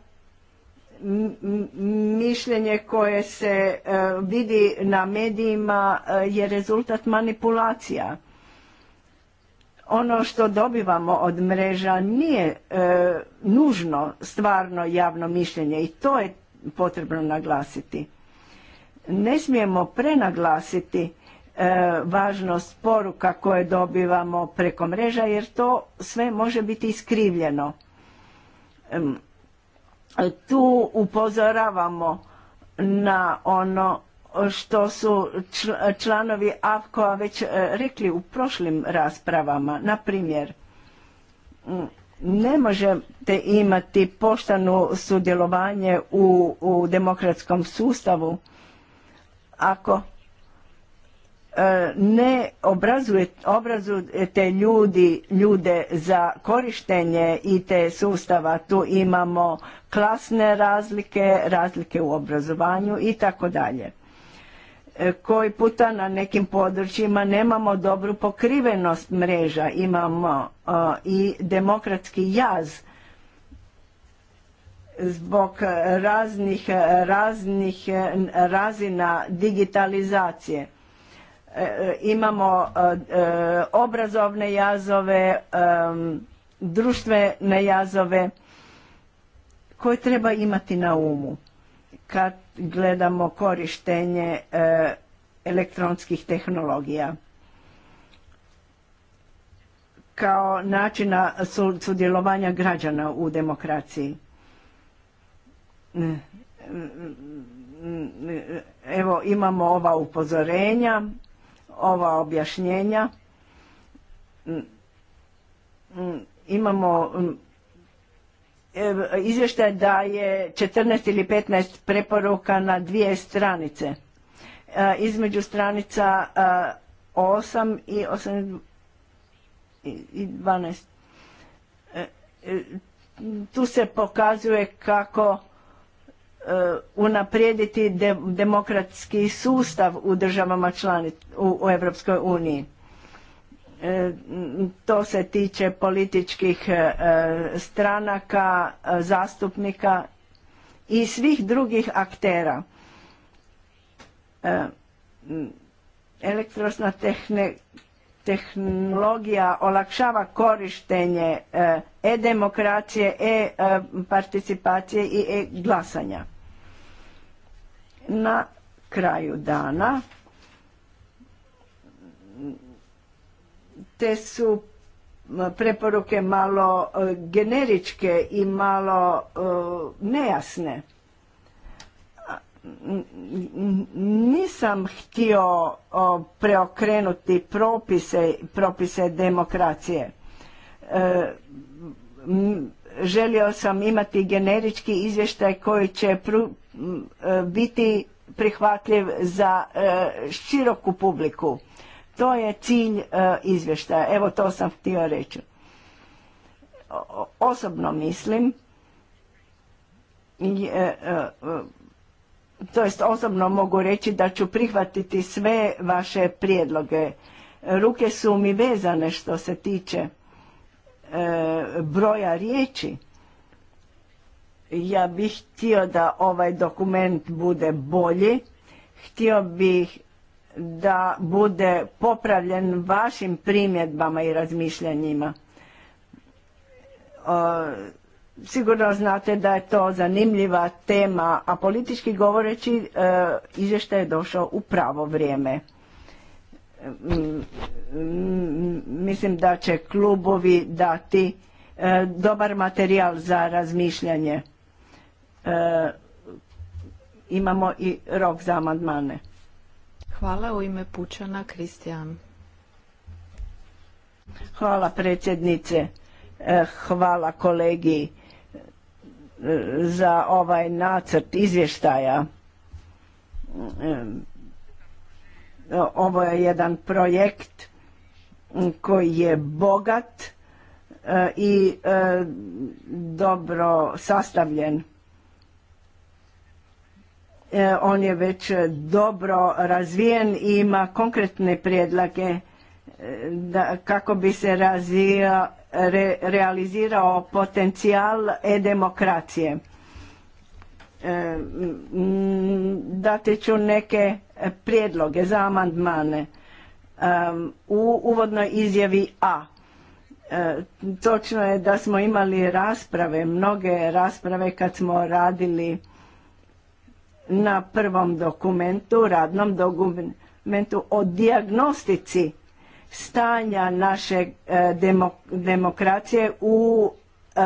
mišljenje koje se e, vidi na medijima e, je rezultat manipulacija. Ono što dobivamo od mreža nije e, nužno stvarno javno mišljenje i to je potrebno naglasiti. Ne smijemo prenaglasiti važnost poruka koje dobivamo preko mreža jer to sve može biti iskrivljeno tu upozoravamo na ono što su članovi AFKO-a već e, rekli u prošlim raspravama. Na primjer, mm, ne možete imati poštanu sudjelovanje u demokratskom sustavu ako E, ne obrazuje, obrazujete ljudi, ljude za korištenje te sustava, tu imamo klasne razlike, razlike u obrazovanju i tako dalje. E, koji puta na nekim područjima nemamo dobru pokrivenost mreža, imamo e, i demokratski jaz zbog raznih, raznih razina digitalizacije E, e, imamo e, obrazovne jazove, društvene jazove koje treba imati na umu kad gledamo korištenje elektronskih tehnologija kao načina sudjelovanja građana u demokraciji. Evo imamo ova upozorenja ova objašnjenja. Imamo mm, e, izvještaj da je 14 ili 15 preporuka na dvije stranice. E, između stranica 8 e, i 8 i 12. Tu se pokazuje kako Eh, unaprijediti demokratski sustav u državama članic u, u Europskoj uniji. Eh, to se tiče političkih eh, stranaka, zastupnika i svih drugih aktera. elektrosna tehnologija olakšava korištenje e-demokracije, e-participacije i e-glasanja na kraju dana te su preporuke malo e, generičke i malo e, nejasne. Nisam htio preokrenuti propise, propise demokracije. E, želio sam imati generički izvještaj koji će E, biti prihvatljiv za e, široku publiku. To je cilj e, izvještaja. Evo to sam htio reći. Osobno mislim to jest osobno mogu reći da ću prihvatiti sve vaše prijedloge. Ruke su mi vezane što se tiče broja riječi ja bih htio da ovaj dokument bude bolji, htio bih da bude popravljen vašim primjedbama i razmišljanjima. sigurno znate da je to zanimljiva tema, a politički govoreći e, izvještaj je došao u pravo vrijeme. Mm, mislim da će klubovi dati e, dobar materijal za razmišljanje. E, imamo i rok za amandmane. Hvala u ime Pučana Kristijan. Hvala predsjednice, e, hvala kolegi e, za ovaj nacrt izvještaja. Ovo je jedan projekt koji je bogat i dobro sastavljen E, on je već dobro razvijen i ima konkretne prijedlage e, da, kako bi se realizirao potencijal e-demokracije. E, dati ću neke prijedloge za amandmane. E, u uvodnoj izjavi A. točno je da smo imali rasprave, mnoge rasprave kad smo radili na prvom dokumentu, radnom dokumentu o dijagnostici stanja naše e, demokracije u e,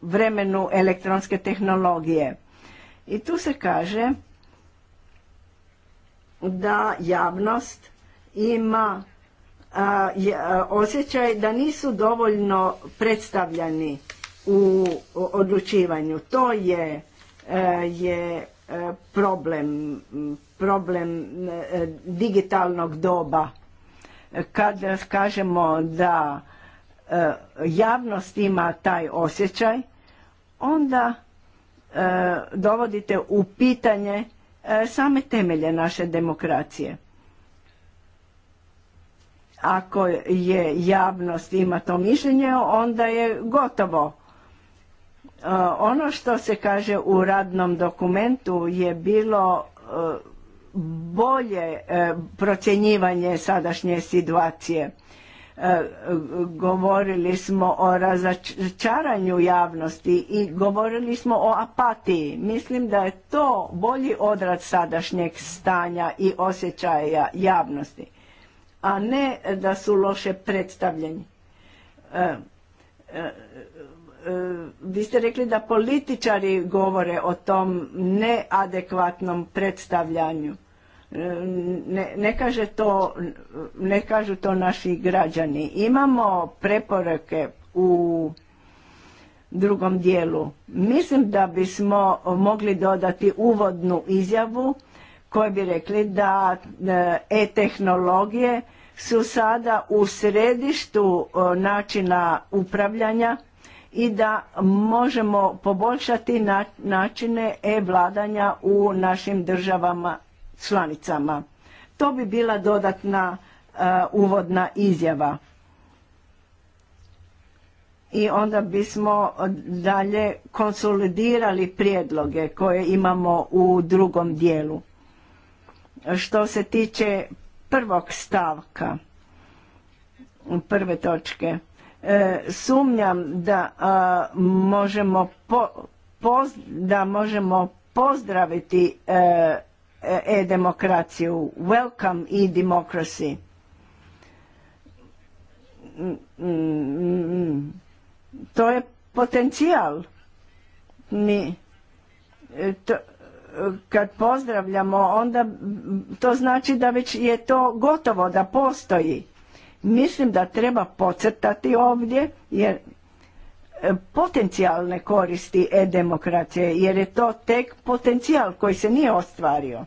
vremenu elektronske tehnologije. I tu se kaže da javnost ima e, osjećaj da nisu dovoljno predstavljani u odlučivanju. To je, je problem, problem e, digitalnog doba. Kad kažemo da e, javnost ima taj osjećaj, onda e, dovodite u pitanje same temelje naše demokracije. Ako je javnost ima to mišljenje, onda je gotovo ono što se kaže u radnom dokumentu je bilo e, bolje e, procjenjivanje sadašnje situacije. E, govorili smo o razačaranju javnosti i govorili smo o apatiji. Mislim da je to bolji odrad sadašnjeg stanja i osjećaja javnosti, a ne da su loše predstavljeni. E, vi ste rekli da političari govore o tom neadekvatnom predstavljanju. E, ne, ne, kaže to, ne kažu to naši građani. Imamo preporuke u drugom dijelu. Mislim da bismo mogli dodati uvodnu izjavu koje bi rekli da e, e-tehnologije su sada u središtu načina upravljanja i da možemo poboljšati načine e-vladanja u našim državama članicama. To bi bila dodatna uh, uvodna izjava. I onda bismo dalje konsolidirali prijedloge koje imamo u drugom dijelu. Što se tiče prvog stavka, prve točke, E, sumnjam da možemo da možemo pozdraviti e, e, e-demokraciju, welcome e-democracy. Mm, mm, mm. To je potencijal. Mi to, kad pozdravljamo, onda to znači da već je to gotovo, da postoji. Mislim da treba pocrtati ovdje jer e, potencijalne koristi e-demokracije jer je to tek potencijal koji se nije ostvario.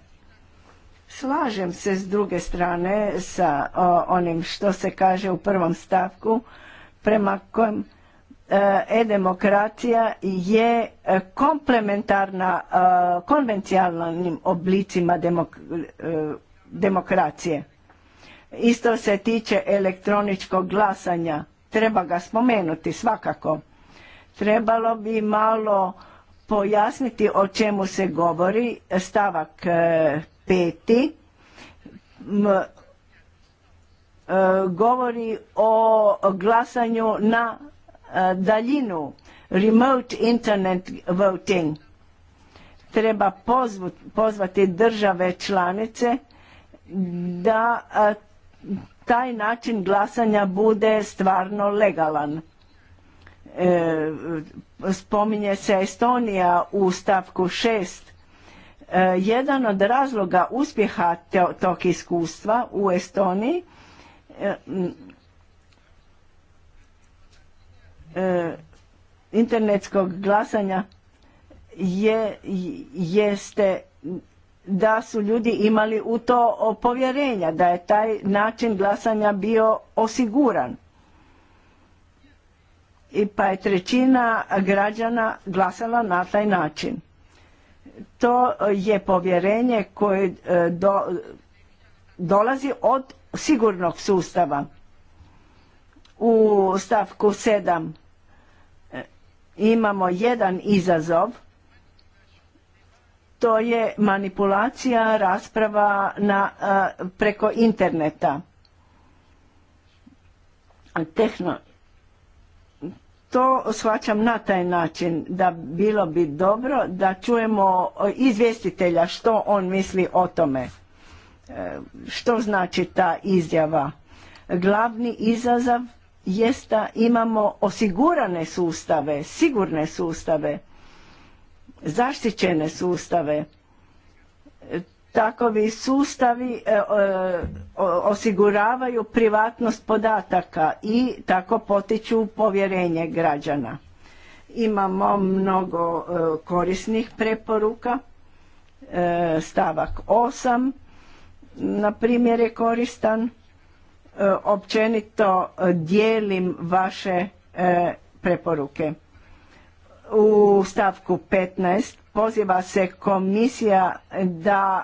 Slažem se s druge strane sa onim što se kaže u prvom stavku prema kojem e, e-demokracija je e, komplementarna konvencijalnim oblicima demokracije. Isto se tiče elektroničkog glasanja. Treba ga spomenuti svakako. Trebalo bi malo pojasniti o čemu se govori. Stavak e, peti e, govori o glasanju na e, daljinu. Remote Internet Voting. Treba pozvati države članice da taj način glasanja bude stvarno legalan. E, spominje se Estonija u stavku 6. E, jedan od razloga uspjeha tog iskustva u Estoniji e, internetskog glasanja je, jeste da su ljudi imali u to povjerenja, da je taj način glasanja bio osiguran. I pa je trećina građana glasala na taj način. To je povjerenje koje e, dolazi od sigurnog sustava. U stavku 7 e, imamo jedan izazov – to je manipulacija rasprava na, preko interneta. Tehno, to shvaćam na taj način da bilo bi dobro da čujemo izvjestitelja što on misli o tome. E, što znači ta izjava? Glavni izazav jest da imamo osigurane sustave, sigurne sustave zaštićene sustave. Takovi sustavi e, e, osiguravaju privatnost podataka i tako potiču povjerenje građana. Imamo mnogo e, korisnih preporuka, stavak 8 na primjer je koristan. Općenito dijelim vaše preporuke. U stavku 15 poziva se komisija da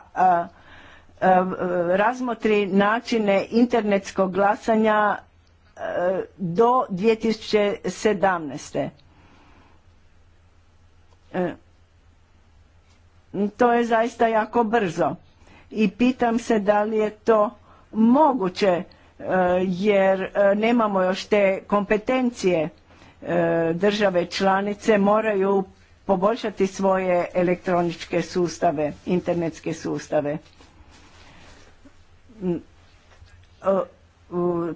razmotri načine internetskog glasanja do 2017. E, to je zaista jako brzo i pitam se da li je to moguće e, jer e, nemamo još te kompetencije E, države članice moraju poboljšati svoje elektroničke sustave, internetske sustave.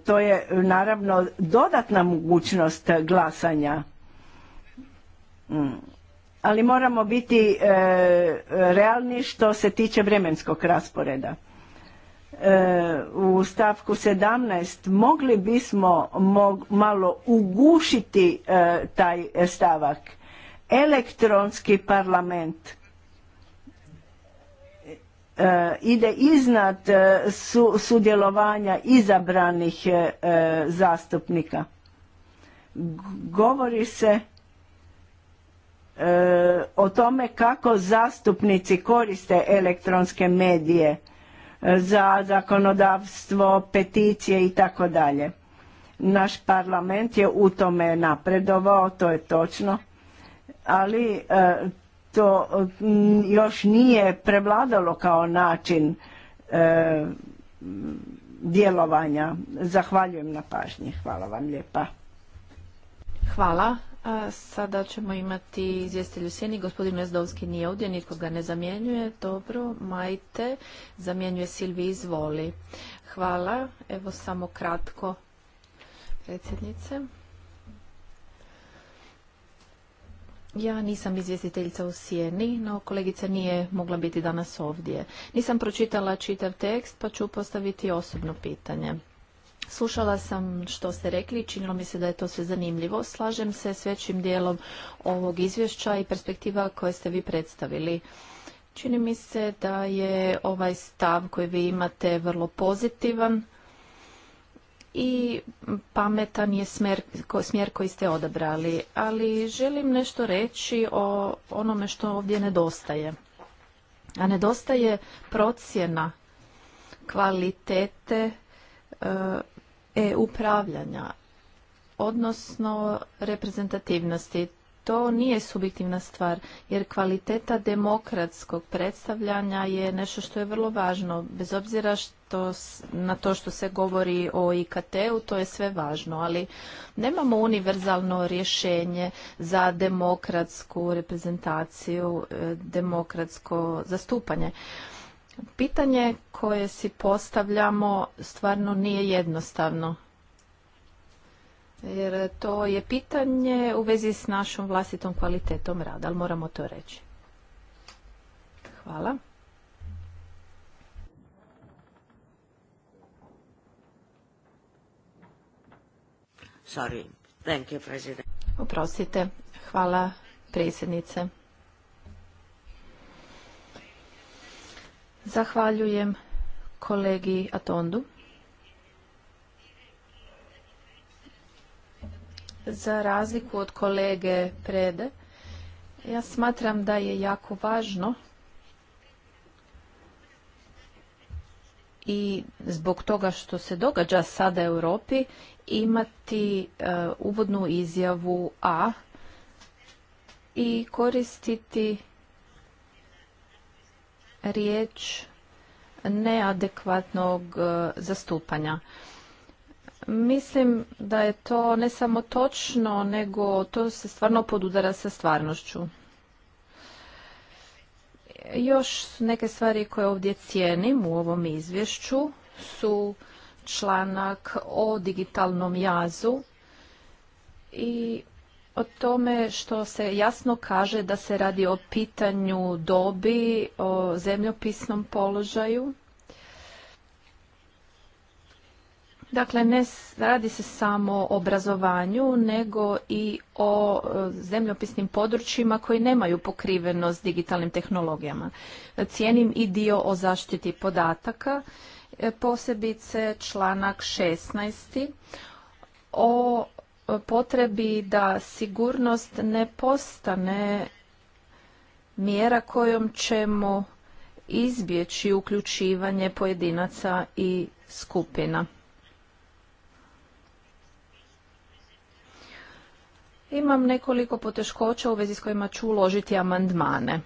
To je naravno dodatna mogućnost glasanja. Mm. Ali moramo biti e, realni što se tiče vremenskog rasporeda u stavku 17 mogli bismo malo ugušiti e, taj stavak. Elektronski parlament e, ide iznad e, sudjelovanja izabranih zastupnika. Govori se o tome kako zastupnici koriste elektronske medije za zakonodavstvo, peticije i tako dalje. Naš parlament je u tome napredovao, to je točno, ali e, to još nije prevladalo kao način e, djelovanja. Zahvaljujem na pažnji. Hvala vam lijepa. Hvala. A sada ćemo imati izvjestelju sjeni. Gospodin Mezdovski nije ovdje, nitko ga ne zamjenjuje. Dobro, majte, zamjenjuje Silvi, izvoli. Hvala, evo samo kratko, predsjednice. Ja nisam izvjestiteljica u Sijeni, no kolegica nije mogla biti danas ovdje. Nisam pročitala čitav tekst, pa ću postaviti osobno pitanje. Slušala sam što ste rekli, činilo mi se da je to sve zanimljivo. Slažem se s većim dijelom ovog izvješća i perspektiva koje ste vi predstavili. Čini mi se da je ovaj stav koji vi imate vrlo pozitivan i pametan je smjer, koji ste odabrali, ali želim nešto reći o onome što ovdje nedostaje. A nedostaje procjena kvalitete e, upravljanja odnosno reprezentativnosti. To nije subjektivna stvar, jer kvaliteta demokratskog predstavljanja je nešto što je vrlo važno. Bez obzira na to što se govori o IKT-u, to je sve važno, ali nemamo univerzalno rješenje za demokratsku reprezentaciju, e, demokratsko zastupanje. Pitanje koje si postavljamo stvarno nije jednostavno. Jer to je pitanje u vezi s našom vlastitom kvalitetom rada, ali moramo to reći. Hvala. Sorry. Thank you, Oprostite. Hvala predsjednice. Zahvaljujem kolegi Atondu. Za razliku od kolege Prede, ja smatram da je jako važno i zbog toga što se događa sada u Europi imati e, uvodnu izjavu A i koristiti riječ neadekvatnog e, zastupanja. Mislim da je to ne samo točno, nego to se stvarno podudara sa stvarnošću. Još neke stvari koje ovdje cijenim u ovom izvješću su članak o digitalnom jazu i o tome što se jasno kaže da se radi o pitanju dobi, o zemljopisnom položaju. Dakle, ne radi se samo o obrazovanju, nego i o e, zemljopisnim područjima koji nemaju pokrivenost digitalnim tehnologijama. Cijenim i dio o zaštiti podataka, e, posebice članak 16. o potrebi da sigurnost ne postane mjera kojom ćemo izbjeći uključivanje pojedinaca i skupina. Imam nekoliko poteškoća u vezi s kojima ću uložiti amandmane.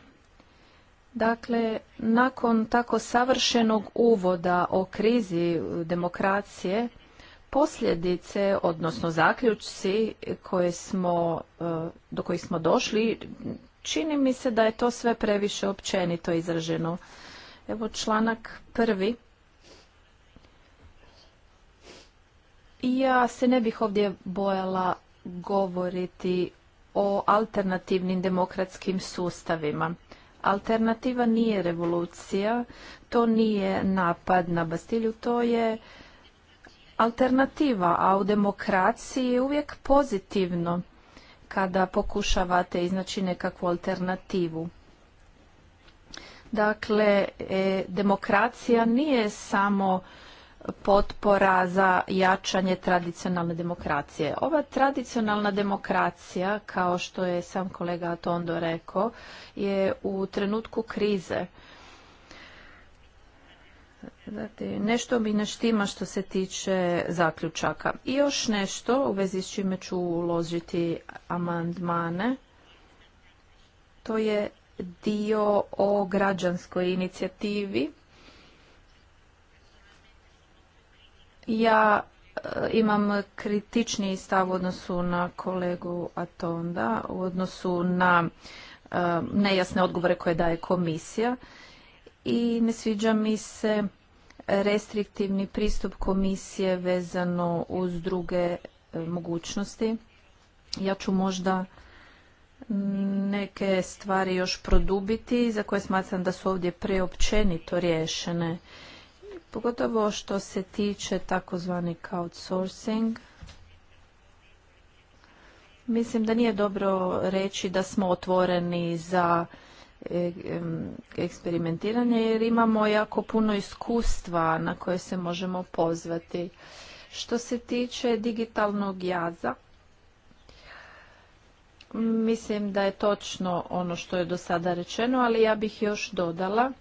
Dakle, nakon tako savršenog uvoda o krizi demokracije, posljedice, odnosno zaključci koje smo, e, do kojih smo došli, čini mi se da je to sve previše općenito izraženo. Evo članak prvi. Ja se ne bih ovdje bojala govoriti o alternativnim demokratskim sustavima. Alternativa nije revolucija, to nije napad na Bastilju, to je alternativa, a u demokraciji je uvijek pozitivno kada pokušavate iznaći nekakvu alternativu. Dakle, e, demokracija nije samo potpora za jačanje tradicionalne demokracije. Ova tradicionalna demokracija, kao što je sam kolega Tondo rekao, je u trenutku krize Zatim, nešto mi ne štima što se tiče zaključaka. I još nešto u vezi s čime ću uložiti amandmane. To je dio o građanskoj inicijativi. Ja e, imam kritični stav u odnosu na kolegu Atonda, u odnosu na e, nejasne odgovore koje daje komisija i ne sviđa mi se restriktivni pristup komisije vezano uz druge e, mogućnosti. Ja ću možda neke stvari još produbiti za koje smatram da su ovdje preopćenito riješene. Pogotovo što se tiče takozvani outsourcing. Mislim da nije dobro reći da smo otvoreni za E, eksperimentiranje jer imamo jako puno iskustva na koje se možemo pozvati. Što se tiče digitalnog jaza, mislim da je točno ono što je do sada rečeno, ali ja bih još dodala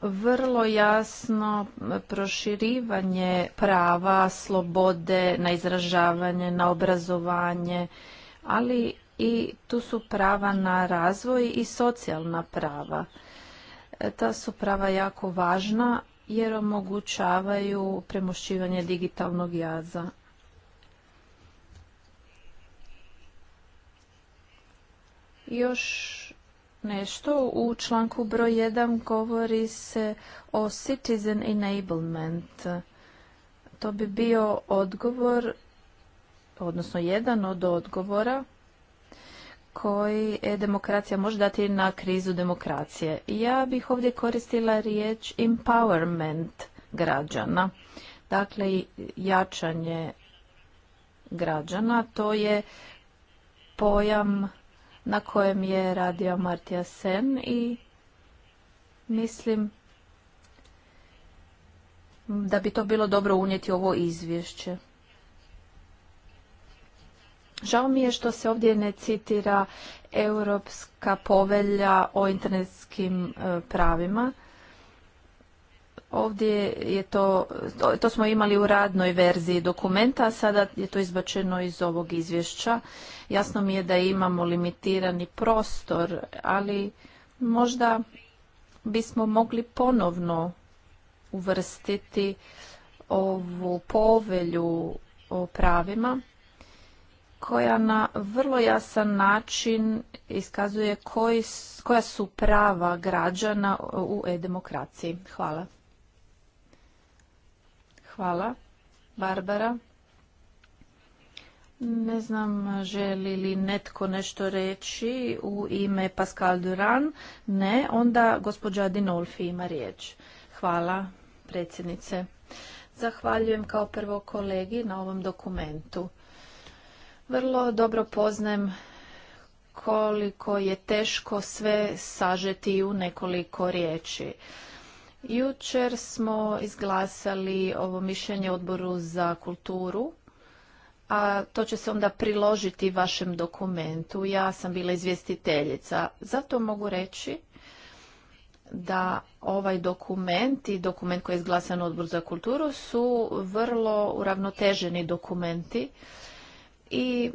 vrlo jasno proširivanje prava, slobode na izražavanje, na obrazovanje, ali i tu su prava na razvoj i socijalna prava. E, ta su prava jako važna jer omogućavaju premošćivanje digitalnog jaza. Još nešto. U članku broj 1 govori se o citizen enablement. To bi bio odgovor, odnosno jedan od odgovora koji e, demokracija može dati na krizu demokracije. Ja bih ovdje koristila riječ empowerment građana. Dakle, jačanje građana, to je pojam na kojem je radio Martija Sen i mislim da bi to bilo dobro unijeti ovo izvješće. Žao mi je što se ovdje ne citira Europska povelja o internetskim e, pravima. Ovdje je to, to smo imali u radnoj verziji dokumenta, a sada je to izbačeno iz ovog izvješća. Jasno mi je da imamo limitirani prostor, ali možda bismo mogli ponovno uvrstiti ovu povelju o pravima koja na vrlo jasan način iskazuje koja su prava građana u e-demokraciji. Hvala. Hvala. Barbara. Ne znam želi li netko nešto reći u ime Pascal Duran. Ne, onda gospođa Adinolfi ima riječ. Hvala predsjednice. Zahvaljujem kao prvo kolegi na ovom dokumentu. Vrlo dobro poznajem koliko je teško sve sažeti u nekoliko riječi. Jučer smo izglasali ovo mišljenje odboru za kulturu, a to će se onda priložiti vašem dokumentu. Ja sam bila izvjestiteljica, zato mogu reći da ovaj dokument i dokument koji je izglasan odbor za kulturu su vrlo uravnoteženi dokumenti i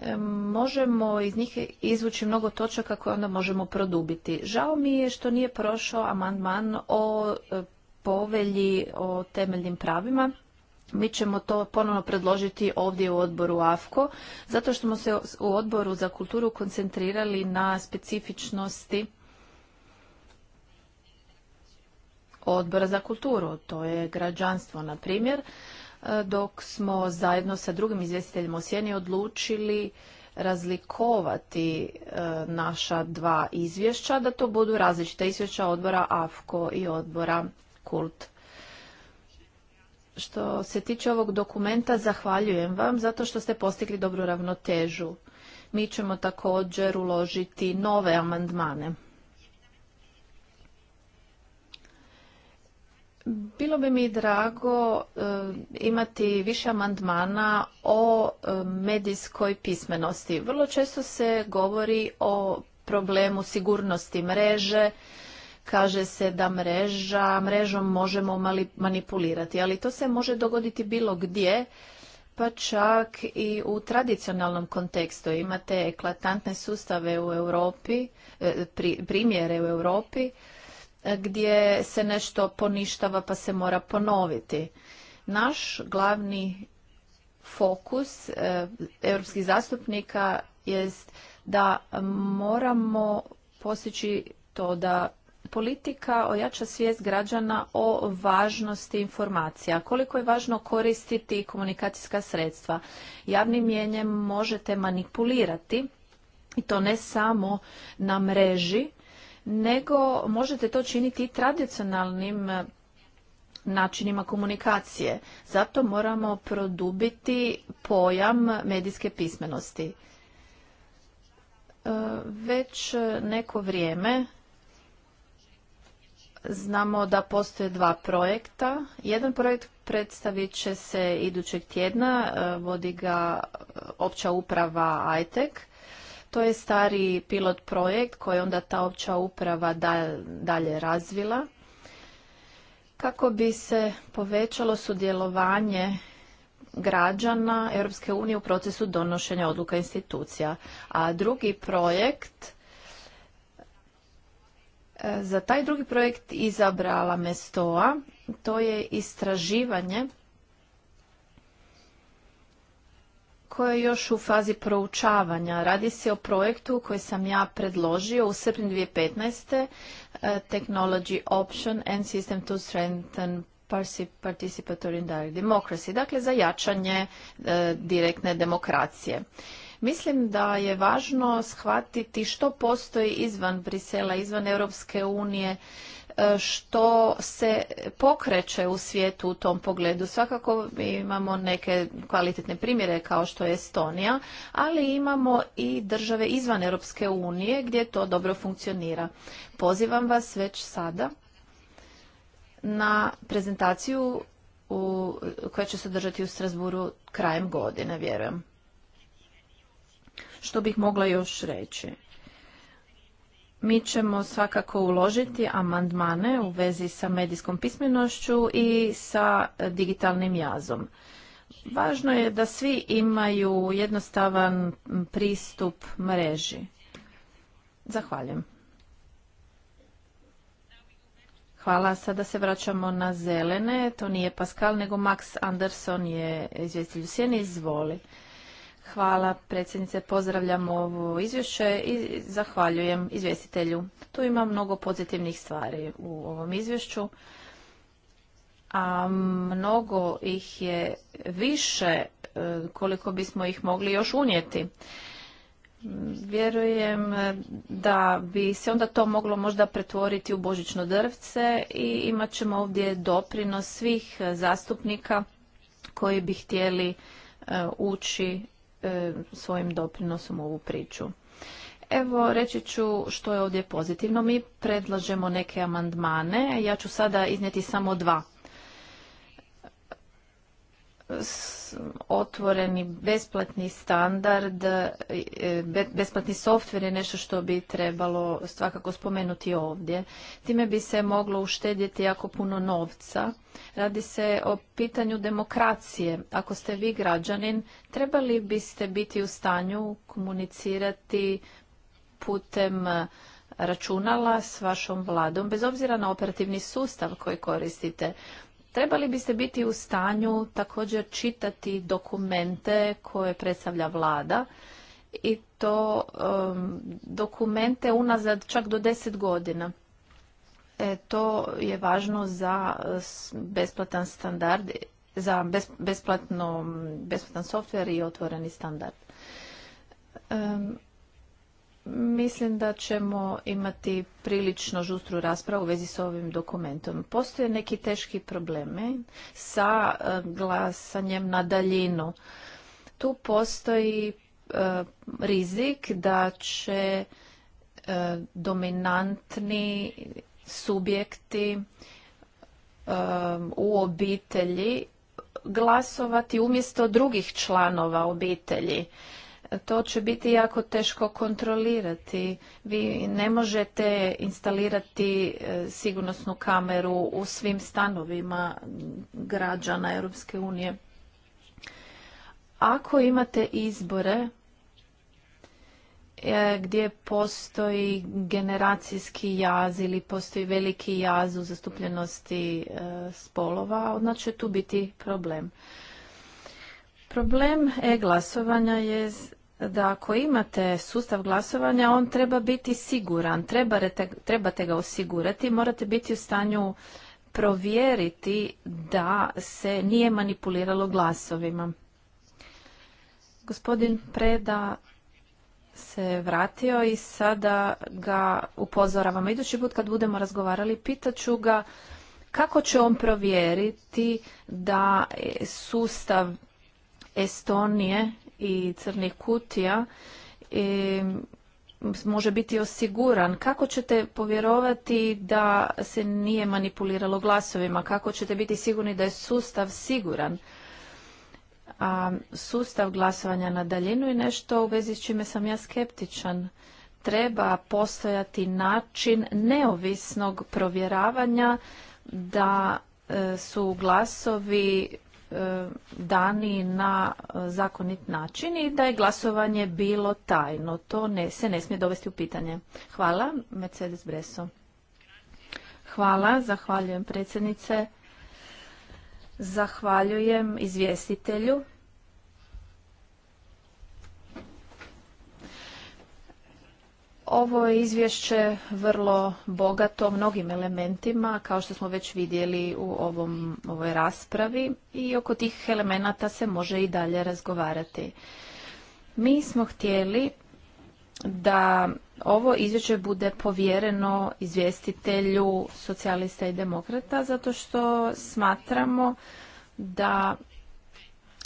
e, možemo iz njih izvući mnogo točaka koje onda možemo produbiti. Žao mi je što nije prošao amandman o e, povelji o temeljnim pravima. Mi ćemo to ponovno predložiti ovdje u odboru AFKO, zato što smo se u odboru za kulturu koncentrirali na specifičnosti odbora za kulturu, to je građanstvo, na primjer, dok smo zajedno sa drugim izvjestiteljima u Sjeni odlučili razlikovati e, naša dva izvješća, da to budu različita izvješća odbora AFKO i odbora KULT. Što se tiče ovog dokumenta, zahvaljujem vam zato što ste postigli dobru ravnotežu. Mi ćemo također uložiti nove amandmane. Bilo bi mi drago eh, imati više amandmana o eh, medijskoj pismenosti. Vrlo često se govori o problemu sigurnosti mreže, kaže se da mreža, mrežom možemo manipulirati, ali to se može dogoditi bilo gdje, pa čak i u tradicionalnom kontekstu. Imate eklatantne sustave u Europi, eh, primjere u Europi, gdje se nešto poništava pa se mora ponoviti. Naš glavni fokus e, europskih zastupnika jest da moramo postići to da politika ojača svijest građana o važnosti informacija. Koliko je važno koristiti komunikacijska sredstva. Javnim mjenjem možete manipulirati i to ne samo na mreži, nego možete to činiti i tradicionalnim eh, načinima komunikacije. Zato moramo produbiti pojam medijske pismenosti. Eh, već neko vrijeme znamo da postoje dva projekta. Jedan projekt predstavit će se idućeg tjedna, eh, vodi ga opća uprava ITEC to je stari pilot projekt koji onda ta opća uprava dalje razvila kako bi se povećalo sudjelovanje građana Europske unije u procesu donošenja odluka institucija. A drugi projekt, e, za taj drugi projekt izabrala me STOA, to je istraživanje koje je još u fazi proučavanja. Radi se o projektu koji sam ja predložio u srpnju 2015. E, Technology Option and System to Strengthen Participatory Democracy, dakle za jačanje e, direktne demokracije. Mislim da je važno shvatiti što postoji izvan Brisela, izvan Europske unije, što se pokreće u svijetu u tom pogledu. Svakako imamo neke kvalitetne primjere kao što je Estonija, ali imamo i države izvan Europske unije gdje to dobro funkcionira. Pozivam vas već sada na prezentaciju u, koja će se održati u Strasburu krajem godine, vjerujem. Što bih mogla još reći? Mi ćemo svakako uložiti amandmane u vezi sa medijskom pismenošću i sa e, digitalnim jazom. Važno je da svi imaju jednostavan pristup mreži. Zahvaljujem. Hvala. Sada se vraćamo na zelene. To nije Pascal, nego Max Anderson je izvjestilj u sjeni. Izvoli. Hvala predsjednice, pozdravljam ovo izvješće i zahvaljujem izvjestitelju. Tu ima mnogo pozitivnih stvari u ovom izvješću, a mnogo ih je više e, koliko bismo ih mogli još unijeti. Vjerujem da bi se onda to moglo možda pretvoriti u božično drvce i imat ćemo ovdje doprinos svih zastupnika koji bi htjeli e, ući E, svojim doprinosom u ovu priču. Evo, reći ću što je ovdje pozitivno. Mi predlažemo neke amandmane. Ja ću sada iznijeti samo dva otvoreni besplatni standard, e, besplatni softver je nešto što bi trebalo svakako spomenuti ovdje. Time bi se moglo uštedjeti jako puno novca. Radi se o pitanju demokracije. Ako ste vi građanin, trebali biste biti u stanju komunicirati putem e, računala s vašom vladom, bez obzira na operativni sustav koji koristite. Trebali biste biti u stanju također čitati dokumente koje predstavlja vlada i to um, dokumente unazad čak do deset godina. E, to je važno za uh, besplatan standard, za besplatno, besplatan software i otvoreni standard. Um, Mislim da ćemo imati prilično žustru raspravu u vezi s ovim dokumentom. Postoje neki teški problemi sa e, glasanjem na daljinu. Tu postoji e, rizik da će e, dominantni subjekti u obitelji glasovati umjesto drugih članova obitelji to će biti jako teško kontrolirati. Vi ne možete instalirati e, sigurnosnu kameru u svim stanovima građana Europske unije. Ako imate izbore e, gdje postoji generacijski jaz ili postoji veliki jaz u zastupljenosti e, spolova, onda će tu biti problem. Problem e-glasovanja je da ako imate sustav glasovanja, on treba biti siguran, trebate, ga osigurati, morate biti u stanju provjeriti da se nije manipuliralo glasovima. Gospodin Preda se vratio i sada ga upozoravam. Idući put kad budemo razgovarali, pitaću ga kako će on provjeriti da sustav Estonije i crnih kutija i može biti osiguran. Kako ćete povjerovati da se nije manipuliralo glasovima? Kako ćete biti sigurni da je sustav siguran? A sustav glasovanja na daljinu je nešto u vezi s čime sam ja skeptičan. Treba postojati način neovisnog provjeravanja da e, su glasovi E, dani na e, zakonit način i da je glasovanje bilo tajno. To ne, se ne smije dovesti u pitanje. Hvala, Mercedes Breso. Hvala, zahvaljujem predsjednice. Zahvaljujem izvjestitelju. Ovo je izvješće vrlo bogato mnogim elementima, kao što smo već vidjeli u ovom, ovoj raspravi i oko tih elemenata se može i dalje razgovarati. Mi smo htjeli da ovo izvješće bude povjereno izvjestitelju socijalista i demokrata zato što smatramo da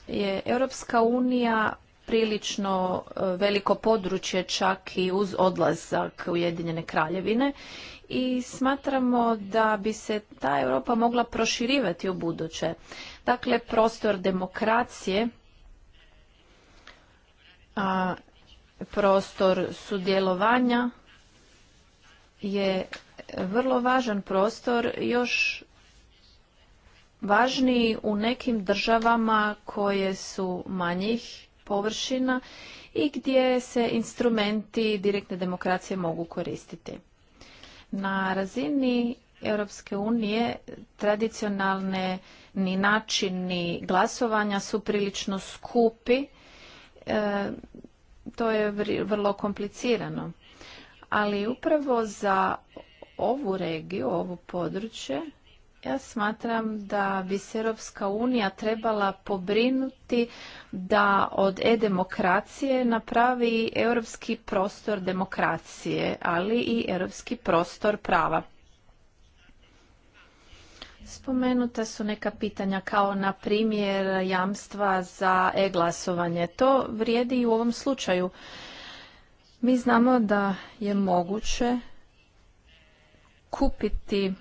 je Europska unija prilično e, veliko područje čak i uz odlazak Ujedinjene kraljevine i smatramo da bi se ta Europa mogla proširivati u buduće. Dakle, prostor demokracije, a prostor sudjelovanja je vrlo važan prostor, još važniji u nekim državama koje su manjih površina i gdje se instrumenti direktne demokracije mogu koristiti. Na razini Europske unije tradicionalne ni načini glasovanja su prilično skupi. E, to je vrlo komplicirano. Ali upravo za ovu regiju, ovo područje, ja smatram da bi se Europska unija trebala pobrinuti da od e-demokracije napravi europski prostor demokracije, ali i europski prostor prava. Spomenuta su neka pitanja kao na primjer jamstva za e-glasovanje. To vrijedi i u ovom slučaju. Mi znamo da je moguće kupiti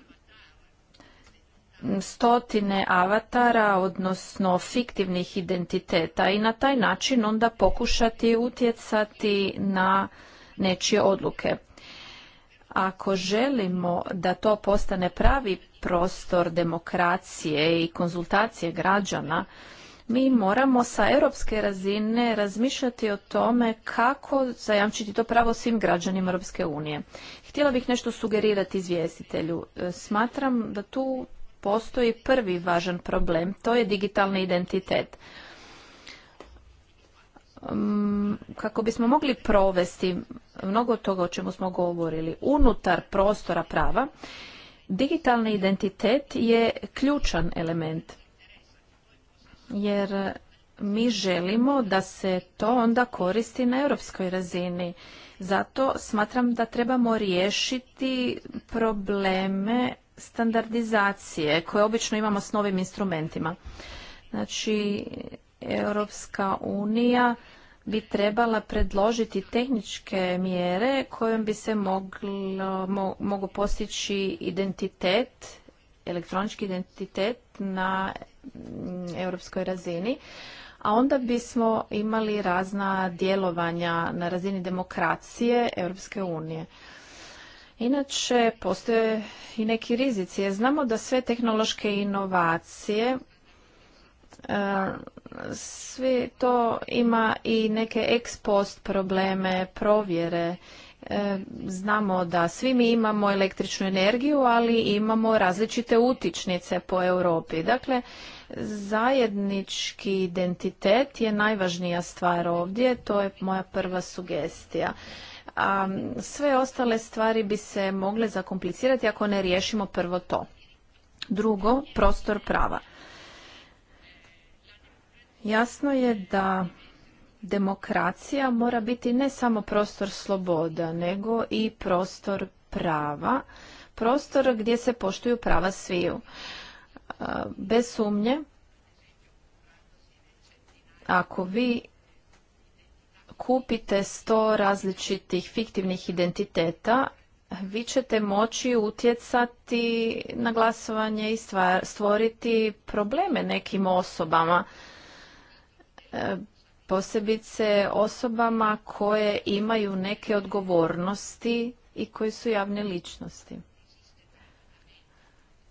stotine avatara, odnosno fiktivnih identiteta i na taj način onda pokušati utjecati na nečije odluke. Ako želimo da to postane pravi prostor demokracije i konzultacije građana, mi moramo sa europske razine razmišljati o tome kako zajamčiti to pravo svim građanima Europske unije. Htjela bih nešto sugerirati izvjestitelju. E, smatram da tu postoji prvi važan problem, to je digitalni identitet. Mm, kako bismo mogli provesti mnogo toga o čemu smo govorili unutar prostora prava, digitalni identitet je ključan element. Jer mi želimo da se to onda koristi na europskoj razini. Zato smatram da trebamo riješiti probleme standardizacije koje obično imamo s novim instrumentima. Znači, Europska unija bi trebala predložiti tehničke mjere kojom bi se moglo, mogu postići identitet, elektronički identitet na mm, europskoj razini, a onda bismo imali razna djelovanja na razini demokracije Europske unije. Inače, postoje i neki rizici. znamo da sve tehnološke inovacije, e, sve to ima i neke ex post probleme, provjere. E, znamo da svi mi imamo električnu energiju, ali imamo različite utičnice po Europi. Dakle, zajednički identitet je najvažnija stvar ovdje, to je moja prva sugestija a sve ostale stvari bi se mogle zakomplicirati ako ne riješimo prvo to. Drugo, prostor prava. Jasno je da demokracija mora biti ne samo prostor sloboda, nego i prostor prava, prostor gdje se poštuju prava sviju. Bez sumnje, ako vi kupite 100 različitih fiktivnih identiteta, vi ćete moći utjecati na glasovanje i stvoriti probleme nekim osobama. E, posebice osobama koje imaju neke odgovornosti i koji su javne ličnosti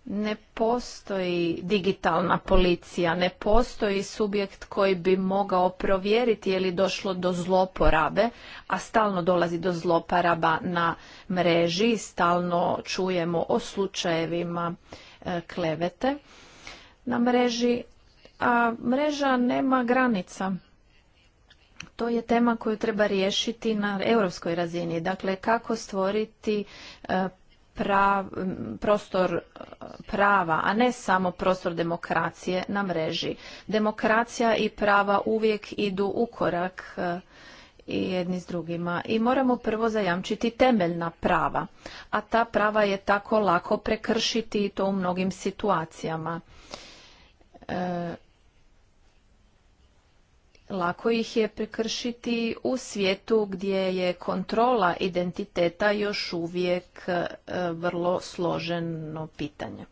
ne postoji digitalna policija, ne postoji subjekt koji bi mogao provjeriti je li došlo do zloporabe, a stalno dolazi do zloporaba na mreži, stalno čujemo o slučajevima e, klevete na mreži, a mreža nema granica. To je tema koju treba riješiti na europskoj razini. Dakle, kako stvoriti e, prostor prava, a ne samo prostor demokracije na mreži. Demokracija i prava uvijek idu u korak e, jedni s drugima i moramo prvo zajamčiti temeljna prava, a ta prava je tako lako prekršiti i to u mnogim situacijama. E, Lako ih je prekršiti u svijetu gdje je kontrola identiteta još uvijek e, vrlo složeno pitanje.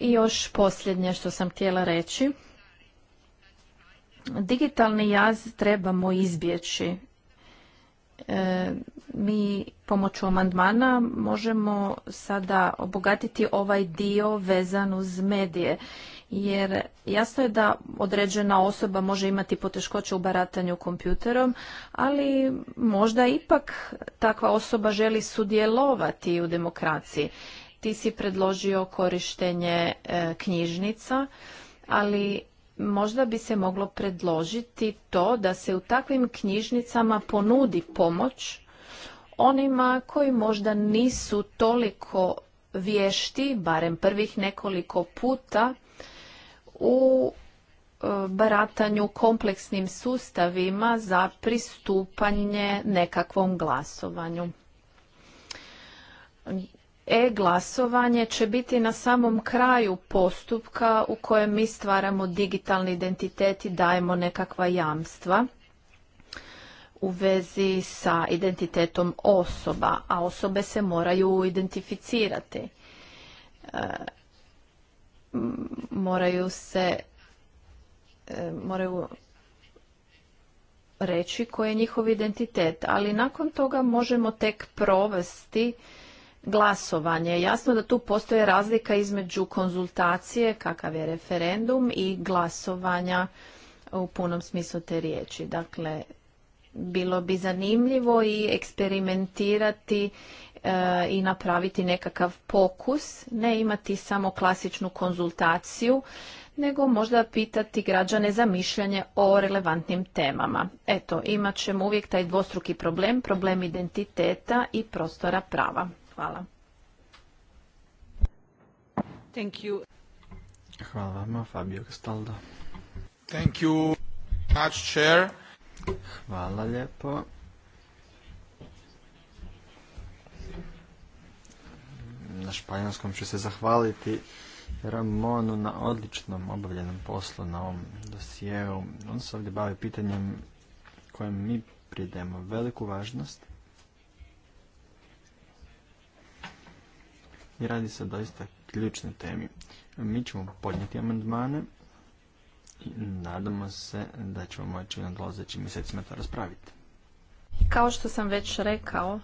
I još posljednje što sam htjela reći. Digitalni jaz trebamo izbjeći. E, mi pomoću amandmana možemo sada obogatiti ovaj dio vezan uz medije jer jasno je da određena osoba može imati poteškoće u baratanju kompjuterom, ali možda ipak takva osoba želi sudjelovati u demokraciji. Ti si predložio korištenje e, knjižnica, ali možda bi se moglo predložiti to da se u takvim knjižnicama ponudi pomoć onima koji možda nisu toliko vješti, barem prvih nekoliko puta, u e, baratanju kompleksnim sustavima za pristupanje nekakvom glasovanju. E-glasovanje će biti na samom kraju postupka u kojem mi stvaramo digitalni identitet i dajemo nekakva jamstva u vezi sa identitetom osoba, a osobe se moraju identificirati. E, moraju se e, moraju reći koji je njihov identitet, ali nakon toga možemo tek provesti glasovanje. Jasno da tu postoje razlika između konzultacije, kakav je referendum, i glasovanja u punom smislu te riječi. Dakle, bilo bi zanimljivo i eksperimentirati E, i napraviti nekakav pokus, ne imati samo klasičnu konzultaciju, nego možda pitati građane za mišljenje o relevantnim temama. Eto, imat ćemo uvijek taj dvostruki problem, problem identiteta i prostora prava. Hvala. Thank you. Hvala Fabio Castaldo. Thank you Hvala lijepo. na španjolskom ću se zahvaliti Ramonu na odličnom obavljenom poslu na ovom dosijevu. On se ovdje bavi pitanjem kojem mi pridemo veliku važnost. I radi se o doista ključnoj temi. Mi ćemo podnijeti amandmane i nadamo se da ćemo moći u nadlazećim mjesecima to raspraviti. Kao što sam već rekao,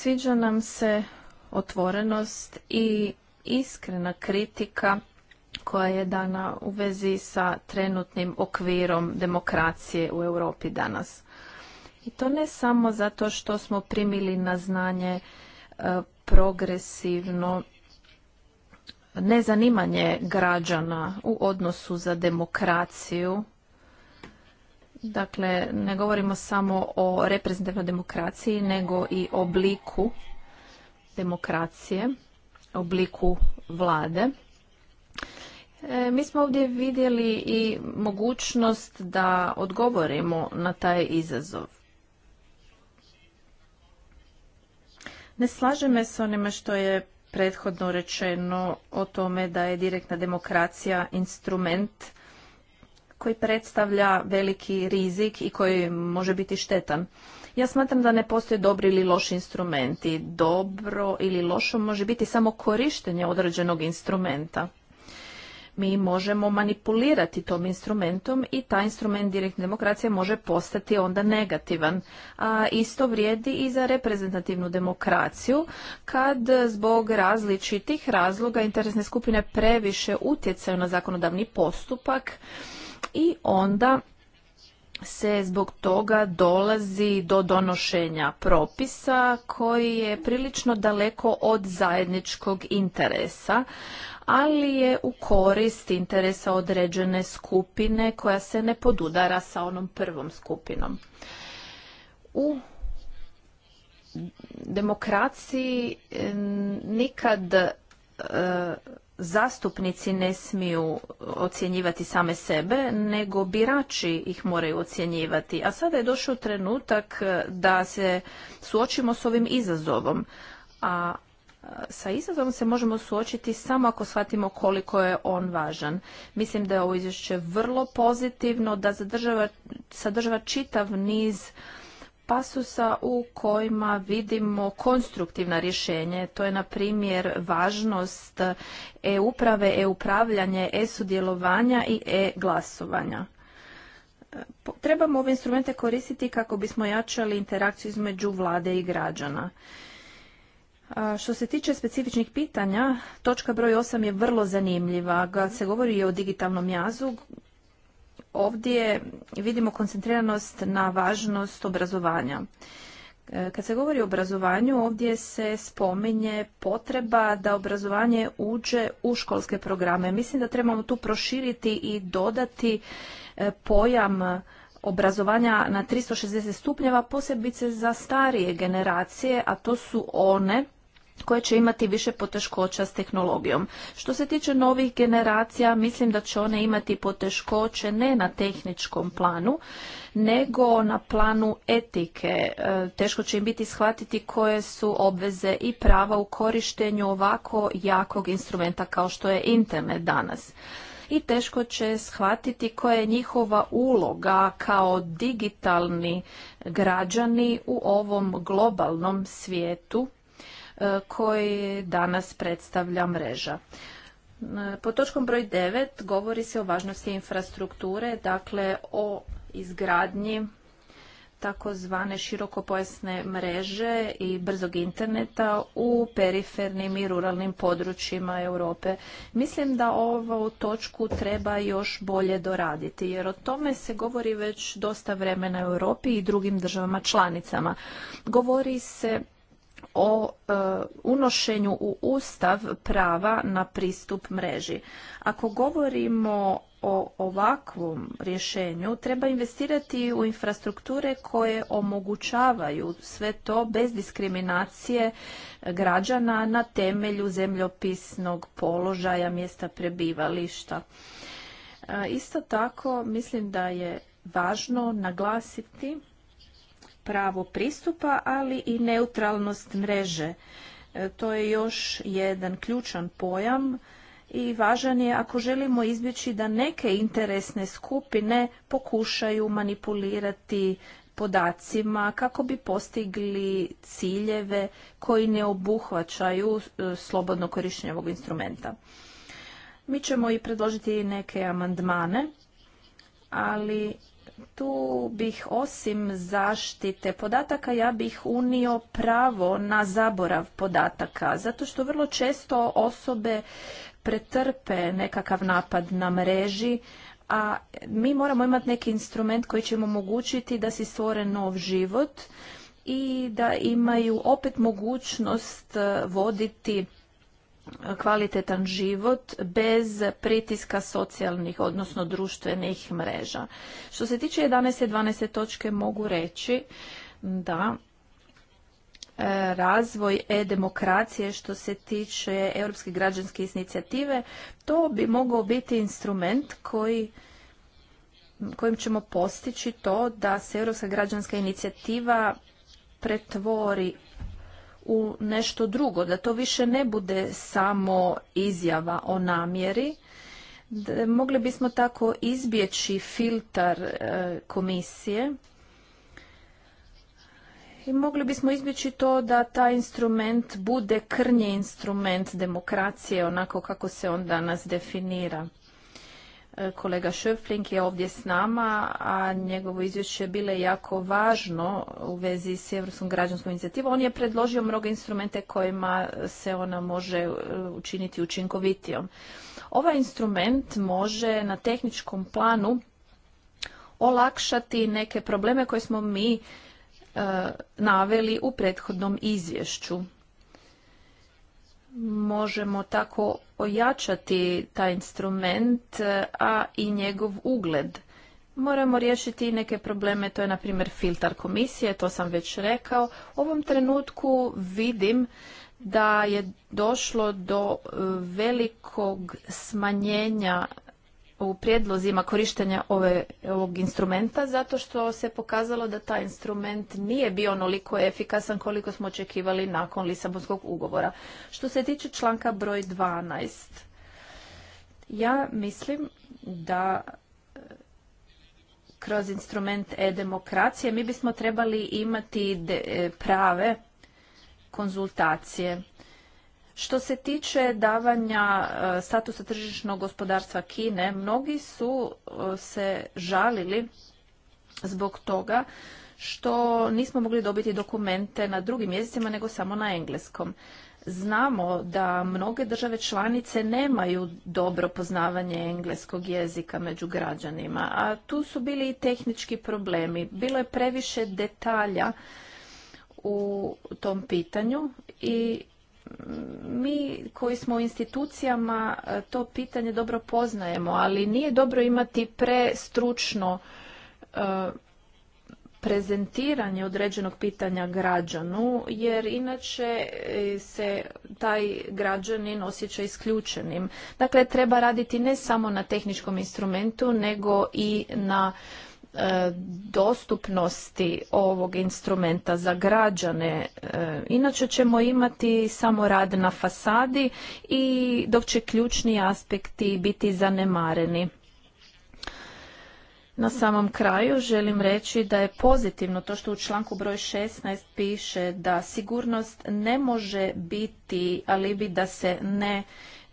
Sviđa nam se otvorenost i iskrena kritika koja je dana u vezi sa trenutnim okvirom demokracije u Europi danas. I to ne samo zato što smo primili na znanje e, progresivno nezanimanje građana u odnosu za demokraciju Dakle, ne govorimo samo o reprezentativnoj demokraciji, nego i obliku demokracije, obliku vlade. E, mi smo ovdje vidjeli i mogućnost da odgovorimo na taj izazov. Ne slažem se s onime što je prethodno rečeno o tome da je direktna demokracija instrument koji predstavlja veliki rizik i koji može biti štetan. Ja smatram da ne postoje dobri ili loši instrumenti. Dobro ili lošo može biti samo korištenje određenog instrumenta. Mi možemo manipulirati tom instrumentom i taj instrument direktne demokracije može postati onda negativan. A isto vrijedi i za reprezentativnu demokraciju kad zbog različitih razloga interesne skupine previše utjecaju na zakonodavni postupak i onda se zbog toga dolazi do donošenja propisa koji je prilično daleko od zajedničkog interesa, ali je u korist interesa određene skupine koja se ne podudara sa onom prvom skupinom. U demokraciji nikad e, zastupnici ne smiju ocjenjivati same sebe, nego birači ih moraju ocjenjivati. A sada je došao trenutak da se suočimo s ovim izazovom. A sa izazovom se možemo suočiti samo ako shvatimo koliko je on važan. Mislim da je ovo izvješće vrlo pozitivno, da sadržava čitav niz pasusa u kojima vidimo konstruktivna rješenje. To je, na primjer, važnost e-uprave, e-upravljanje, e-sudjelovanja i e-glasovanja. Trebamo ove instrumente koristiti kako bismo jačali interakciju između vlade i građana. Što se tiče specifičnih pitanja, točka broj 8 je vrlo zanimljiva. Kad se govori o digitalnom jazu, ovdje vidimo koncentriranost na važnost obrazovanja. E, kad se govori o obrazovanju, ovdje se spominje potreba da obrazovanje uđe u školske programe. Mislim da trebamo tu proširiti i dodati e, pojam obrazovanja na 360 stupnjeva, posebice za starije generacije, a to su one koje će imati više poteškoća s tehnologijom. Što se tiče novih generacija, mislim da će one imati poteškoće ne na tehničkom planu, nego na planu etike. E, teško će im biti shvatiti koje su obveze i prava u korištenju ovako jakog instrumenta kao što je internet danas i teško će shvatiti koja je njihova uloga kao digitalni građani u ovom globalnom svijetu E, koji danas predstavlja mreža. E, po točkom broj 9 govori se o važnosti infrastrukture, dakle o izgradnji takozvane širokopojasne mreže i brzog interneta u perifernim i ruralnim područjima Europe. Mislim da ovu točku treba još bolje doraditi, jer o tome se govori već dosta vremena u Europi i drugim državama članicama. Govori se o e, unošenju u ustav prava na pristup mreži. Ako govorimo o ovakvom rješenju treba investirati u infrastrukture koje omogućavaju sve to bez diskriminacije građana na temelju zemljopisnog položaja mjesta prebivališta. E, isto tako mislim da je važno naglasiti pravo pristupa, ali i neutralnost mreže. E, to je još jedan ključan pojam i važan je ako želimo izbjeći da neke interesne skupine pokušaju manipulirati podacima kako bi postigli ciljeve koji ne obuhvaćaju e, slobodno korištenje ovog instrumenta. Mi ćemo i predložiti neke amandmane, ali tu bih osim zaštite podataka ja bih unio pravo na zaborav podataka zato što vrlo često osobe pretrpe nekakav napad na mreži a mi moramo imati neki instrument koji će im omogućiti da si stvore nov život i da imaju opet mogućnost eh, voditi kvalitetan život bez pritiska socijalnih, odnosno društvenih mreža. Što se tiče 11. i 12. točke mogu reći da e, razvoj e-demokracije što se tiče Europske građanske inicijative, to bi mogao biti instrument koji kojim ćemo postići to da se Europska građanska inicijativa pretvori u nešto drugo, da to više ne bude samo izjava o namjeri. mogli bismo tako izbjeći filtar e, komisije i mogli bismo izbjeći to da taj instrument bude krnji instrument demokracije onako kako se on danas definira. E, kolega Šöpflink je ovdje s nama, a njegovo izvješće je bilo jako važno u vezi s Europskom građanskom inicijativom. On je predložio mnoge instrumente kojima se ona može e, učiniti učinkovitijom. Ovaj instrument može na tehničkom planu olakšati neke probleme koje smo mi e, naveli u prethodnom izvješću možemo tako ojačati taj instrument, e, a i njegov ugled. Moramo riješiti i neke probleme, to je na primjer filtar komisije, to sam već rekao. U ovom trenutku vidim da je došlo do e, velikog smanjenja u prijedlozima korištenja ove, ovog instrumenta zato što se pokazalo da taj instrument nije bio onoliko efikasan koliko smo očekivali nakon Lisabonskog ugovora. Što se tiče članka broj 12, ja mislim da e, kroz instrument e-demokracije mi bismo trebali imati e, prave konzultacije što se tiče davanja e, statusa tržišnog gospodarstva Kine, mnogi su e, se žalili zbog toga što nismo mogli dobiti dokumente na drugim jezicima nego samo na engleskom. Znamo da mnoge države članice nemaju dobro poznavanje engleskog jezika među građanima, a tu su bili i tehnički problemi. Bilo je previše detalja u tom pitanju i mi koji smo u institucijama e, to pitanje dobro poznajemo, ali nije dobro imati prestručno e, prezentiranje određenog pitanja građanu, jer inače e, se taj građanin osjeća isključenim. Dakle, treba raditi ne samo na tehničkom instrumentu, nego i na E, dostupnosti ovog instrumenta za građane. E, inače ćemo imati samo rad na fasadi i dok će ključni aspekti biti zanemareni. Na samom kraju želim reći da je pozitivno to što u članku broj 16 piše da sigurnost ne može biti alibi da se ne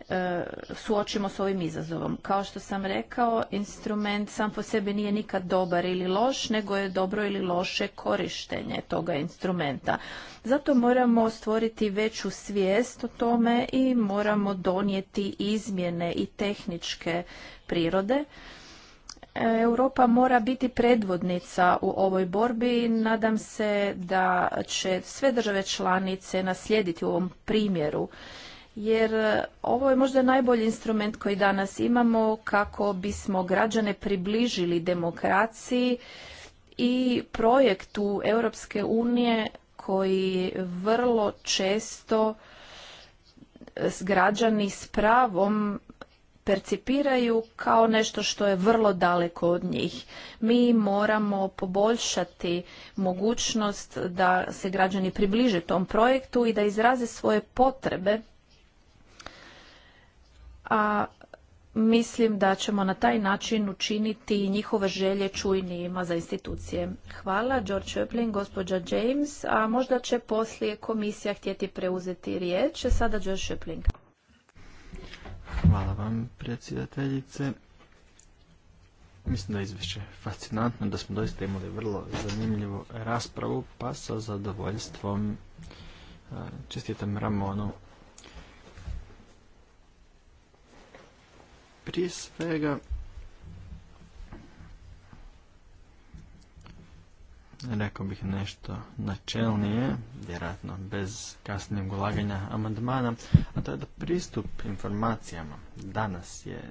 E, suočimo s ovim izazovom. Kao što sam rekao, instrument sam po sebi nije nikad dobar ili loš, nego je dobro ili loše korištenje toga instrumenta. Zato moramo stvoriti veću svijest o tome i moramo donijeti izmjene i tehničke prirode. E, Europa mora biti predvodnica u ovoj borbi. Nadam se da će sve države članice naslijediti u ovom primjeru jer e, ovo je možda najbolji instrument koji danas imamo kako bismo građane približili demokraciji i projektu Europske unije koji vrlo često e, građani s pravom percipiraju kao nešto što je vrlo daleko od njih. Mi moramo poboljšati mogućnost da se građani približe tom projektu i da izraze svoje potrebe a mislim da ćemo na taj način učiniti njihove želje čujnijima za institucije. Hvala, George gospođa James, a možda će poslije komisija htjeti preuzeti riječ. Sada George Öpling. Hvala vam, predsjedateljice. Mislim da je izvješće fascinantno, da smo doista imali vrlo zanimljivu raspravu, pa sa zadovoljstvom čestitam Ramonu Prije svega, rekao bih nešto načelnije, vjerojatno bez kasnijeg ulaganja amandmana, a to je da pristup informacijama danas je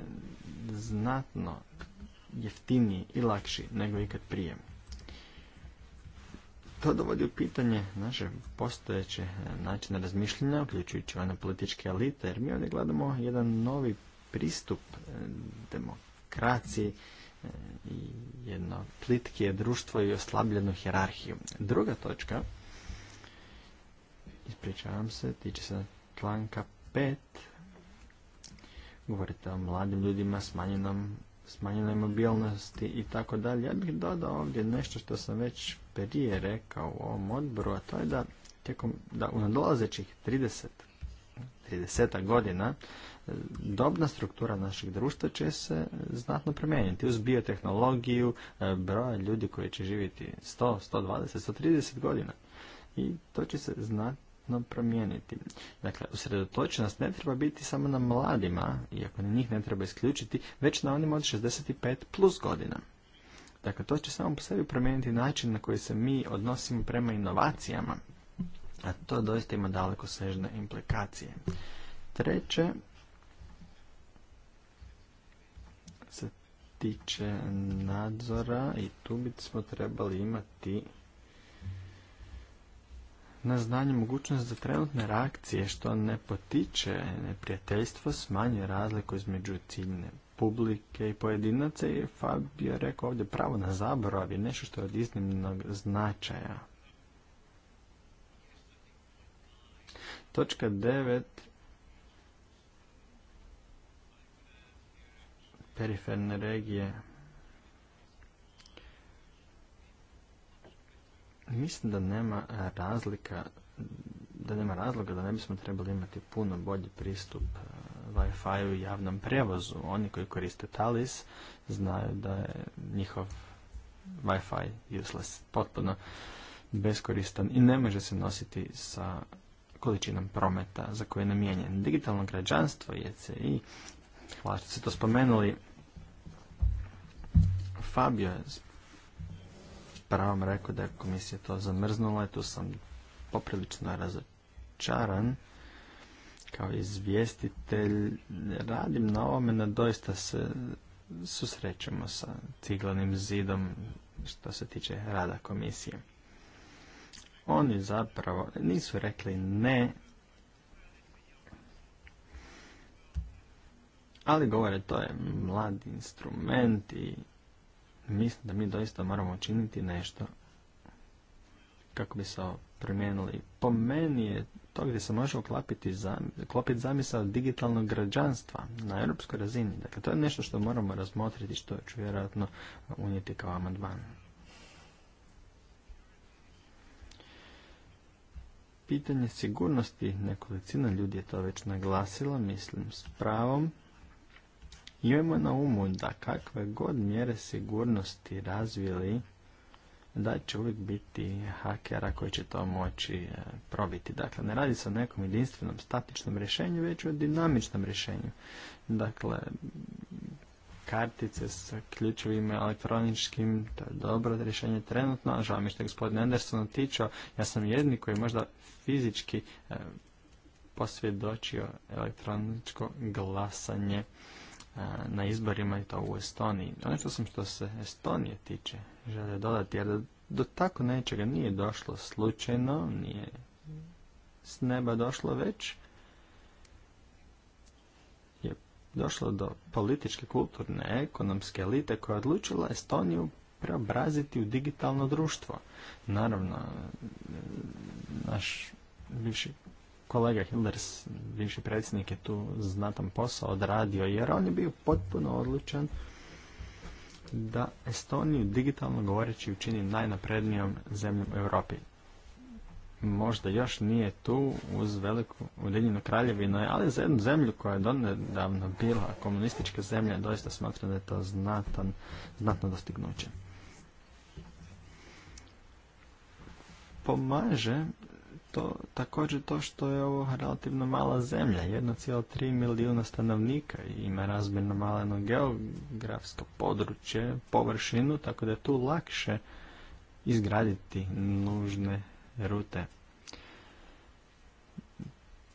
znatno jeftiniji i lakši nego ikad prije. To dovodi u pitanje naše postojeće načine razmišljanja, uključujući one političke elite, jer mi ovdje gledamo jedan novi pristup e, demokraciji e, i jedno plitkije društvo i oslabljenu hjerarhiju. Druga točka, ispričavam se, tiče se članka 5. Govorite o mladim ljudima, smanjenom smanjenoj mobilnosti i tako dalje. Ja bih dodao ovdje nešto što sam već prije rekao u ovom odboru, a to je da tijekom da u nadolazećih 30 godina e, dobna struktura našeg društva će se znatno promijeniti. Uz biotehnologiju, e, broj ljudi koji će živjeti 100, 120, 130 godina. I to će se znatno promijeniti. Dakle, usredotočenost ne treba biti samo na mladima, iako ni njih ne treba isključiti, već na onim od 65 plus godina. Dakle, to će samo po sebi promijeniti način na koji se mi odnosimo prema inovacijama a to doista ima daleko sežne implikacije. Treće se tiče nadzora i tu smo trebali imati na znanje mogućnost za trenutne reakcije što ne potiče neprijateljstvo, smanjuje razliku između ciljne publike i pojedinaca i Fabio je rekao ovdje pravo na zaborav je nešto što je od iznimnog značaja. Točka 9. Periferne regije. Mislim da nema razlika da nema razloga da ne bismo trebali imati puno bolji pristup eh, Wi-Fi-u javnom prevozu. Oni koji koriste Talis znaju da je njihov Wi-Fi useless, potpuno beskoristan i ne može se nositi sa količinom prometa za koje je namijenjen. Digitalno građanstvo e i hvala što ste to spomenuli, Fabio je pravom rekao da je komisija to zamrznula i tu sam poprilično razočaran kao izvjestitelj radim na ovome na doista se susrećemo sa ciglanim zidom što se tiče rada komisije oni zapravo nisu rekli ne, ali govore to je mlad instrument i mislim da mi doista moramo učiniti nešto kako bi se promijenili. Po meni je to gdje se može uklopiti klopiti zamisao digitalnog građanstva na europskoj razini. Dakle, to je nešto što moramo razmotriti, što ću vjerojatno unijeti kao amandman. pitanje sigurnosti, nekolicina ljudi je to već naglasila, mislim s pravom. Imamo na umu da kakve god mjere sigurnosti razvili, da će uvijek biti hakera koji će to moći e, probiti. Dakle, ne radi se o nekom jedinstvenom statičnom rješenju, već o dinamičnom rješenju. Dakle, kartice sa ključevima elektroničkim, to je dobro rješenje trenutno, a žao mi što je gospodin Anderson otičao, ja sam jedni koji možda fizički e, posvjedočio elektroničko glasanje e, na izborima i to u Estoniji. Ono što sam što se Estonije tiče, želio dodati, jer do tako nečega nije došlo slučajno, nije s neba došlo već došlo do političke, kulturne, ekonomske elite koja je odlučila Estoniju preobraziti u digitalno društvo. Naravno, naš bivši kolega Hilders, bivši predsjednik je tu znatan posao odradio jer on je bio potpuno odlučan da Estoniju digitalno govoreći učini najnaprednijom zemljom u Europi možda još nije tu uz veliku Ujedinjenu kraljevinu, ali za jednu zemlju koja je donedavno bila komunistička zemlja, doista smatram da je to znatan, znatno dostignuće. Pomaže to također to što je ovo relativno mala zemlja, 1,3 milijuna stanovnika i ima razmjerno maleno geografsko područje, površinu, tako da je tu lakše izgraditi nužne rute.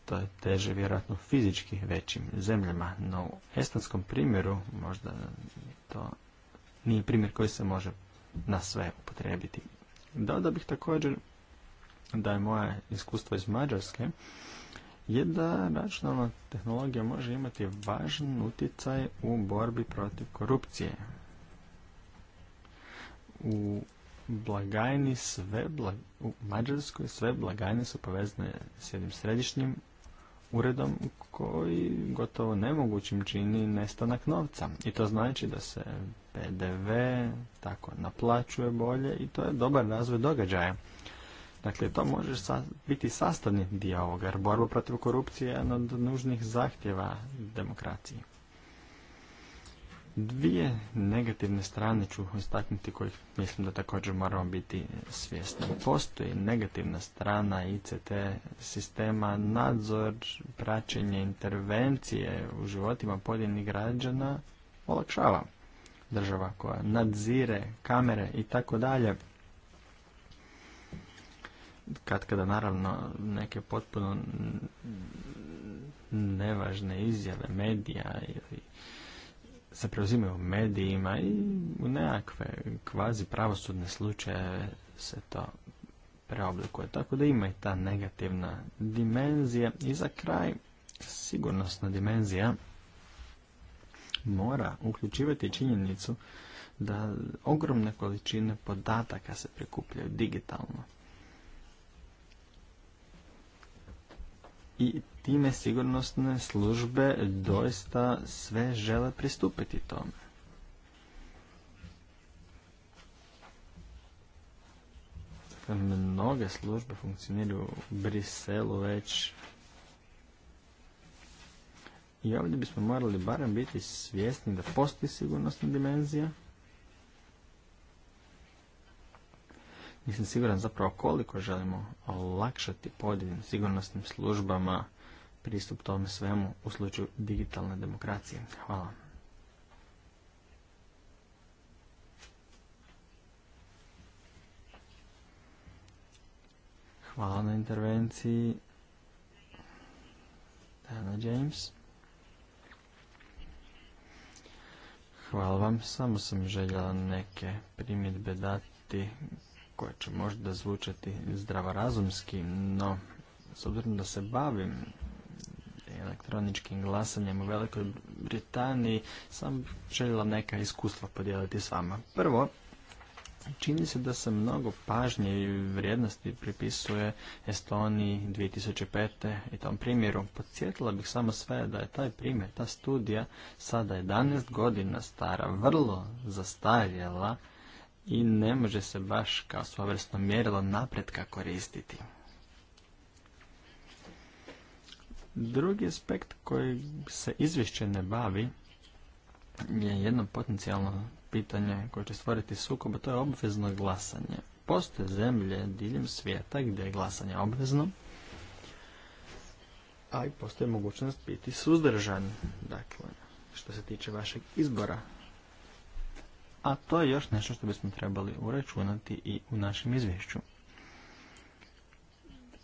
To je teže vjerojatno fizički većim zemljama, no u estonskom primjeru možda to nije primjer koji se može na sve upotrijebiti. da bih također da je moje iskustvo iz Mađarske je da računalna tehnologija može imati važan utjecaj u borbi protiv korupcije. U blagajni sve, u Mađarskoj sve blagajne su povezane s jednim središnjim uredom koji gotovo nemogućim čini nestanak novca. I to znači da se PDV tako naplaćuje bolje i to je dobar razvoj događaja. Dakle, to može biti sastavni dio ovoga, jer borba protiv korupcije je jedan od nužnih zahtjeva demokraciji. Dvije negativne strane ću istaknuti kojih mislim da također moramo biti svjesni. Postoji negativna strana ICT sistema, nadzor, praćenje, intervencije u životima pojedinih građana olakšava država koja nadzire kamere i tako dalje. Kad kada naravno neke potpuno nevažne izjave medija ili se preuzimaju u medijima i u nekakve kvazi pravosudne slučajeve se to preoblikuje. Tako da ima i ta negativna dimenzija. I za kraj, sigurnosna dimenzija mora uključivati činjenicu da ogromne količine podataka se prikupljaju digitalno. i time sigurnosne službe doista sve žele pristupiti tome. Dakle, mnoge službe funkcioniraju u Briselu već i ovdje bismo morali barem biti svjesni da postoji sigurnosna dimenzija nisam siguran zapravo koliko želimo olakšati pojedinim sigurnosnim službama pristup tome svemu u slučaju digitalne demokracije. Hvala. Hvala na intervenciji. Hvala James. Hvala vam. Samo sam željela neke primjedbe dati koja će možda zvučati zdravorazumski, no s obzirom da se bavim elektroničkim glasanjem u Velikoj Britaniji, sam željela neka iskustva podijeliti s vama. Prvo, čini se da se mnogo pažnje i vrijednosti pripisuje Estoniji 2005. i tom primjeru. Podsjetila bih samo sve da je taj primjer, ta studija, sada 11 godina stara, vrlo zastarjela i ne može se baš kao svojevrsno mjerilo napretka koristiti. Drugi aspekt koji se izvješće ne bavi je jedno potencijalno pitanje koje će stvoriti sukob, a to je obvezno glasanje. Postoje zemlje diljem svijeta gdje je glasanje obvezno, a i postoje mogućnost biti suzdržan. Dakle, što se tiče vašeg izbora a to je još nešto što bismo trebali uračunati i u našem izvješću.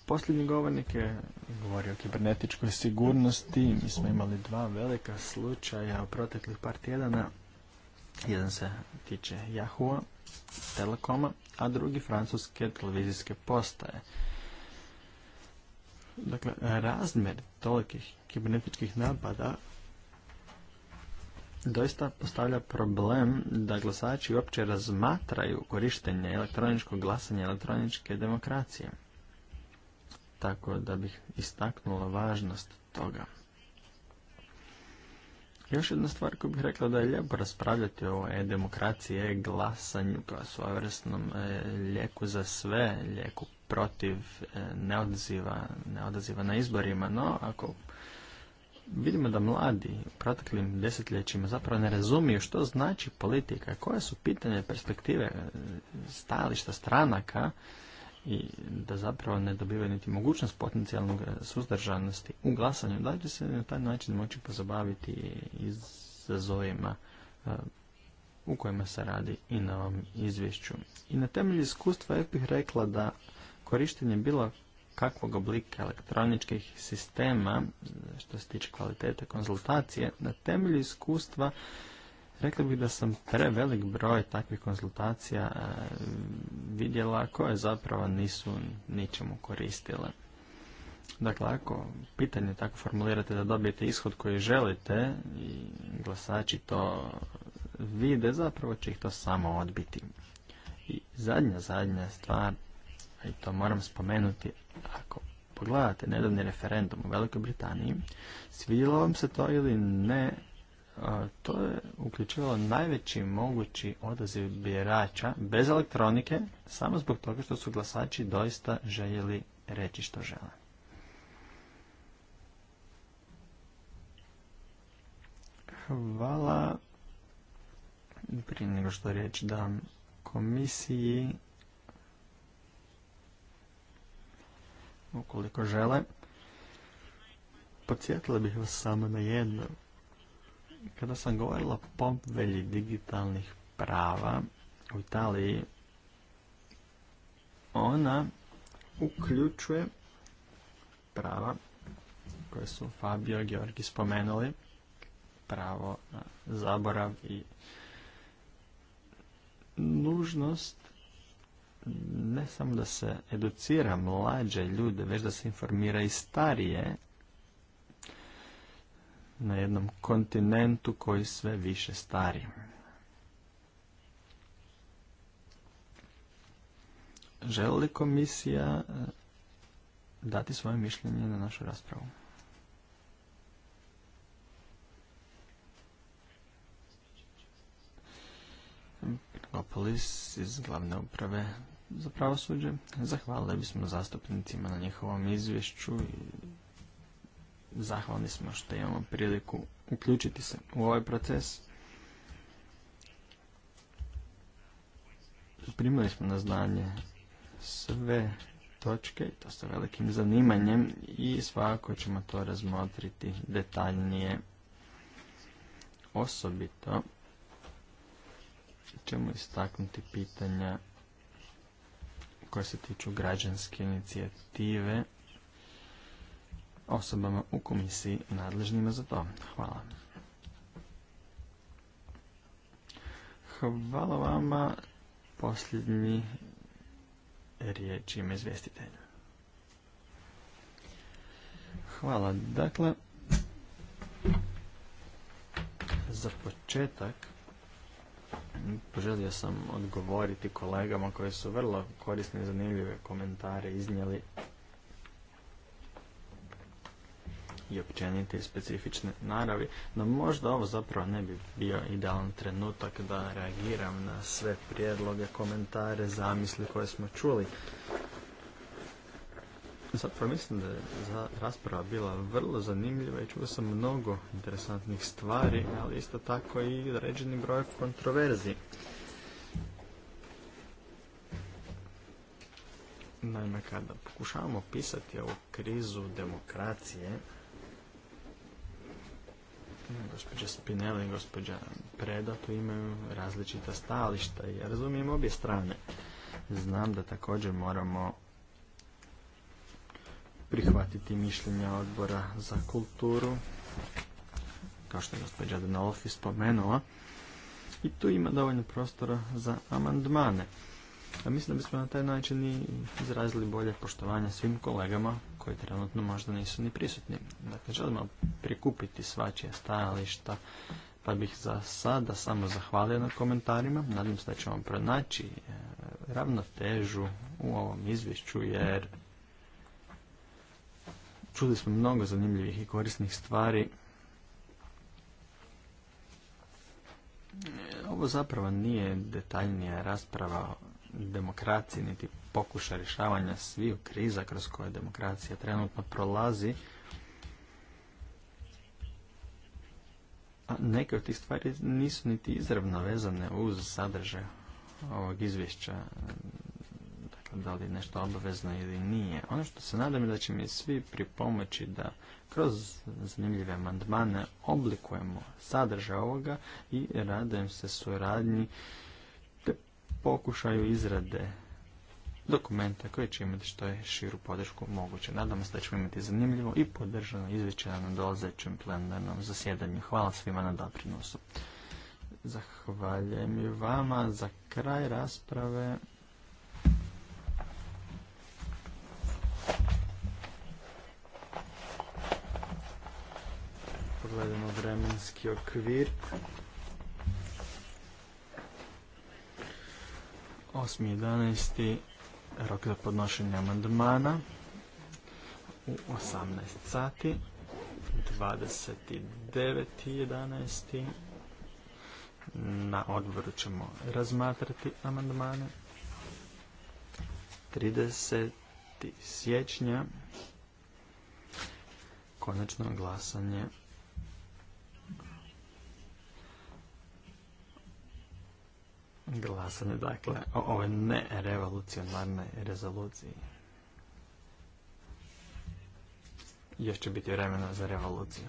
Posljednji govornik je govorio o kibernetičkoj sigurnosti. Mi smo imali dva velika slučaja u proteklih par tjedana. Jedan se tiče Yahoo, Telekoma, a drugi francuske televizijske postaje. Dakle, razmer tolikih kibernetičkih napada doista postavlja problem da glasači uopće razmatraju korištenje elektroničkog glasanja elektroničke demokracije. Tako da bih istaknula važnost toga. Još jedna stvar koju bih rekla da je lijepo raspravljati o e-demokraciji, glasanju kao svojevrsnom e, lijeku za sve, lijeku protiv e, neodaziva na izborima, no ako vidimo da mladi u proteklim desetljećima zapravo ne razumiju što znači politika, koja su pitanje perspektive e, stajališta stranaka i da zapravo ne dobivaju niti mogućnost potencijalnog e, suzdržanosti u glasanju, da će se na taj način moći pozabaviti izazovima e, u kojima se radi i na ovom izvješću. I na temelju iskustva ja bih rekla da korištenje bilo kakvog oblika elektroničkih sistema što se tiče kvalitete konzultacije na temelju iskustva rekli bih da sam prevelik broj takvih konzultacija e, vidjela koje zapravo nisu ničemu koristile. Dakle, ako pitanje tako formulirate da dobijete ishod koji želite i glasači to vide, zapravo će ih to samo odbiti. I zadnja, zadnja stvar i to moram spomenuti, ako pogledate nedavni referendum u Velikoj Britaniji, svidjelo vam se to ili ne, to je uključivalo najveći mogući odaziv birača bez elektronike, samo zbog toga što su glasači doista željeli reći što žele. Hvala. Prije nego što riječ dam komisiji, ukoliko žele. Podsjetila bih vas samo na jedno. Kada sam govorila o pompvelji digitalnih prava u Italiji, ona uključuje prava koje su Fabio i Georgi spomenuli, pravo na zaborav i nužnost ne samo da se educira mlađe ljude, već da se informira i starije na jednom kontinentu koji sve više stari. Želi li komisija eh, dati svoje mišljenje na našu raspravu? Opolis iz glavne uprave za pravosuđe. Zahvalili bismo zastupnicima na njihovom izvješću i zahvalni smo što imamo priliku uključiti se u ovaj proces. Primili smo na znanje sve točke to sa velikim zanimanjem i svakako ćemo to razmotriti detaljnije. Osobito ćemo istaknuti pitanja koje se tiču građanske inicijative osobama u komisiji nadležnima za to. Hvala. Hvala vama. Posljednji riječ ima izvjestitelja. Hvala. Dakle, za početak Poželio sam odgovoriti kolegama koji su vrlo korisne i zanimljive komentare iznijeli i općenite i specifične naravi, no možda ovo zapravo ne bi bio idealan trenutak da reagiram na sve prijedloge, komentare, zamisli koje smo čuli. Zapravo mislim da je rasprava bila vrlo zanimljiva i čuo sam mnogo interesantnih stvari, ali isto tako i određeni broj kontroverzi. Naime, kada pokušavamo pisati ovu krizu demokracije, gospođa Spinelli i gospođa Preda tu imaju različita stališta i ja razumijem obje strane. Znam da također moramo prihvatiti mišljenja odbora za kulturu, kao što je gospođa Danolfi spomenula. I tu ima dovoljno prostora za amandmane. A mislim da bismo na taj način i izrazili bolje poštovanje svim kolegama koji trenutno možda nisu ni prisutni. Dakle, želimo prikupiti svačije stajališta, pa bih za sada samo zahvalio na komentarima. Nadam se da ćemo pronaći e, ravnotežu u ovom izvješću, jer Čuli smo mnogo zanimljivih i korisnih stvari. Ovo zapravo nije detaljnija rasprava o demokraciji, niti pokuša rješavanja svih kriza kroz koje demokracija trenutno prolazi. A neke od tih stvari nisu niti izravno vezane uz sadržaj ovog izvješća da li je nešto obavezno ili nije. Ono što se nadam je da će mi svi pripomoći da kroz zanimljive amandmane oblikujemo sadržaj ovoga i radujem se suradnji te pokušaju izrade dokumenta koji će imati što je širu podršku moguće. Nadam se da ćemo imati zanimljivo i podržano izvješće na dolazećem plenarnom zasjedanju. Hvala svima na doprinosu. Zahvaljujem i vama za kraj rasprave. Pogledamo vremenski okvir. 8.11. rok za podnošenje amandmana u 18 sati. 29.11. Na odboru ćemo razmatrati amandmane. 30 siječnja. Konačno glasanje glasanje dakle o ovoj nerevolucionarnoj rezoluciji. Još će biti vremena za revoluciju.